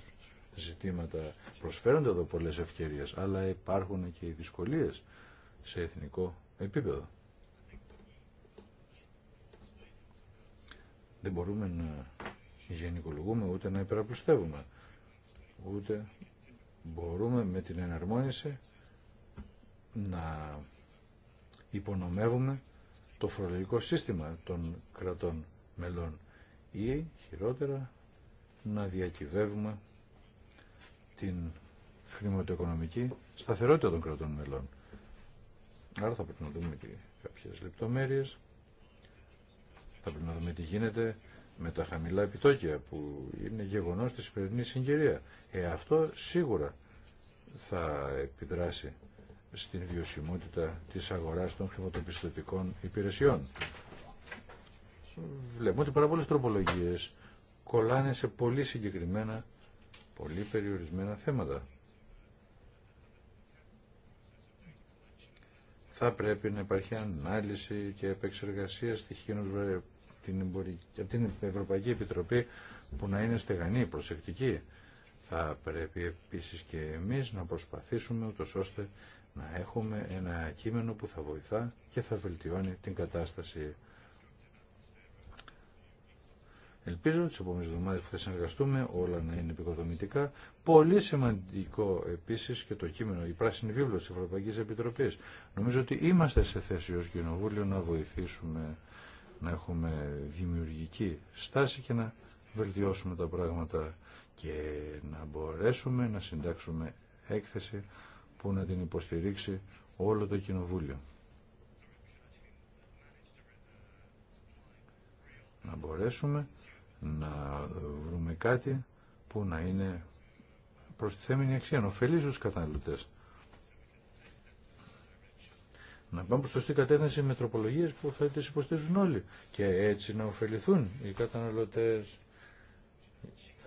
ζητήματα. Προσφέρονται εδώ πολλέ ευκαιρίες αλλά υπάρχουν και οι δυσκολίε σε εθνικό επίπεδο. Δεν μπορούμε να γενικολογούμε ούτε να υπεραπλουστεύουμε ούτε μπορούμε με την εναρμόνιση να υπονομεύουμε το φορολογικό σύστημα των κρατών μελών ή χειρότερα να διακυβεύουμε την χρηματοοικονομική σταθερότητα των κρατών μελών. Άρα θα πρέπει να δούμε και κάποιες λεπτομέρειες, θα πρέπει να δούμε τι γίνεται με τα χαμηλά επιτόκια που είναι γεγονός της σημερινής συγκυρία. Ε, αυτό σίγουρα θα επιδράσει στην βιωσιμότητα της αγοράς των χρηματοπιστωτικών υπηρεσιών. Βλέπουμε ότι πάρα πολλές τροπολογίες κολλάνε σε πολύ συγκεκριμένα, πολύ περιορισμένα θέματα. Θα πρέπει να υπάρχει ανάλυση και επεξεργασία στοιχείων την, την Ευρωπαϊκή Επιτροπή που να είναι στεγανή, προσεκτική. Θα πρέπει επίσης και εμείς να προσπαθήσουμε ούτως ώστε να έχουμε ένα κείμενο που θα βοηθά και θα βελτιώνει την κατάσταση. Ελπίζω τις επόμενες εβδομάδες που θα συνεργαστούμε όλα να είναι επικοδομητικά. Πολύ σημαντικό επίσης και το κείμενο, η πράσινη βίβλος της Ευρωπαϊκής Επιτροπής. Νομίζω ότι είμαστε σε θέση ως Κοινοβούλιο να βοηθήσουμε να έχουμε δημιουργική στάση και να βελτιώσουμε τα πράγματα και να μπορέσουμε να συντάξουμε έκθεση που να την υποστηρίξει όλο το Κοινοβούλιο. Να μπορέσουμε να βρούμε κάτι που να είναι προστιθέμενη αξία, να ωφελεί τους καταναλωτές να πάμε προς σωστή κατεύθυνση με τροπολογίε που θα τι υποστηρίζουν όλοι και έτσι να ωφεληθούν οι καταναλωτέ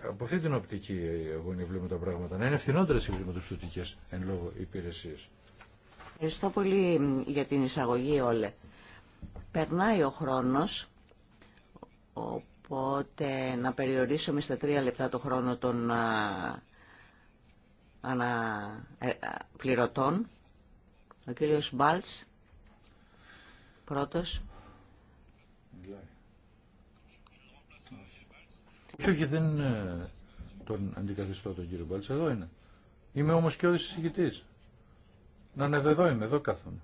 Από αυτή την οπτική αγωνία βλέπουμε τα πράγματα. Να είναι φθηνότερε οι χρηματοπιστωτικέ εν λόγω υπηρεσίε. Ευχαριστώ πολύ για την εισαγωγή, Όλε. Περνάει ο χρόνο, οπότε να περιορίσουμε στα τρία λεπτά το χρόνο των αναπληρωτών. Ε, ο κύριος Μπάλτς πρώτος. Όχι, όχι, δεν ε, τον αντικαθιστώ τον κύριο Μπάλτσα, εδώ είναι. Είμαι όμως και ο συζητητής. Να είναι εδώ είμαι, εδώ κάθομαι.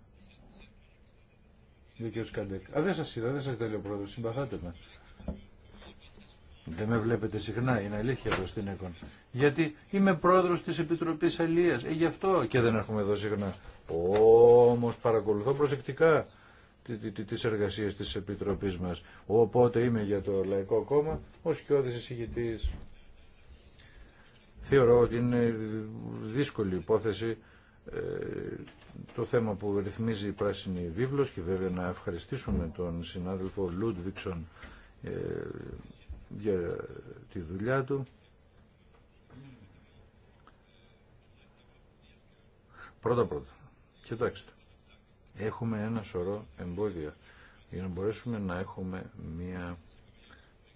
ο κύριος Καντέκ. Α, δεν σας είδα, δεν σας συμπαθάτε με. Δεν με βλέπετε συχνά, είναι αλήθεια εδώ στην ΕΚΟΝ. Γιατί είμαι πρόεδρος της Επιτροπής Αλίας, ε, γι' αυτό και δεν έρχομαι εδώ συχνά. Όμως παρακολουθώ προσεκτικά τις εργασίες της Επιτροπής μας. Οπότε είμαι για το Λαϊκό Κόμμα ως κοιόδης εισηγητής. Θεωρώ ότι είναι δύσκολη υπόθεση ε, το θέμα που ρυθμίζει η Πράσινη Βίβλος και βέβαια να ευχαριστήσουμε τον συνάδελφο Λούντβιξον ε, για τη δουλειά του. Πρώτα πρώτα. Κοιτάξτε έχουμε ένα σωρό εμπόδια για να μπορέσουμε να έχουμε μια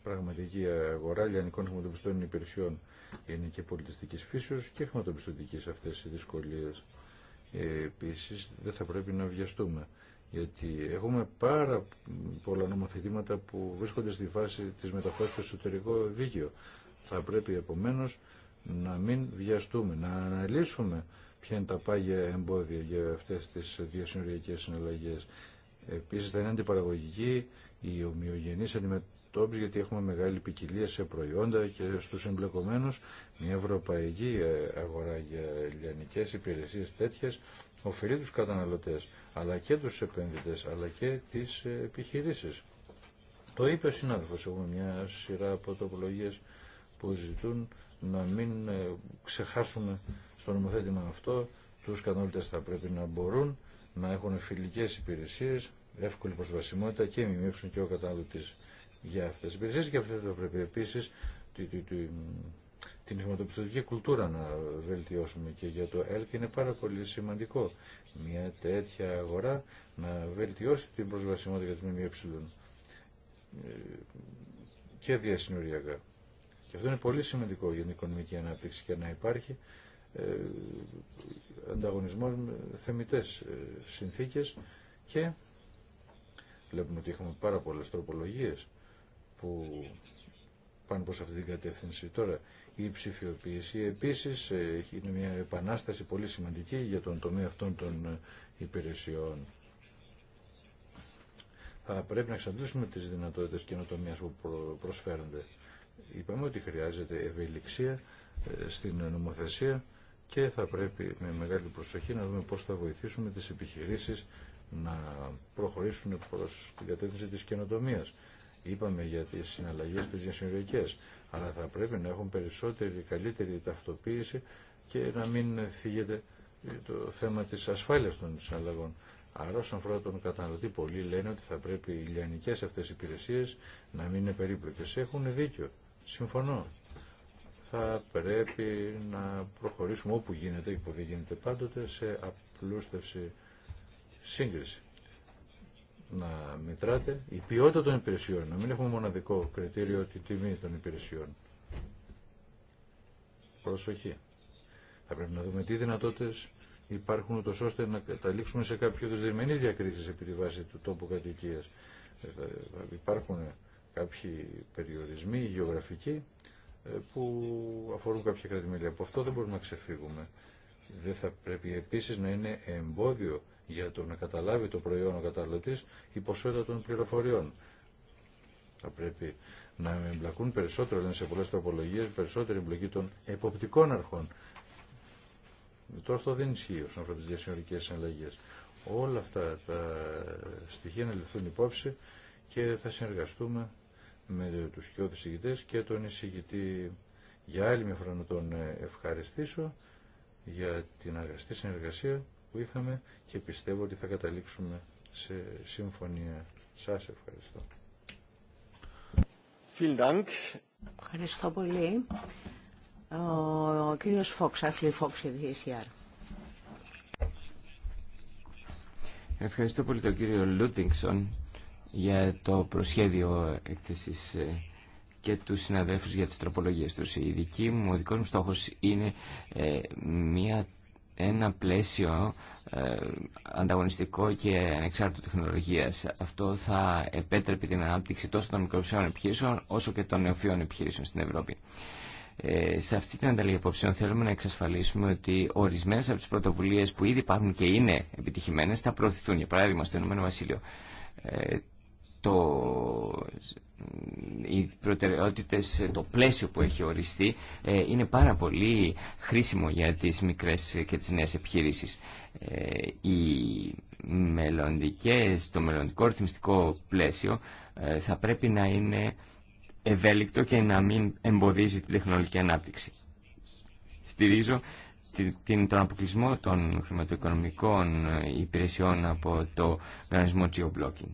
πραγματική αγορά λιανικών χρηματοπιστών υπηρεσιών. Είναι και πολιτιστική φύσεω και χρηματοπιστωτική αυτέ οι δυσκολίε. Επίση, δεν θα πρέπει να βιαστούμε. Γιατί έχουμε πάρα πολλά νομοθετήματα που βρίσκονται στη φάση της μεταφοράς στο εσωτερικό δίκαιο. Θα πρέπει επομένως να μην βιαστούμε, να αναλύσουμε ποια είναι τα πάγια εμπόδια για αυτές τις διασυνοριακές συναλλαγές. Επίσης θα είναι αντιπαραγωγική η ομοιογενής αντιμετώπιση γιατί έχουμε μεγάλη ποικιλία σε προϊόντα και στους εμπλεκομένους. Μια ευρωπαϊκή ε, αγορά για λιανικές υπηρεσίες τέτοιες ωφελεί τους καταναλωτές αλλά και τους επενδυτές αλλά και τις επιχειρήσεις. Το είπε ο συνάδελφος, έχουμε μια σειρά από τοπολογίε που ζητούν να μην ε, ξεχάσουμε στο νομοθέτημα αυτό τους κανόντες θα πρέπει να μπορούν να έχουν φιλικές υπηρεσίες, εύκολη προσβασιμότητα και μη και ο καταναλωτής για αυτές τις υπηρεσίες και αυτό θα πρέπει επίσης τη, τη, τη, την χρηματοπιστωτική κουλτούρα να βελτιώσουμε και για το ΕΛΚ είναι πάρα πολύ σημαντικό μια τέτοια αγορά να βελτιώσει την προσβασιμότητα για τις ΜΜΕ ε, και διασυνοριακά. Και αυτό είναι πολύ σημαντικό για την οικονομική ανάπτυξη και να υπάρχει ε, ανταγωνισμός με θεμητές ε, συνθήκες και βλέπουμε ότι έχουμε πάρα πολλές τροπολογίες που πάνε προς αυτή την κατεύθυνση. Τώρα η ψηφιοποίηση επίσης ε, είναι μια επανάσταση πολύ σημαντική για τον τομέα αυτών των υπηρεσιών. Θα πρέπει να εξαντλήσουμε τις δυνατότητες καινοτομίας που προσφέρονται. Είπαμε ότι χρειάζεται ευελιξία στην νομοθεσία και θα πρέπει με μεγάλη προσοχή να δούμε πώς θα βοηθήσουμε τις επιχειρήσεις να προχωρήσουν προς την κατεύθυνση της καινοτομία. Είπαμε για τις συναλλαγές τις διασυνοριακές, αλλά θα πρέπει να έχουν περισσότερη, καλύτερη ταυτοποίηση και να μην φύγεται το θέμα της ασφάλειας των συναλλαγών. Άρα όσον αφορά τον καταναλωτή, πολλοί λένε ότι θα πρέπει οι λιανικές αυτές υπηρεσίες να μην είναι περίπλοκες. Έχουν δίκιο. Συμφωνώ θα πρέπει να προχωρήσουμε όπου γίνεται ή που δεν γίνεται πάντοτε σε απλούστευση σύγκριση. Να μετράτε η ποιότητα των υπηρεσιών, να μην έχουμε μοναδικό κριτήριο τη τιμή των υπηρεσιών. Προσοχή. Θα πρέπει να δούμε τι δυνατότητες υπάρχουν ούτως ώστε να καταλήξουμε σε κάποιο είδους διακρίση διακρίσεις επί τη βάση του τόπου κατοικίας. Ε, υπάρχουν κάποιοι περιορισμοί γεωγραφικοί ε, που αφορούν κάποια κρατημέλια. Από αυτό δεν μπορούμε να ξεφύγουμε. Δεν θα πρέπει επίσης να είναι εμπόδιο για το να καταλάβει το προϊόν ο καταναλωτής η ποσότητα των πληροφοριών. Θα πρέπει να εμπλακούν περισσότερο, λένε σε πολλές τροπολογίες, περισσότερη εμπλοκή των εποπτικών αρχών. Τώρα αυτό δεν ισχύει όσον αφορά τις διασυνορικές συναλλαγές. Όλα αυτά τα στοιχεία να ληφθούν υπόψη και θα συνεργαστούμε με τους σκιώδες ηγητές και τον εισηγητή για άλλη μια φορά να τον ε, ευχαριστήσω για την αγαστή συνεργασία που είχαμε και πιστεύω ότι θα καταλήξουμε σε συμφωνία. Σας ευχαριστώ. Ευχαριστώ πολύ. Ο κύριος Φόξ, Άχλη Φόξ η Ευχαριστώ πολύ τον κύριο Λούτινγκσον για το προσχέδιο έκθεσης ε, και τους συναδέλφους για τις τροπολογίες τους. Η δική μου, ο δικός μου στόχος είναι ε, μια, ένα πλαίσιο ε, ανταγωνιστικό και ανεξάρτητο τεχνολογίας. Αυτό θα επέτρεπε την ανάπτυξη τόσο των μικροψηφίων επιχειρήσεων όσο και των νεοφύων επιχειρήσεων στην Ευρώπη. Ε, σε αυτή την ανταλλαγή απόψεων θέλουμε να εξασφαλίσουμε ότι ορισμένες από τις πρωτοβουλίες που ήδη υπάρχουν και είναι επιτυχημένες θα προωθηθούν. Για παράδειγμα, στο Ηνωμένο Βασίλειο ε, το, οι προτεραιότητες, το πλαίσιο που έχει οριστεί ε, είναι πάρα πολύ χρήσιμο για τις μικρές και τις νέες επιχειρήσεις. Ε, οι μελλοντικές, το μελλοντικό ρυθμιστικό πλαίσιο ε, θα πρέπει να είναι ευέλικτο και να μην εμποδίζει την τεχνολογική ανάπτυξη. Στηρίζω την, τον αποκλεισμό των χρηματοοικονομικών υπηρεσιών από το οργανισμό Geoblocking.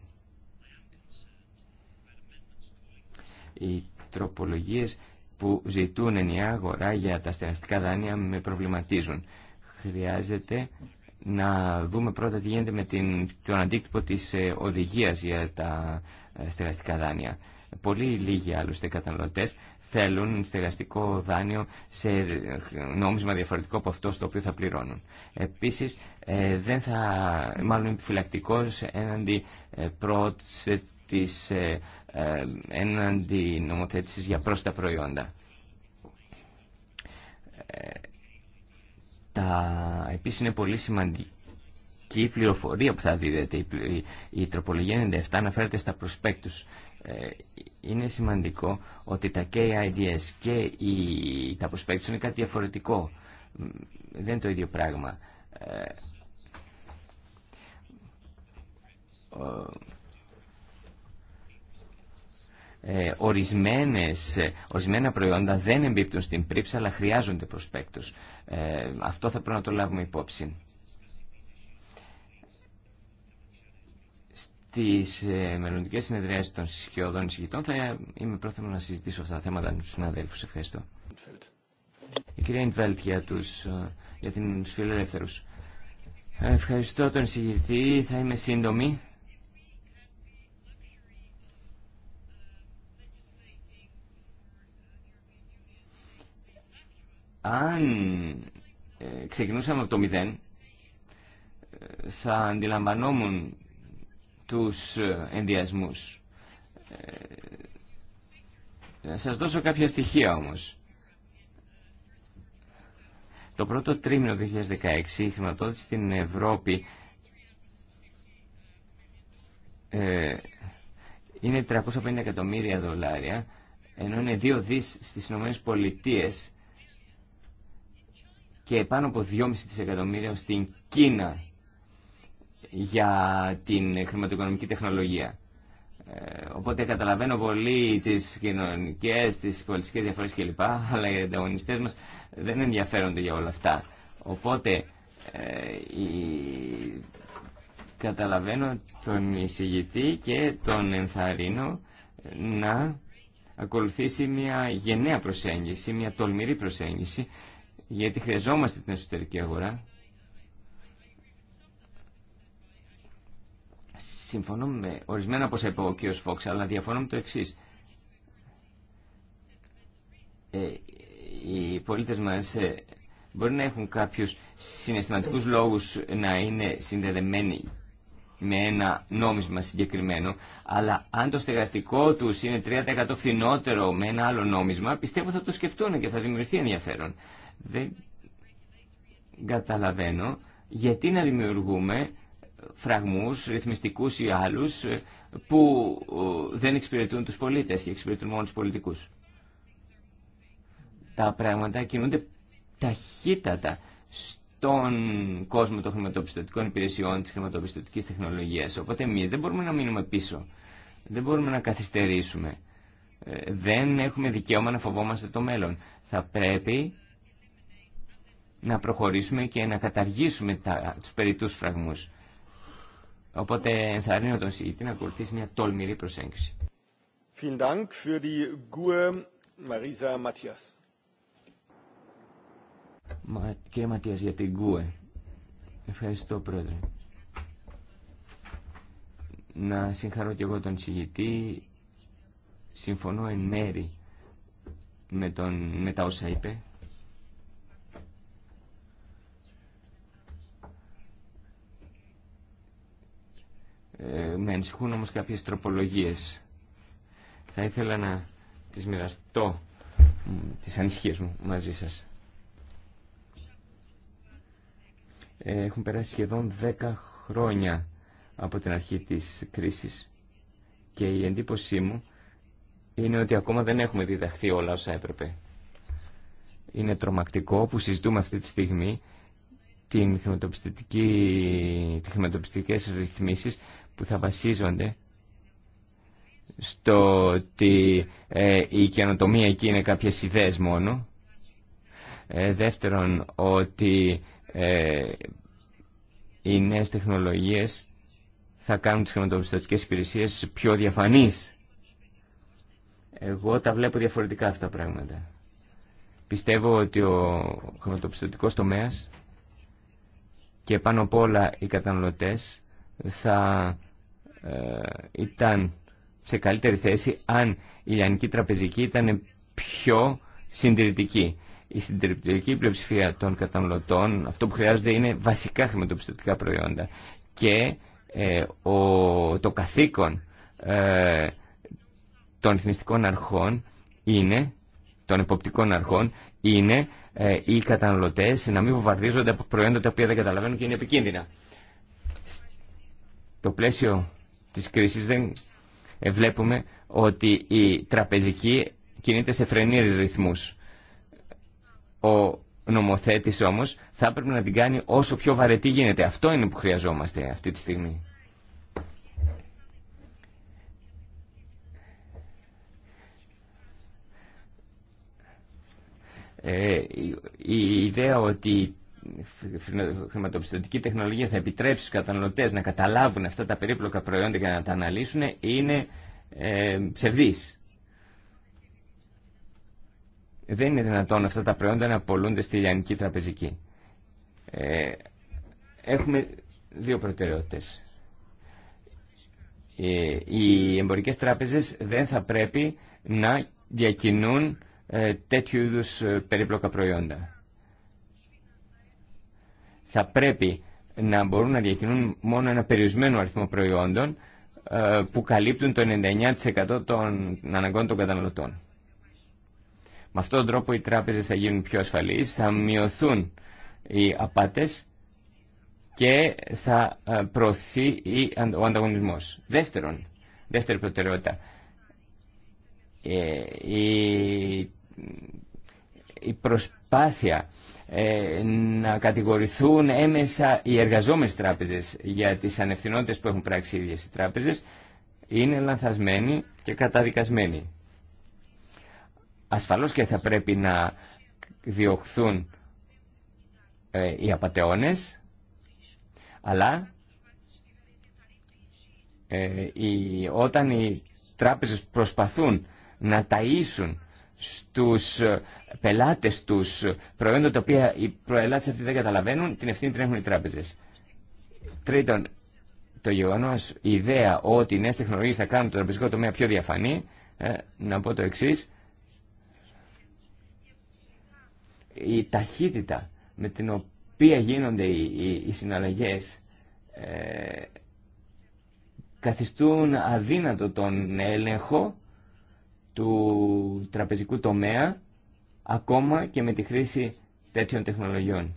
οι τροπολογίες που ζητούν ενιαία αγορά για τα στεγαστικά δάνεια με προβληματίζουν. Χρειάζεται να δούμε πρώτα τι γίνεται με την, τον αντίκτυπο της ε, οδηγίας για τα στεγαστικά δάνεια. Πολύ λίγοι άλλωστε καταναλωτέ θέλουν στεγαστικό δάνειο σε νόμισμα διαφορετικό από αυτό στο οποίο θα πληρώνουν. Επίση, ε, δεν θα, μάλλον επιφυλακτικό έναντι ε, τη ε, έναντι νομοθέτησης για πρόστα προϊόντα. Ε, τα... Επίσης είναι πολύ σημαντική η πληροφορία που θα δίδεται. Η, η τροπολογία 97 αναφέρεται στα προσπέκτους. Ε, είναι σημαντικό ότι τα KIDS και η τα προσπέκτους είναι κάτι διαφορετικό. Δεν είναι το ίδιο πράγμα ε, ορισμένες, ε, ορισμένα προϊόντα δεν εμπίπτουν στην πρίψη αλλά χρειάζονται προσπέκτους. Ε, αυτό θα πρέπει να το λάβουμε υπόψη. Στις ε, μελλοντικές συνεδριάσεις των συσχεωδών εισηγητών θα είμαι πρόθυμο να συζητήσω αυτά τα θέματα με τους συναδέλφους. Ευχαριστώ. Η κυρία Ινβέλτ για, τους, ε, για την φιλελεύθερους. Ε, ευχαριστώ τον εισηγητή. Θα είμαι σύντομη. Αν ε, ξεκινούσαμε από το μηδέν, ε, θα αντιλαμβανόμουν τους ε, ενδιασμούς. Να σας δώσω κάποια στοιχεία όμως. Το πρώτο τρίμηνο του 2016 η χρηματοδότηση στην Ευρώπη είναι 350 εκατομμύρια δολάρια, ενώ είναι 2 δις στις Ηνωμένες Πολιτείες και πάνω από 2,5 δισεκατομμύρια στην Κίνα για την χρηματοοικονομική τεχνολογία. Ε, οπότε καταλαβαίνω πολύ τι κοινωνικέ, τι πολιτικέ διαφορέ κλπ. Αλλά οι ανταγωνιστέ μα δεν ενδιαφέρονται για όλα αυτά. Οπότε ε, καταλαβαίνω τον εισηγητή και τον ενθαρρύνω να ακολουθήσει μια γενναία προσέγγιση, μια τολμηρή προσέγγιση γιατί χρειαζόμαστε την εσωτερική αγορά. Συμφωνώ με ορισμένα όπως είπε ο κ. Φόξ, αλλά διαφωνώ με το εξή. Ε, οι πολίτες μας ε, μπορεί να έχουν κάποιους συναισθηματικούς λόγους να είναι συνδεδεμένοι με ένα νόμισμα συγκεκριμένο, αλλά αν το στεγαστικό τους είναι 30% φθηνότερο με ένα άλλο νόμισμα, πιστεύω θα το σκεφτούν και θα δημιουργηθεί ενδιαφέρον. Δεν καταλαβαίνω γιατί να δημιουργούμε φραγμούς ρυθμιστικούς ή άλλους που ε, δεν εξυπηρετούν τους πολίτες και εξυπηρετούν μόνο τους πολιτικούς. Τα πράγματα κινούνται ταχύτατα στον κόσμο των χρηματοπιστωτικών υπηρεσιών, της χρηματοπιστωτικής τεχνολογίας. Οπότε εμεί δεν μπορούμε να μείνουμε πίσω. Δεν μπορούμε να καθυστερήσουμε. Ε, δεν έχουμε δικαίωμα να φοβόμαστε το μέλλον. Θα πρέπει να προχωρήσουμε και να καταργήσουμε τα, τους περιττούς φραγμούς. Οπότε ενθαρρύνω τον συγητή να ακολουθήσει μια τολμηρή προσέγγιση. Ε, κύριε Ματίας, για την ΚΟΕ. Ευχαριστώ, Πρόεδρε. Να συγχαρώ και εγώ τον συγητή. Συμφωνώ εν μέρη με, τον, με τα όσα είπε. Ε, με ανησυχούν όμως κάποιες τροπολογίες. Θα ήθελα να τις μοιραστώ τις ανησυχίες μου μαζί σας. Ε, έχουν περάσει σχεδόν 10 χρόνια από την αρχή της κρίσης και η εντύπωσή μου είναι ότι ακόμα δεν έχουμε διδαχθεί όλα όσα έπρεπε. Είναι τρομακτικό που συζητούμε αυτή τη στιγμή την χρηματοπιστωτική, τις ρυθμίσεις που θα βασίζονται στο ότι ε, η καινοτομία εκεί είναι κάποιες ιδέες μόνο. Ε, δεύτερον, ότι ε, οι νέες τεχνολογίες θα κάνουν τις χρηματοπιστωτικές υπηρεσίες πιο διαφανείς. Εγώ τα βλέπω διαφορετικά αυτά τα πράγματα. Πιστεύω ότι ο χρηματοπιστωτικός τομέας και πάνω απ' όλα οι καταναλωτές θα ε, ήταν σε καλύτερη θέση αν η Λιανική Τραπεζική ήταν πιο συντηρητική. Η συντηρητική πλειοψηφία των καταναλωτών, αυτό που χρειάζονται είναι βασικά χρηματοπιστωτικά προϊόντα. Και ε, ο, το καθήκον ε, των εθνιστικών αρχών είναι, των εποπτικών αρχών, είναι ε, οι καταναλωτές να μην βομβαρδίζονται από προϊόντα τα οποία δεν καταλαβαίνουν και είναι επικίνδυνα. Το πλαίσιο της κρίσης δεν ε, βλέπουμε ότι η τραπεζική κινείται σε φρενήρες ρυθμούς. Ο νομοθέτης όμως θα έπρεπε να την κάνει όσο πιο βαρετή γίνεται. Αυτό είναι που χρειαζόμαστε αυτή τη στιγμή. Ε, η, η ιδέα ότι χρηματοπιστωτική τεχνολογία θα επιτρέψει στους καταναλωτές να καταλάβουν αυτά τα περίπλοκα προϊόντα και να τα αναλύσουν είναι ε, Δεν είναι δυνατόν αυτά τα προϊόντα να πολλούνται στη λιανική τραπεζική. Ε, έχουμε δύο προτεραιότητες. Ε, οι εμπορικές τράπεζες δεν θα πρέπει να διακινούν ε, τέτοιου είδους ε, περίπλοκα προϊόντα θα πρέπει να μπορούν να διακινούν μόνο ένα περιορισμένο αριθμό προϊόντων ε, που καλύπτουν το 99% των αναγκών των καταναλωτών. Με αυτόν τον τρόπο οι τράπεζες θα γίνουν πιο ασφαλείς, θα μειωθούν οι απάτες και θα ε, προωθεί ο ανταγωνισμός. Δεύτερον, δεύτερη προτεραιότητα, ε, η, η προσπάθεια ε, να κατηγορηθούν έμεσα οι εργαζόμενες τράπεζες για τις ανευθυνότητες που έχουν πράξει οι τράπεζες είναι λανθασμένοι και καταδικασμένοι. Ασφαλώς και θα πρέπει να διωχθούν ε, οι απατεώνες αλλά ε, όταν οι τράπεζες προσπαθούν να ταΐσουν στους ε, πελάτες τους προϊόντα τα οποία οι προελάτες αυτοί δεν καταλαβαίνουν, την ευθύνη την έχουν οι τράπεζες. Τρίτον, το γεγονό, η ιδέα ότι οι νέε τεχνολογίε θα κάνουν το τραπεζικό τομέα πιο διαφανή, ε, να πω το εξή. Η ταχύτητα με την οποία γίνονται οι, οι, συναλλαγές ε, καθιστούν αδύνατο τον έλεγχο του τραπεζικού τομέα ακόμα και με τη χρήση τέτοιων τεχνολογιών.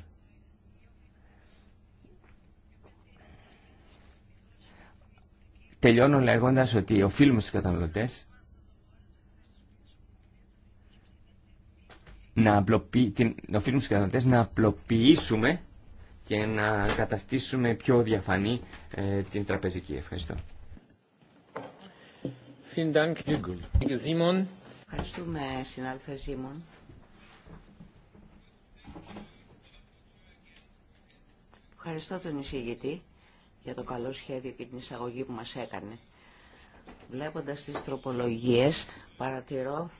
Τελειώνω λέγοντας ότι οφείλουμε στους καταναλωτές να, απλοποιη... την... στους να απλοποιήσουμε και να καταστήσουμε πιο διαφανή ε, την τραπεζική. Ευχαριστώ. Ευχαριστούμε, συνάδελφε Ζήμων. Ευχαριστώ τον εισηγητή για το καλό σχέδιο και την εισαγωγή που μας έκανε. Βλέποντας τις τροπολογίες, παρατηρώ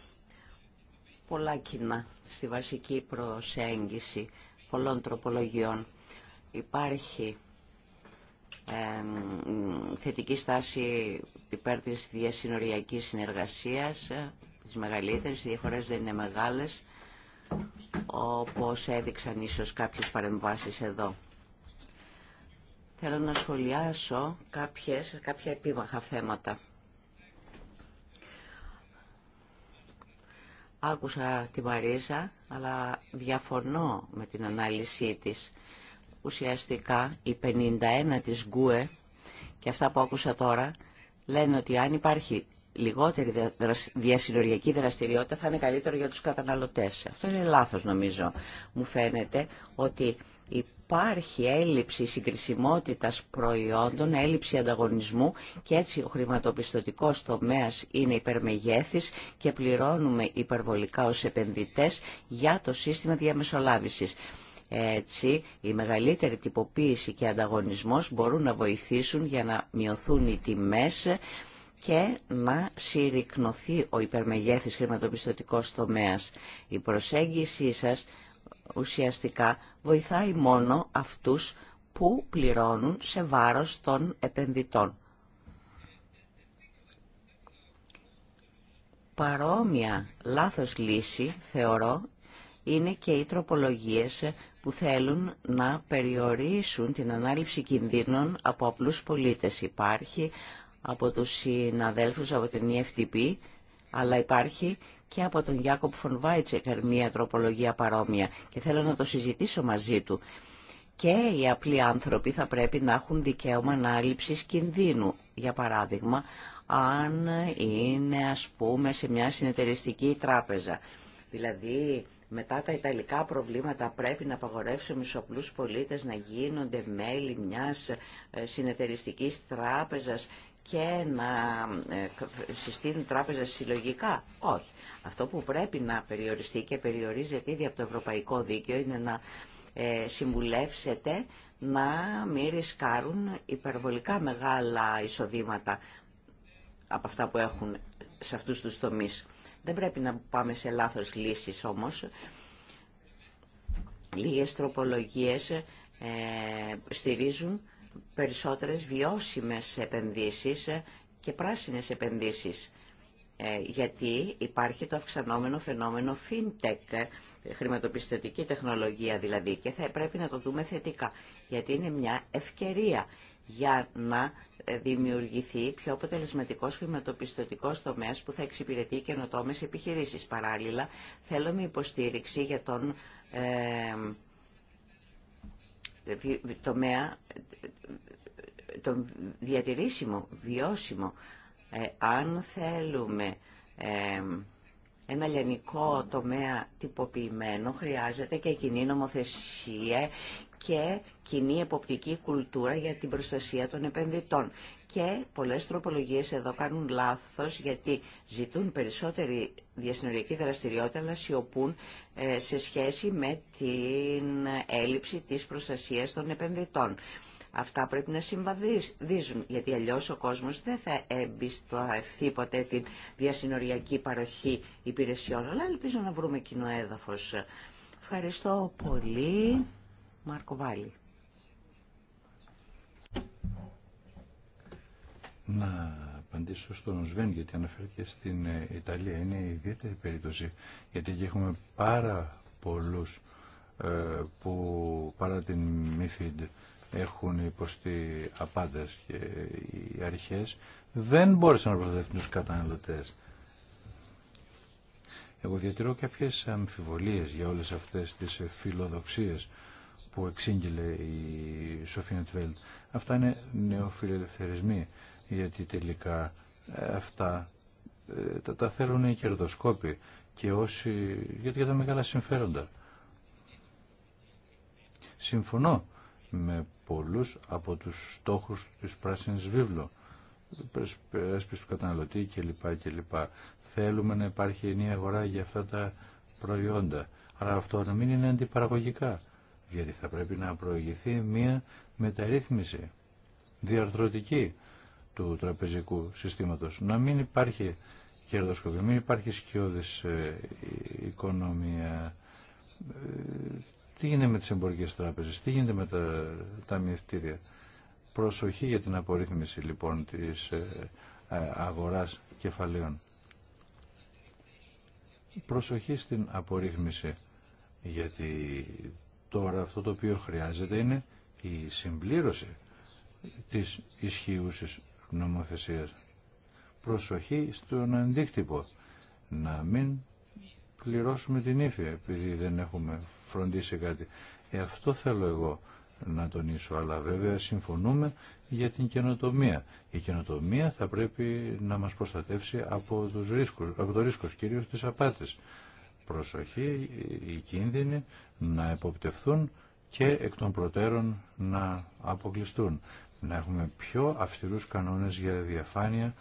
πολλά κοινά στη βασική προσέγγιση πολλών τροπολογιών. Υπάρχει θετική στάση υπέρ της διασυνοριακής συνεργασίας, ε, της μεγαλύτερης, οι διαφορές δεν είναι μεγάλες, όπως έδειξαν ίσω κάποιες παρεμβάσεις εδώ. Θέλω να σχολιάσω κάποιες, κάποια επίμαχα θέματα. Άκουσα τη Μαρίζα αλλά διαφωνώ με την ανάλυση της. Ουσιαστικά, η 51 της Γκουε και αυτά που άκουσα τώρα λένε ότι αν υπάρχει λιγότερη διασυνοριακή δραστηριότητα θα είναι καλύτερο για τους καταναλωτές. Αυτό είναι λάθος νομίζω. Μου φαίνεται ότι υπάρχει έλλειψη συγκρισιμότητας προϊόντων, έλλειψη ανταγωνισμού και έτσι ο χρηματοπιστωτικός τομέας είναι υπερμεγέθης και πληρώνουμε υπερβολικά ως επενδυτές για το σύστημα διαμεσολάβησης. Έτσι, η μεγαλύτερη τυποποίηση και ανταγωνισμός μπορούν να βοηθήσουν για να μειωθούν οι τιμές και να συρρυκνωθεί ο υπερμεγέθης χρηματοπιστωτικός τομέας. Η προσέγγιση σας ουσιαστικά βοηθάει μόνο αυτούς που πληρώνουν σε βάρος των επενδυτών. Παρόμοια λάθος λύση, θεωρώ, είναι και οι τροπολογίες που θέλουν να περιορίσουν την ανάληψη κινδύνων από απλούς πολίτες. Υπάρχει από τους συναδέλφους από την EFTP, αλλά υπάρχει και από τον Γιάκοπ Φον Βάιτσεκερ μια τροπολογία παρόμοια και θέλω να το συζητήσω μαζί του. Και οι απλοί άνθρωποι θα πρέπει να έχουν δικαίωμα ανάληψη κινδύνου. Για παράδειγμα, αν είναι ας πούμε σε μια συνεταιριστική τράπεζα. Δηλαδή μετά τα ιταλικά προβλήματα πρέπει να απαγορεύσουμε στους απλούς πολίτες να γίνονται μέλη μιας ε, συνεταιριστικής τράπεζας και να ε, συστήνουν τράπεζα συλλογικά. Όχι. Αυτό που πρέπει να περιοριστεί και περιορίζεται ήδη από το ευρωπαϊκό δίκαιο είναι να ε, συμβουλεύσετε να μην ρισκάρουν υπερβολικά μεγάλα εισοδήματα από αυτά που έχουν σε αυτούς τους τομείς. Δεν πρέπει να πάμε σε λάθος λύσεις όμως. Λίγες τροπολογίες ε, στηρίζουν περισσότερες βιώσιμες επενδύσεις και πράσινες επενδύσεις. Ε, γιατί υπάρχει το αυξανόμενο φαινόμενο fintech, χρηματοπιστωτική τεχνολογία δηλαδή, και θα πρέπει να το δούμε θετικά, γιατί είναι μια ευκαιρία για να ε, δημιουργηθεί πιο αποτελεσματικό χρηματοπιστωτικό τομέα που θα εξυπηρετεί καινοτόμε επιχειρήσει. Παράλληλα, θέλουμε υποστήριξη για τον ε, τομέα, τον διατηρήσιμο, βιώσιμο. Ε, αν θέλουμε... Ε, ένα λιανικό τομέα τυποποιημένο χρειάζεται και κοινή νομοθεσία και κοινή εποπτική κουλτούρα για την προστασία των επενδυτών. Και πολλές τροπολογίες εδώ κάνουν λάθος γιατί ζητούν περισσότερη διασυνοριακή δραστηριότητα αλλά σιωπούν ε, σε σχέση με την έλλειψη της προστασίας των επενδυτών. Αυτά πρέπει να συμβαδίζουν, γιατί αλλιώς ο κόσμος δεν θα εμπιστοευθεί ποτέ την διασυνοριακή παροχή υπηρεσιών. Αλλά ελπίζω να βρούμε κοινό έδαφος. Ευχαριστώ πολύ. Μάρκο Να απαντήσω στον Σβέν γιατί αναφέρθηκε στην ε, Ιταλία. Είναι ιδιαίτερη περίπτωση γιατί εκεί έχουμε πάρα πολλούς ε, που παρά την ΜΥΦΙΔ έχουν υποστεί απάντες και οι αρχές δεν μπόρεσαν να προστατεύσουν τους καταναλωτές. Εγώ διατηρώ κάποιε αμφιβολίες για όλες αυτές τις φιλοδοξίες που εξήγηλε η Σοφία Νετβέλτ. Αυτά είναι νεοφιλελευθερισμοί, γιατί τελικά ε, αυτά ε, τα, τα θέλουν οι κερδοσκόποι και όσοι, γιατί για τα μεγάλα συμφέροντα. Συμφωνώ με πολλούς από τους στόχους της πράσινης βίβλου, πρέσπιση του καταναλωτή κλπ. κλπ. Θέλουμε να υπάρχει ενή αγορά για αυτά τα προϊόντα, αλλά αυτό να μην είναι αντιπαραγωγικά γιατί θα πρέπει να προηγηθεί μία μεταρρύθμιση διαρθρωτική του τραπεζικού συστήματος. Να μην υπάρχει κερδοσκοπία, μην υπάρχει σκιώδης ε, οικονομία. Ε, τι γίνεται με τις εμπορικές τράπεζες, τι γίνεται με τα ταμιευτήρια. Προσοχή για την απορρίθμιση λοιπόν της ε, αγοράς κεφαλαίων. Προσοχή στην απορρίθμιση γιατί Τώρα αυτό το οποίο χρειάζεται είναι η συμπλήρωση της ισχύουσης νομοθεσίας. Προσοχή στον αντίκτυπο. Να μην πληρώσουμε την ύφη επειδή δεν έχουμε φροντίσει κάτι. Ε, αυτό θέλω εγώ να τονίσω, αλλά βέβαια συμφωνούμε για την καινοτομία. Η καινοτομία θα πρέπει να μας προστατεύσει από, τους ρίσκους, από το ρίσκο κυρίως της απάτης προσοχή οι κίνδυνοι να εποπτευθούν και εκ των προτέρων να αποκλειστούν. Να έχουμε πιο αυστηρούς κανόνες για διαφάνεια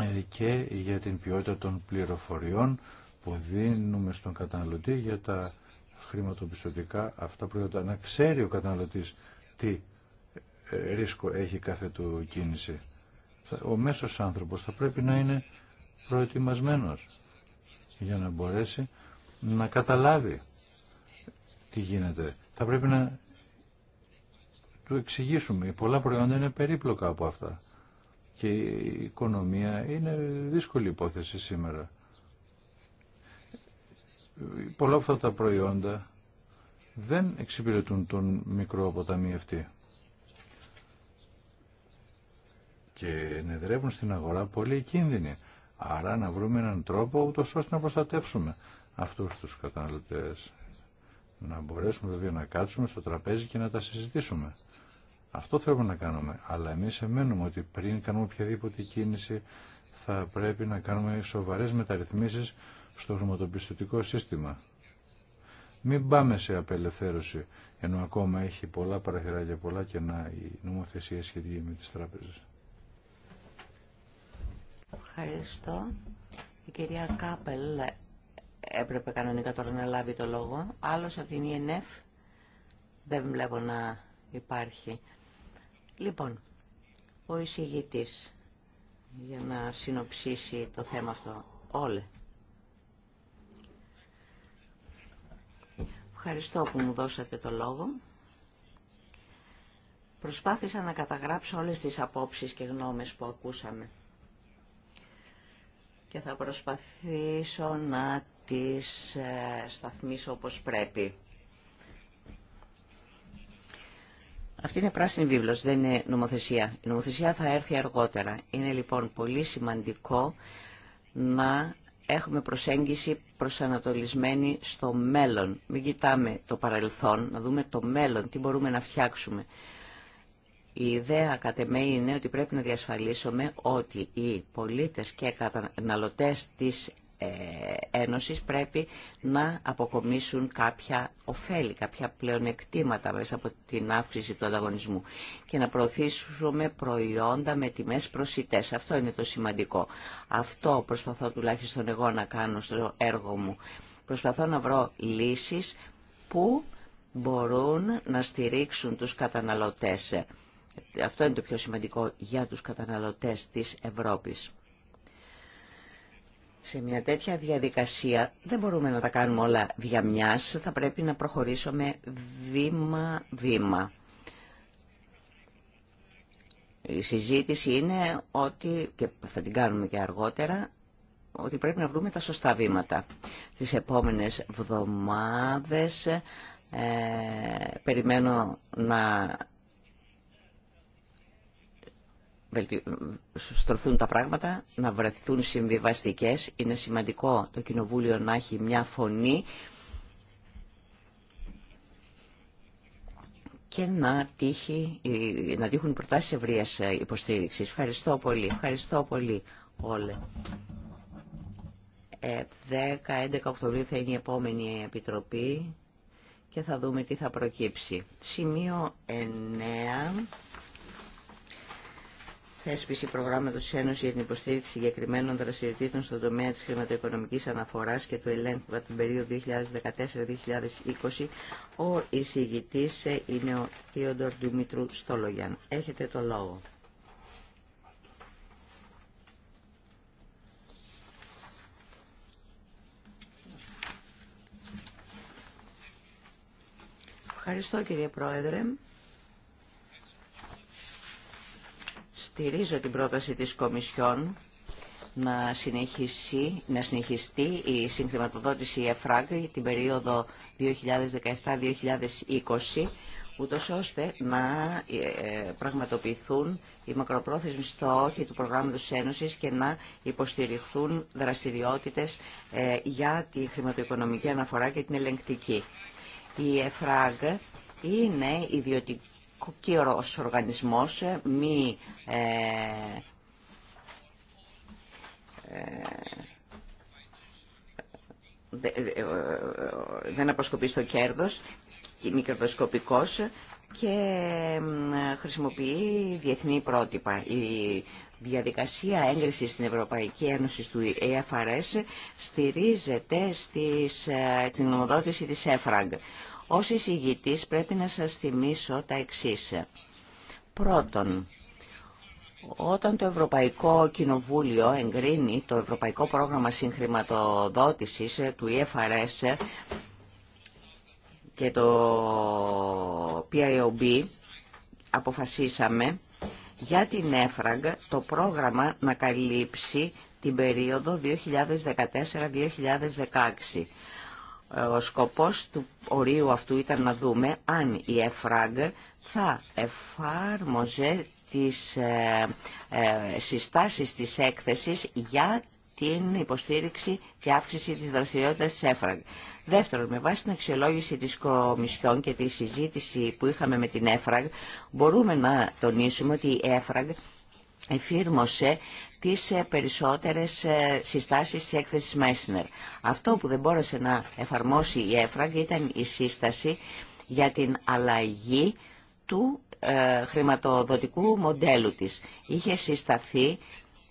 ε, και για την ποιότητα των πληροφοριών που δίνουμε στον καταναλωτή για τα χρηματοπιστωτικά αυτά προϊόντα. Να ξέρει ο καταναλωτής τι ε, ρίσκο έχει κάθε του κίνηση. Ο μέσος άνθρωπος θα πρέπει να είναι προετοιμασμένος για να μπορέσει να καταλάβει τι γίνεται. Θα πρέπει να του εξηγήσουμε. Πολλά προϊόντα είναι περίπλοκα από αυτά. Και η οικονομία είναι δύσκολη υπόθεση σήμερα. Πολλά από αυτά τα προϊόντα δεν εξυπηρετούν τον μικρό αποταμιευτή. Και ενεδρεύουν στην αγορά πολύ κίνδυνοι. Άρα να βρούμε έναν τρόπο ούτω ώστε να προστατεύσουμε αυτούς τους καταναλωτές. Να μπορέσουμε βέβαια να κάτσουμε στο τραπέζι και να τα συζητήσουμε. Αυτό θέλουμε να κάνουμε. Αλλά εμείς εμένουμε ότι πριν κάνουμε οποιαδήποτε κίνηση θα πρέπει να κάνουμε σοβαρές μεταρρυθμίσεις στο χρηματοπιστωτικό σύστημα. Μην πάμε σε απελευθέρωση, ενώ ακόμα έχει πολλά παραθυράκια, πολλά κενά η νομοθεσία σχετική με τις τράπεζες. Ευχαριστώ. Η κυρία Κάπελ έπρεπε κανονικά τώρα να λάβει το λόγο. Άλλος από την ΕΝΕΦ e δεν βλέπω να υπάρχει. Λοιπόν, ο εισηγητής για να συνοψίσει το θέμα αυτό. Όλε. Ευχαριστώ που μου δώσατε το λόγο. Προσπάθησα να καταγράψω όλες τις απόψεις και γνώμες που ακούσαμε και θα προσπαθήσω να τις ε, σταθμίσω όπως πρέπει. Αυτή είναι πράσινη βίβλος, δεν είναι νομοθεσία. Η νομοθεσία θα έρθει αργότερα. Είναι λοιπόν πολύ σημαντικό να έχουμε προσέγγιση προσανατολισμένη στο μέλλον. Μην κοιτάμε το παρελθόν, να δούμε το μέλλον, τι μπορούμε να φτιάξουμε. Η ιδέα κατ' εμέ είναι ότι πρέπει να διασφαλίσουμε ότι οι πολίτες και καταναλωτές της ε, Ένωσης πρέπει να αποκομίσουν κάποια ωφέλη, κάποια πλεονεκτήματα μέσα από την αύξηση του ανταγωνισμού και να προωθήσουμε προϊόντα με τιμές προσιτές. Αυτό είναι το σημαντικό. Αυτό προσπαθώ τουλάχιστον εγώ να κάνω στο έργο μου. Προσπαθώ να βρω λύσεις που μπορούν να στηρίξουν τους καταναλωτές αυτό είναι το πιο σημαντικό για τους καταναλωτές της Ευρώπης. Σε μια τέτοια διαδικασία δεν μπορούμε να τα κάνουμε όλα διαμιάς, θα πρέπει να προχωρήσουμε βήμα-βήμα. Η συζήτηση είναι ότι, και θα την κάνουμε και αργότερα, ότι πρέπει να βρούμε τα σωστά βήματα. Τις επόμενες βδομάδες ε, περιμένω να στρωθούν τα πράγματα, να βρεθούν συμβιβαστικές. Είναι σημαντικό το Κοινοβούλιο να έχει μια φωνή και να, τύχει, να τύχουν προτάσεις ευρείας ε, υποστήριξης. Ευχαριστώ πολύ. Ευχαριστώ πολύ όλοι. 10-11 ε, Οκτωβρίου θα είναι η επόμενη επιτροπή και θα δούμε τι θα προκύψει. Σημείο 9 θέσπιση προγράμματος της Ένωσης για την υποστήριξη συγκεκριμένων δραστηριοτήτων στον τομέα της χρηματοοικονομικής αναφοράς και του ελέγχου από την περίοδο 2014-2020, ο εισηγητής ε, είναι ο Θείοντορ Δημητρού Στόλογιαν. Έχετε το λόγο. Ευχαριστώ κύριε Πρόεδρε. στηρίζω την πρόταση της Κομισιόν να, συνεχίσει, να συνεχιστεί η συγχρηματοδότηση ΕΦΡΑΓ την περίοδο 2017-2020 ούτως ώστε να ε, πραγματοποιηθούν οι μακροπρόθεσμοι στόχοι του προγράμματος Ένωσης και να υποστηριχθούν δραστηριότητες ε, για τη χρηματοοικονομική αναφορά και την ελεγκτική. Η ΕΦΡΑΓ είναι ιδιωτική κοκκύρος οργανισμός, ε, μη ε, ε, ε, δεν αποσκοπεί στο κέρδος, μη κερδοσκοπικός και χρησιμοποιεί διεθνή πρότυπα. Η διαδικασία έγκρισης στην Ευρωπαϊκή Ένωση του EFRS στηρίζεται στις, στην ομοδότηση της EFRAG. Ως εισηγητής πρέπει να σας θυμίσω τα εξής. Πρώτον, όταν το Ευρωπαϊκό Κοινοβούλιο εγκρίνει το Ευρωπαϊκό Πρόγραμμα Συγχρηματοδότησης του EFRS και το PIOB, αποφασίσαμε για την ΕΦΡΑΓ το πρόγραμμα να καλύψει την περίοδο 2014-2016. Ε, ο σκοπός του ορίου αυτού ήταν να δούμε αν η ΕΦΡΑΓ θα εφάρμοζε τις ε, ε, συστάσεις της έκθεσης για την υποστήριξη και αύξηση της δραστηριότητας της ΕΦΡΑΓ. Δεύτερον, με βάση την αξιολόγηση της Κομισιόν και τη συζήτηση που είχαμε με την ΕΦΡΑΓ, μπορούμε να τονίσουμε ότι η ΕΦΡΑΓ εφήρμοσε τις περισσότερες συστάσεις της έκθεσης Μέσνερ. Αυτό που δεν μπόρεσε να εφαρμόσει η ΕΦΡΑΚ ήταν η σύσταση για την αλλαγή του χρηματοδοτικού μοντέλου της. Είχε συσταθεί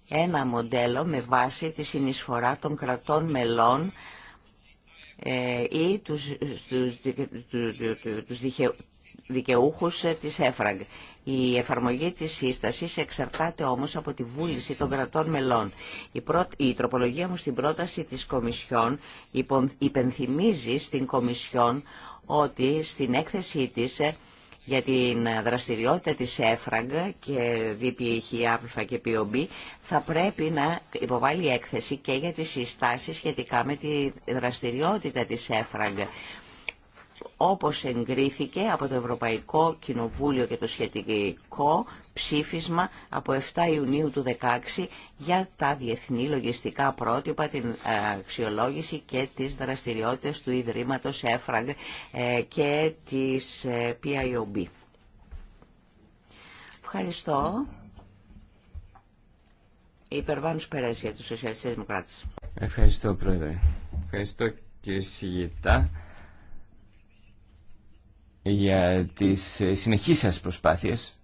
ένα μοντέλο με βάση τη συνεισφορά των κρατών μελών ή τους, τους, δικαιούχους ε, της ΕΦΡΑΓ. Η εφαρμογή της σύστασης εξαρτάται όμως από τη βούληση των κρατών μελών. Η, η τροπολογία μου στην πρόταση της Κομισιόν υπενθυμίζει στην Κομισιόν ότι στην έκθεσή της ε, για την δραστηριότητα της ΕΦΡΑΓ και ΔΠΙΧ, και ΠΟΜΠ θα πρέπει να υποβάλει έκθεση και για τις συστάσεις σχετικά με τη δραστηριότητα της ΕΦΡΑΓ όπως εγκρίθηκε από το Ευρωπαϊκό Κοινοβούλιο και το σχετικό ψήφισμα από 7 Ιουνίου του 2016 για τα διεθνή λογιστικά πρότυπα, την ε, αξιολόγηση και τις δραστηριότητες του Ιδρύματος ΕΦΡΑΓ ε, και της ε, PIOB. Ευχαριστώ. Υπερβάνους Περέσια του τους Σοσιαλιστές Ευχαριστώ Πρόεδρε. Ευχαριστώ κύριε Σιγητά για τις ε, συνεχείς σας προσπάθειες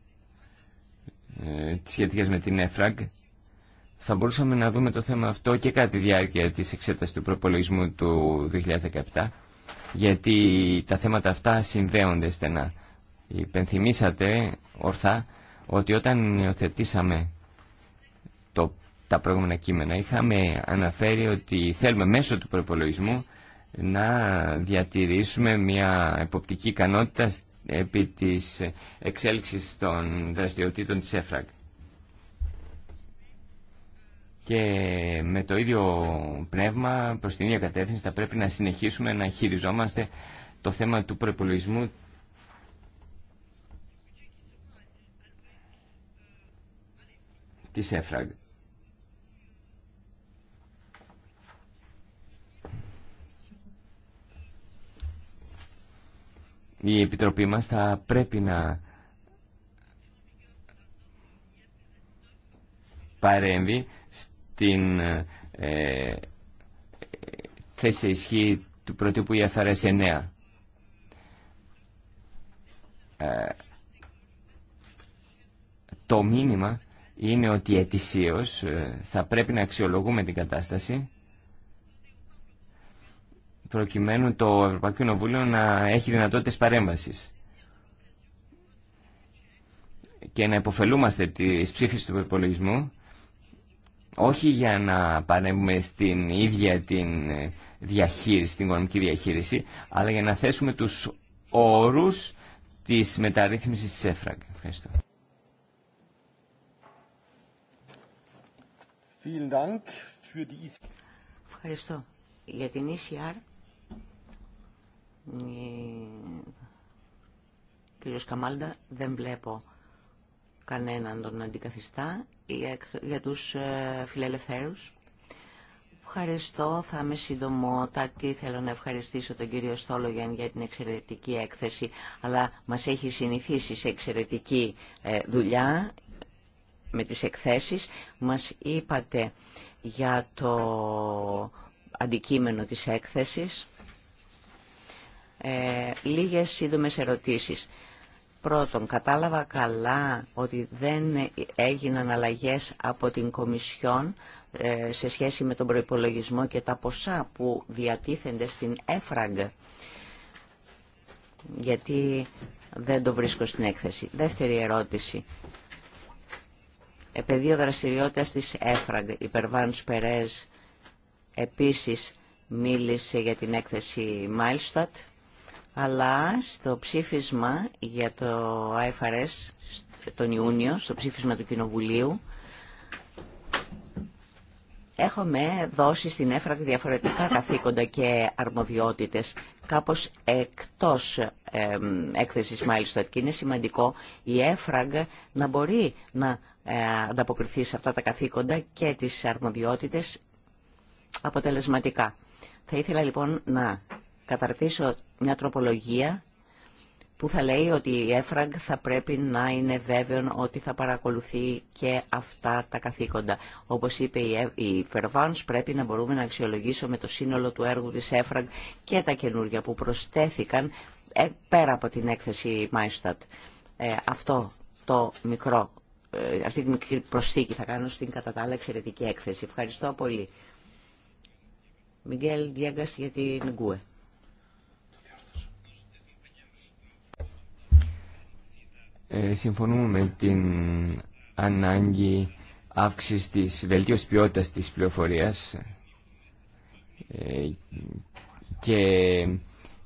ε, σχετικές με την ΕΦΡΑΓ. Θα μπορούσαμε να δούμε το θέμα αυτό και κατά τη διάρκεια της εξέτασης του προπολογισμού του 2017 γιατί τα θέματα αυτά συνδέονται στενά. Υπενθυμίσατε ορθά ότι όταν υιοθετήσαμε το, τα προηγούμενα κείμενα είχαμε αναφέρει ότι θέλουμε μέσω του προπολογισμού να διατηρήσουμε μια εποπτική ικανότητα επί της εξέλιξης των δραστηριοτήτων της ΕΦΡΑΚ. Και με το ίδιο πνεύμα, προς την ίδια κατεύθυνση, θα πρέπει να συνεχίσουμε να χειριζόμαστε το θέμα του προπολογισμού της ΕΦΡΑΓ. η Επιτροπή μας θα πρέπει να παρέμβει στην ε, θέση ισχύ του πρωτύπου Ιαθαρές 9. Ε, το μήνυμα είναι ότι ετησίως ε, θα πρέπει να αξιολογούμε την κατάσταση προκειμένου το Ευρωπαϊκό Κοινοβούλιο να έχει δυνατότητες παρέμβασης και να υποφελούμαστε της ψήφισης του προπολογισμού όχι για να παρέμβουμε στην ίδια την διαχείριση, την οικονομική διαχείριση, αλλά για να θέσουμε τους όρους της μεταρρύθμισης της ΕΦΡΑΚ. Ευχαριστώ. Ευχαριστώ για την ECR. Κύριος Καμάλντα, δεν βλέπω κανέναν τον αντικαθιστά για τους ε, φιλελευθέρους. Ευχαριστώ, θα είμαι συντομότατη. Θέλω να ευχαριστήσω τον κύριο Στόλογεν για την εξαιρετική έκθεση, αλλά μας έχει συνηθίσει σε εξαιρετική ε, δουλειά με τις εκθέσεις. Μας είπατε για το αντικείμενο της έκθεσης. Ε, λίγες σύντομες ερωτήσεις. Πρώτον, κατάλαβα καλά ότι δεν έγιναν αλλαγές από την Κομισιόν ε, σε σχέση με τον προϋπολογισμό και τα ποσά που διατίθενται στην ΕΦΡΑΓ, γιατί δεν το βρίσκω στην έκθεση. Δεύτερη ερώτηση. Επαιδείο δραστηριότητας της ΕΦΡΑΓ, η Περβάνς Περές, επίσης μίλησε για την έκθεση Μάιλστατ αλλά στο ψήφισμα για το IFRS τον Ιούνιο, στο ψήφισμα του Κοινοβουλίου, έχουμε δώσει στην ΕΦΡΑΓ διαφορετικά καθήκοντα και αρμοδιότητες κάπως εκτός ε, έκθεσης μάλιστα και είναι σημαντικό η ΕΦΡΑΓ να μπορεί να ε, ανταποκριθεί σε αυτά τα καθήκοντα και τις αρμοδιότητες αποτελεσματικά. Θα ήθελα λοιπόν να καταρτήσω μια τροπολογία που θα λέει ότι η ΕΦΡΑΓ θα πρέπει να είναι βέβαιο ότι θα παρακολουθεί και αυτά τα καθήκοντα. Όπως είπε η Φερβάνς, πρέπει να μπορούμε να αξιολογήσουμε το σύνολο του έργου της ΕΦΡΑΓ και τα καινούργια που προσθέθηκαν ε, πέρα από την έκθεση Μάιστατ. Ε, αυτό το μικρό, ε, αυτή τη μικρή προσθήκη θα κάνω στην κατά τα άλλα εξαιρετική έκθεση. Ευχαριστώ πολύ. Μιγγέλ Διέγκας για την Γκουε. Ε, συμφωνούμε με την ανάγκη αύξηση της βελτίωσης ποιότητας της πληροφορίας ε, και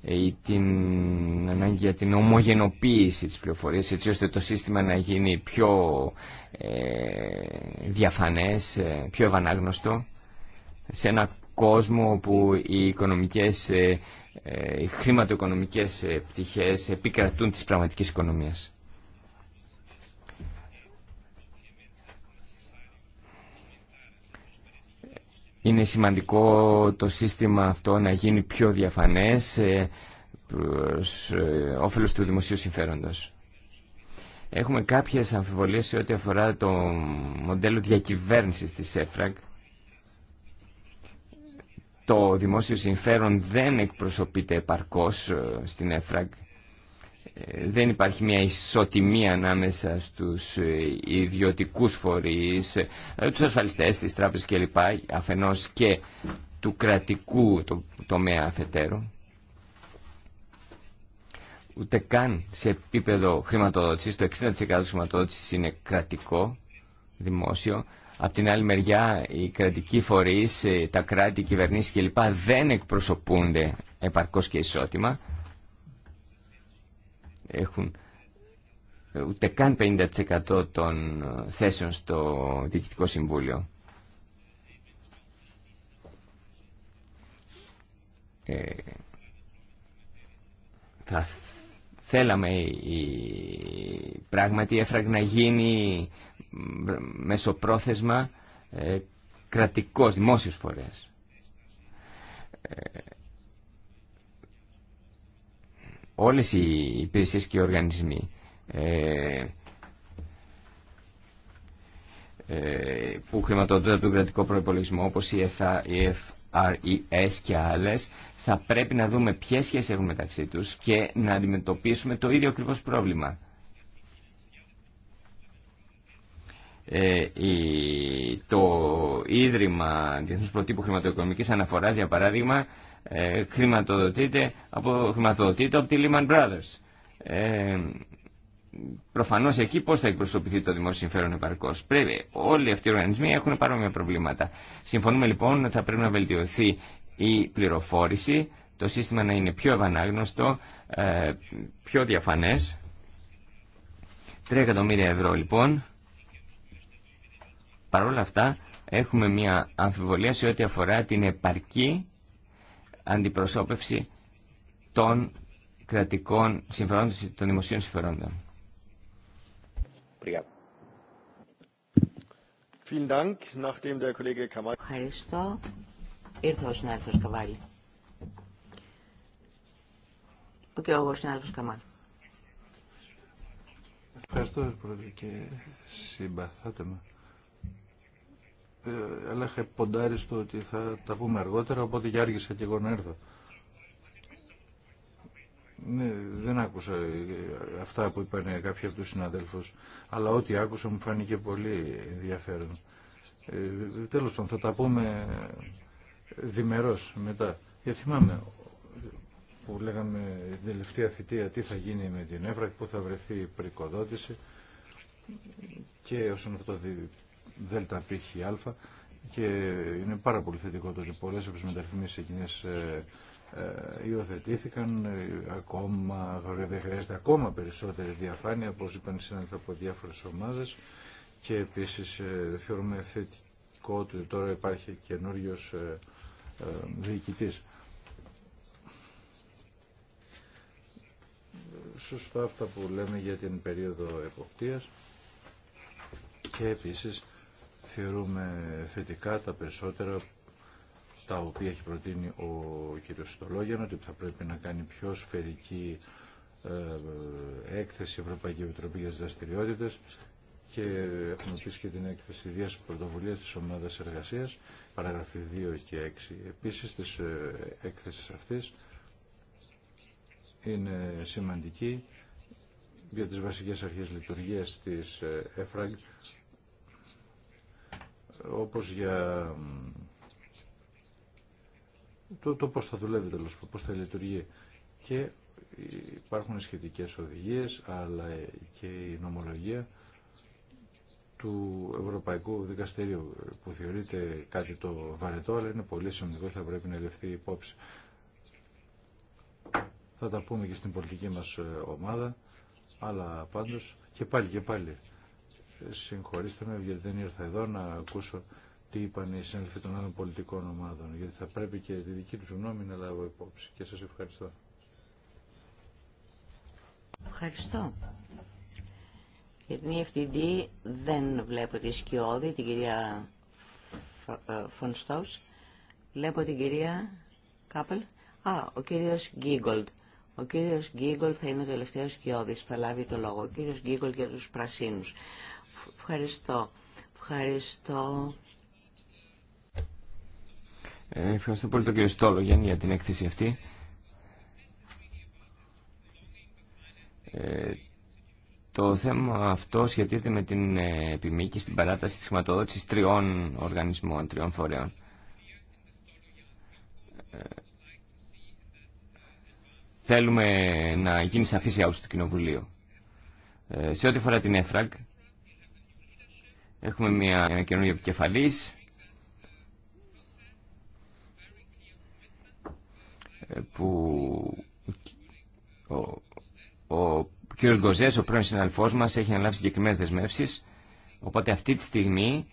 ε, την ανάγκη για την ομογενοποίηση της πληροφορίας έτσι ώστε το σύστημα να γίνει πιο διαφανές, πιο ευανάγνωστο σε ένα κόσμο που οι οικονομικές, οι χρηματοοικονομικές πτυχές επικρατούν της πραγματικής οικονομίας. Είναι σημαντικό το σύστημα αυτό να γίνει πιο διαφανές ε, προς ε, όφελος του δημοσίου συμφέροντος. Έχουμε κάποιες αμφιβολίες σε ό,τι αφορά το μοντέλο διακυβέρνησης της ΕΦΡΑΚ. Το δημόσιο συμφέρον δεν εκπροσωπείται επαρκώς ε, στην ΕΦΡΑΚ ε, δεν υπάρχει μια ισοτιμία ανάμεσα στους ε, ιδιωτικούς φορείς, ε, τους ασφαλιστές, τις τράπεζες κλπ. αφενός και του κρατικού το, τομέα αφετέρου. Ούτε καν σε επίπεδο χρηματοδότησης, το 60% της χρηματοδότησης είναι κρατικό, δημόσιο. Απ' την άλλη μεριά οι κρατικοί φορείς, τα κράτη, οι κυβερνήσεις κλπ. δεν εκπροσωπούνται επαρκώς και ισότιμα έχουν ε, ούτε καν 50% των ε, θέσεων στο Διοικητικό Συμβούλιο. Ε, θα θέλαμε η, πράγματι έφραγ να γίνει μεσοπρόθεσμα ε, κρατικός, δημόσιος φορέας όλες οι υπηρεσίες και οι οργανισμοί ε, ε που χρηματοδοτούνται από τον κρατικό προπολογισμό, όπως η FRES και άλλες θα πρέπει να δούμε ποιες σχέσεις έχουν μεταξύ τους και να αντιμετωπίσουμε το ίδιο ακριβώ πρόβλημα. Ε, η, το Ίδρυμα Διεθνούς Προτύπου Χρηματοοικονομικής Αναφοράς, για παράδειγμα, ε, χρηματοδοτείται από, χρηματοδοτείται από τη Lehman Brothers. Ε, προφανώς εκεί πώ θα εκπροσωπηθεί το δημόσιο συμφέρον επαρκώ. Πρέπει, όλοι αυτοί οι οργανισμοί έχουν παρόμοια προβλήματα. Συμφωνούμε λοιπόν ότι θα πρέπει να βελτιωθεί η πληροφόρηση, το σύστημα να είναι πιο ευανάγνωστο, ε, πιο διαφανέ. 3 εκατομμύρια ευρώ λοιπόν. Παρ' όλα αυτά έχουμε μια αμφιβολία σε ό,τι αφορά την επαρκή αντιπροσώπευση των κρατικών συμφερόντων, των δημοσίων συμφερόντων. Ευχαριστώ. Ήρθε ο συνάδελφος Καβάλη. Ο και ο συνάδελφος Καμάλη. Ευχαριστώ, Πρόεδρε, και συμπαθάτε με αλλά είχα ποντάρει στο ότι θα τα πούμε αργότερα, οπότε και άργησα και εγώ να έρθω. Ναι, δεν άκουσα αυτά που είπαν κάποιοι από τους συναδέλφους, αλλά ό,τι άκουσα μου φάνηκε πολύ ενδιαφέρον. Ε, τέλος πάντων, θα τα πούμε διμερώς μετά. Για ε, θυμάμαι που λέγαμε την τελευταία θητεία τι θα γίνει με την έφρα πού θα βρεθεί η και όσον αυτό Αλφα και είναι πάρα πολύ θετικό το ότι πολλές από τις μεταρρυθμίσεις εκείνες ε, ε, υιοθετήθηκαν ε, ακόμα, χρειάζεται ακόμα περισσότερη διαφάνεια όπως είπαν οι συνάδελφοι από διάφορες ομάδες και επίσης θεωρούμε θετικό ότι τώρα υπάρχει καινούριο διοικητής. Σωστά αυτά που λέμε για την περίοδο εποπτείας και επίσης θεωρούμε θετικά τα περισσότερα τα οποία έχει προτείνει ο κ. Στολόγιαν ότι θα πρέπει να κάνει πιο σφαιρική ε, έκθεση Ευρωπαϊκή Επιτροπή για τις δραστηριότητες και έχουμε επίση και την έκθεση ιδίας πρωτοβουλία της ομάδας εργασίας, παραγραφή 2 και 6. Επίσης της ε, έκθεση αυτής είναι σημαντική για τις βασικές αρχές λειτουργίας της ε, ΕΦΡΑΓ όπως για το, το πώς θα δουλεύει τέλος, πώς θα λειτουργεί. Και υπάρχουν σχετικές οδηγίες, αλλά και η νομολογία του Ευρωπαϊκού Δικαστηρίου που θεωρείται κάτι το βαρετό, αλλά είναι πολύ σημαντικό θα πρέπει να ληφθεί υπόψη. Θα τα πούμε και στην πολιτική μας ε, ομάδα, αλλά πάντως και πάλι και πάλι συγχωρήστε με γιατί δεν ήρθα εδώ να ακούσω τι είπαν οι συνέλφοι των άλλων πολιτικών ομάδων, γιατί θα πρέπει και τη δική τους γνώμη να λάβω υπόψη. Και σας ευχαριστώ. Ευχαριστώ. Για την EFTD δεν βλέπω τη Σκιώδη, την κυρία ε, Φωνστός. Βλέπω την κυρία Κάπελ. Α, ο κύριος Γκίγκολτ. Ο κύριος Γκίγκολτ θα είναι ο τελευταίος Σκιώδης, θα λάβει το λόγο. Ο κύριος Γκίγκολτ για τους πρασίνους. Ευχαριστώ. Ευχαριστώ. Ε, ευχαριστώ πολύ τον κύριο Στόλογεν για την έκθεση αυτή. Ε, το θέμα αυτό σχετίζεται με την ε, επιμήκη στην παράταση της χρηματοδότησης τριών οργανισμών, τριών φορέων. Ε, θέλουμε να γίνει σαφής η άποψη του Κοινοβουλίου. Ε, σε ό,τι αφορά την ΕΦΡΑΚ, Έχουμε μια, καινούργια επικεφαλή, ε, που ο, ο κ. ο πρώην συναδελφός μα έχει αναλάβει συγκεκριμένε δεσμεύσεις. Οπότε αυτή τη στιγμή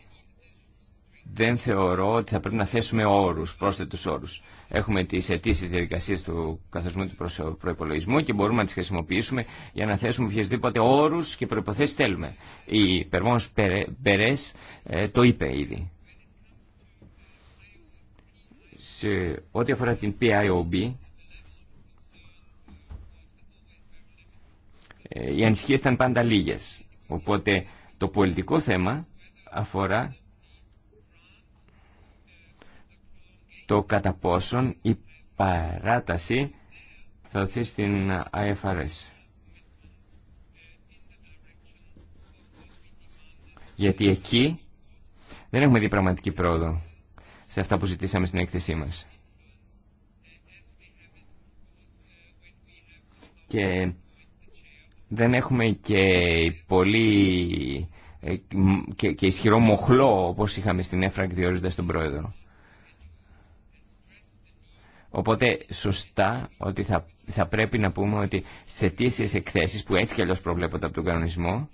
δεν θεωρώ ότι θα πρέπει να θέσουμε όρους, πρόσθετους όρους. Έχουμε τις αιτήσεις διαδικασίες του καθορισμού του προϋπολογισμού και μπορούμε να τις χρησιμοποιήσουμε για να θέσουμε οποιασδήποτε όρους και προϋποθέσεις θέλουμε. Η Περμόνος Περές ε, το είπε ήδη. Σε ό,τι αφορά την PIOB, ε, οι ανησυχίες ήταν πάντα λίγες. Οπότε το πολιτικό θέμα αφορά το κατά πόσον η παράταση θα δοθεί στην IFRS. Γιατί εκεί δεν έχουμε δει πραγματική πρόοδο σε αυτά που ζητήσαμε στην έκθεσή μας. Και δεν έχουμε και πολύ ε, και, ισχυρό μοχλό όπως είχαμε στην ΕΦΡΑΚ διορίζοντας τον πρόεδρο. Οπότε σωστά ότι θα, πρέπει να πούμε ότι στις αιτήσεις εκθέσεις που έτσι κι αλλιώς προβλέπονται από τον κανονισμό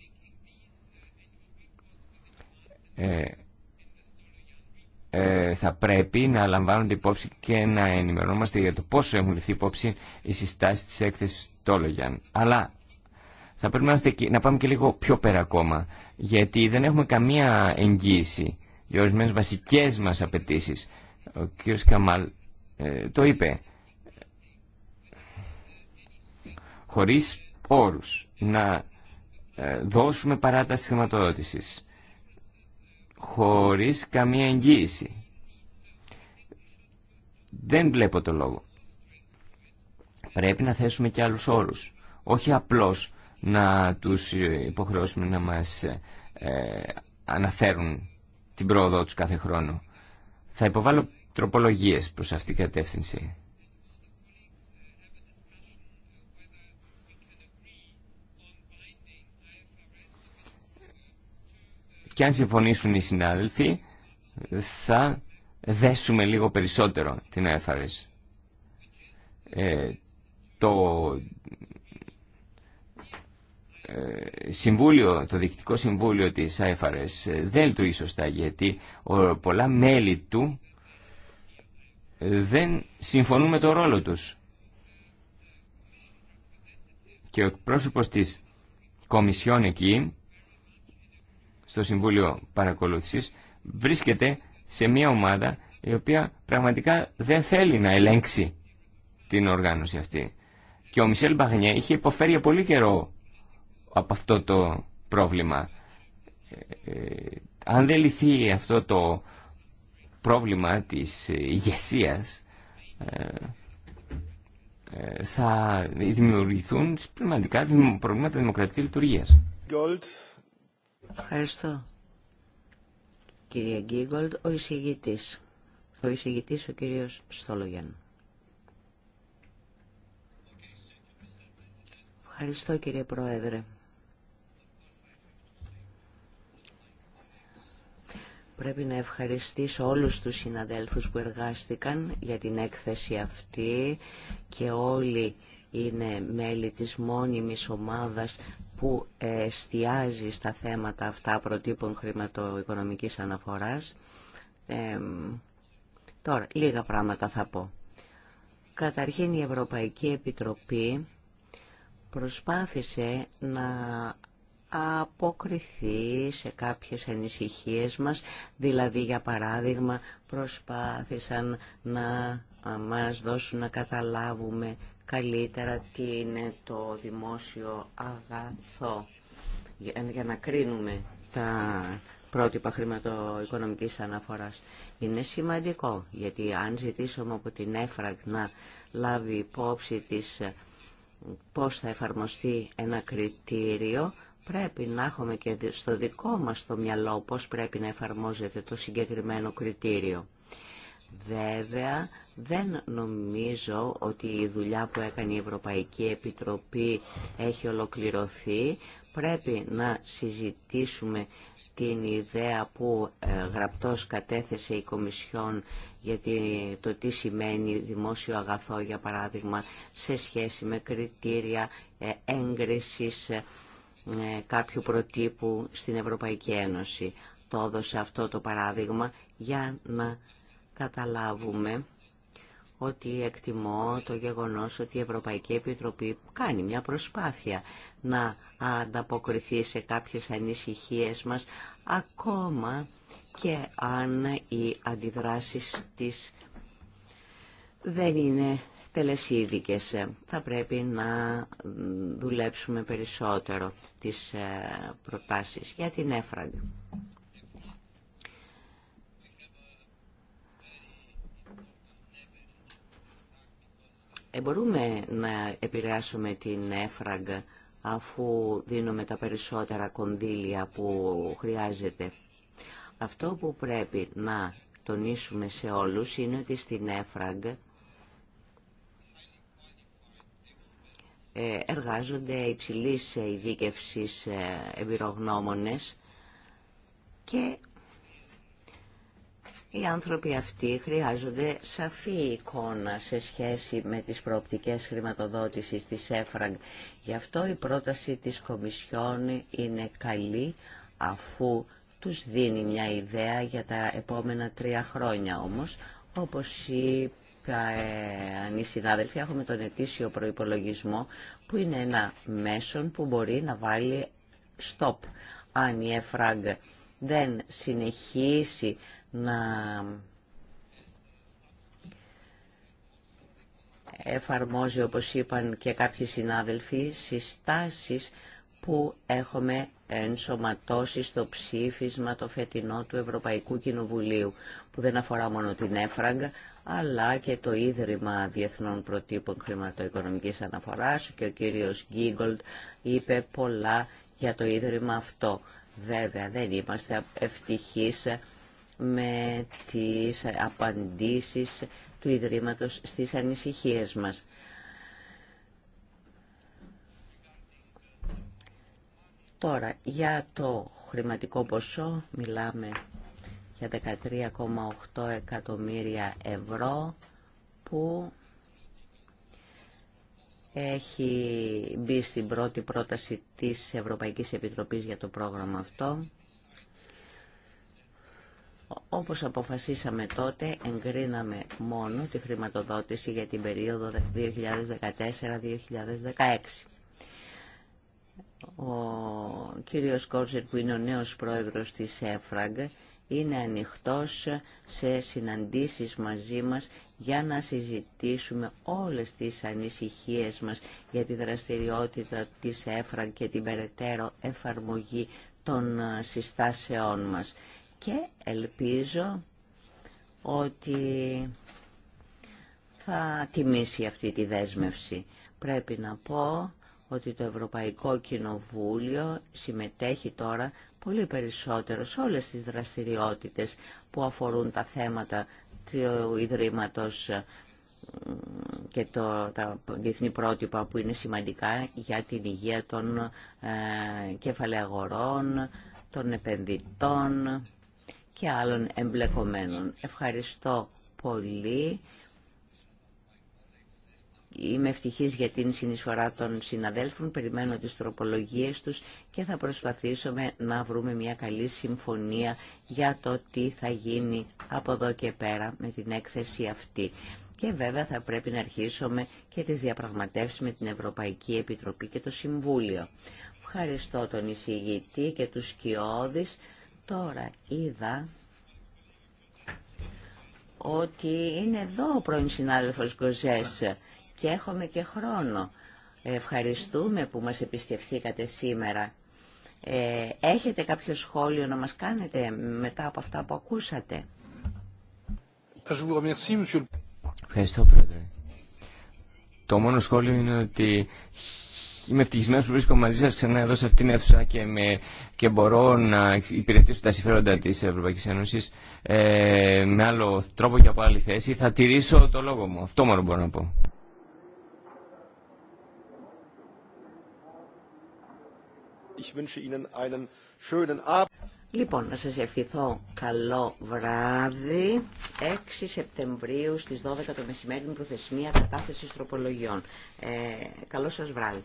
ε, ε, θα πρέπει να λαμβάνονται υπόψη και να ενημερωνόμαστε για το πόσο έχουν ληφθεί υπόψη οι συστάσεις της έκθεσης Τόλογιαν. Αλλά θα πρέπει να, πάμε και λίγο πιο πέρα ακόμα, γιατί δεν έχουμε καμία εγγύηση για ορισμένες βασικές μας απαιτήσει. Ο κ. Καμάλ ε, το είπε χωρίς όρους να ε, δώσουμε παράταση χρηματοδότησης χωρίς καμία εγγύηση δεν βλέπω το λόγο πρέπει να θέσουμε και άλλους όρους όχι απλώς να τους υποχρεώσουμε να μας ε, αναφέρουν την πρόοδό τους κάθε χρόνο θα υποβάλω τροπολογίες προς αυτή την κατεύθυνση. Και αν συμφωνήσουν οι συνάδελφοι, θα δέσουμε λίγο περισσότερο την IFRS. Ε, το ε, συμβούλιο, το διοικητικό συμβούλιο της IFRS ε, δεν του σωστά γιατί πολλά μέλη του δεν συμφωνούν με το ρόλο τους. Και ο πρόσωπος της Κομισιόν εκεί, στο Συμβούλιο Παρακολούθησης, βρίσκεται σε μια ομάδα η οποία πραγματικά δεν θέλει να ελέγξει την οργάνωση αυτή. Και ο Μισελ Μπαγνιέ είχε υποφέρει πολύ καιρό από αυτό το πρόβλημα. Ε, ε αν δεν λυθεί αυτό το πρόβλημα της ηγεσία ε, ε, θα δημιουργηθούν πνευματικά προβλήματα δημοκρατικής λειτουργίας. Ευχαριστώ. Κύριε Γκίγκολτ, ο εισηγητής. Ο εισηγητής ο κύριος Στόλογιαν. Ευχαριστώ κύριε Πρόεδρε. πρέπει να ευχαριστήσω όλους τους συναδέλφους που εργάστηκαν για την έκθεση αυτή και όλοι είναι μέλη της μόνιμης ομάδας που εστιάζει στα θέματα αυτά προτύπων χρηματοοικονομικής αναφοράς. Ε, τώρα, λίγα πράγματα θα πω. Καταρχήν η Ευρωπαϊκή Επιτροπή προσπάθησε να αποκριθεί σε κάποιες ανησυχίες μας, δηλαδή για παράδειγμα προσπάθησαν να μας δώσουν να καταλάβουμε καλύτερα τι είναι το δημόσιο αγαθό για να κρίνουμε τα πρότυπα χρηματοοικονομικής αναφοράς. Είναι σημαντικό, γιατί αν ζητήσουμε από την ΕΦΡΑΚ να λάβει υπόψη της ε, πώς θα εφαρμοστεί ένα κριτήριο, πρέπει να έχουμε και στο δικό μας το μυαλό πώς πρέπει να εφαρμόζεται το συγκεκριμένο κριτήριο. Βέβαια, δεν νομίζω ότι η δουλειά που έκανε η Ευρωπαϊκή Επιτροπή έχει ολοκληρωθεί. Πρέπει να συζητήσουμε την ιδέα που ε, γραπτός κατέθεσε η Κομισιόν για το τι σημαίνει δημόσιο αγαθό, για παράδειγμα, σε σχέση με κριτήρια ε, έγκρισης ε, ε, κάποιου προτύπου στην Ευρωπαϊκή Ένωση. Το έδωσα αυτό το παράδειγμα για να καταλάβουμε ότι εκτιμώ το γεγονός ότι η Ευρωπαϊκή Επιτροπή κάνει μια προσπάθεια να ανταποκριθεί σε κάποιες ανησυχίες μας ακόμα και αν οι αντιδράσεις της δεν είναι τελεσίδικες. Ε, θα πρέπει να δουλέψουμε περισσότερο τις ε, προτάσεις για την έφραγ. Ε, μπορούμε να επηρεάσουμε την έφραγ αφού δίνουμε τα περισσότερα κονδύλια που χρειάζεται. Αυτό που πρέπει να τονίσουμε σε όλους είναι ότι στην έφραγ Ε, εργάζονται υψηλής ειδίκευσης ε, εμπειρογνώμονες και οι άνθρωποι αυτοί χρειάζονται σαφή εικόνα σε σχέση με τις προοπτικές χρηματοδότησης της ΕΦΡΑΓ. Γι' αυτό η πρόταση της Κομισιόν είναι καλή αφού τους δίνει μια ιδέα για τα επόμενα τρία χρόνια όμως. Όπως οι συνάδελφοι έχουμε τον ετήσιο προϋπολογισμό που είναι ένα μέσον που μπορεί να βάλει stop αν η ΕΦΡΑΓ δεν συνεχίσει να εφαρμόζει όπως είπαν και κάποιοι συνάδελφοι συστάσεις που έχουμε ενσωματώσει στο ψήφισμα το φετινό του Ευρωπαϊκού Κοινοβουλίου που δεν αφορά μόνο την ΕΦΡΑΓ αλλά και το Ίδρυμα Διεθνών Προτύπων Χρηματοοικονομικής Αναφοράς και ο κύριος Γκίγκολτ είπε πολλά για το Ίδρυμα αυτό. Βέβαια δεν είμαστε ευτυχείς με τις απαντήσεις του Ιδρύματος στις ανησυχίες μας. Τώρα, για το χρηματικό ποσό μιλάμε για 13,8 εκατομμύρια ευρώ που έχει μπει στην πρώτη πρόταση της Ευρωπαϊκής Επιτροπής για το πρόγραμμα αυτό. Όπως αποφασίσαμε τότε, εγκρίναμε μόνο τη χρηματοδότηση για την περίοδο 2014-2016. Ο κύριος Κόρζερ, που είναι ο νέος πρόεδρος της ΕΦΡΑΓ, είναι ανοιχτός σε συναντήσεις μαζί μας για να συζητήσουμε όλες τις ανησυχίες μας για τη δραστηριότητα της ΕΦΡΑ και την περαιτέρω εφαρμογή των ε, συστάσεών μας. Και ελπίζω ότι θα τιμήσει αυτή τη δέσμευση. Πρέπει να πω ότι το Ευρωπαϊκό Κοινοβούλιο συμμετέχει τώρα πολύ περισσότερο σε όλες τις δραστηριότητες που αφορούν τα θέματα του Ιδρύματος ε, και το, τα διεθνή πρότυπα που είναι σημαντικά για την υγεία των ε, κεφαλαίων των επενδυτών και άλλων εμπλεκομένων. Ευχαριστώ πολύ. Είμαι ευτυχής για την συνεισφορά των συναδέλφων, περιμένω τις τροπολογίες τους και θα προσπαθήσουμε να βρούμε μια καλή συμφωνία για το τι θα γίνει από εδώ και πέρα με την έκθεση αυτή. Και βέβαια θα πρέπει να αρχίσουμε και τις διαπραγματεύσεις με την Ευρωπαϊκή Επιτροπή και το Συμβούλιο. Ευχαριστώ τον εισηγητή και τους κιόδης Τώρα είδα ότι είναι εδώ ο πρώην συνάδελφος και έχουμε και χρόνο. Ευχαριστούμε που μας επισκεφθήκατε σήμερα. Ε, έχετε κάποιο σχόλιο να μας κάνετε μετά από αυτά που ακούσατε. Ε, Ευχαριστώ, Πρόεδρε. Το μόνο σχόλιο είναι ότι είμαι ευτυχισμένος που βρίσκομαι μαζί σας ξανά εδώ σε αυτήν την αίθουσα και, με, και μπορώ να υπηρετήσω τα συμφέροντα της Ευρωπαϊκής Ένωσης ε, με άλλο τρόπο και από άλλη θέση. Θα τηρήσω το λόγο μου. Αυτό μόνο μπορώ να πω. Ich wünsche Ihnen einen schönen Abend. Λοιπόν, να σας ευχηθώ καλό βράδυ. 6 Σεπτεμβρίου στις 12 το μεσημέρι προθεσμία κατάθεσης τροπολογιών. Ε, καλό σας βράδυ.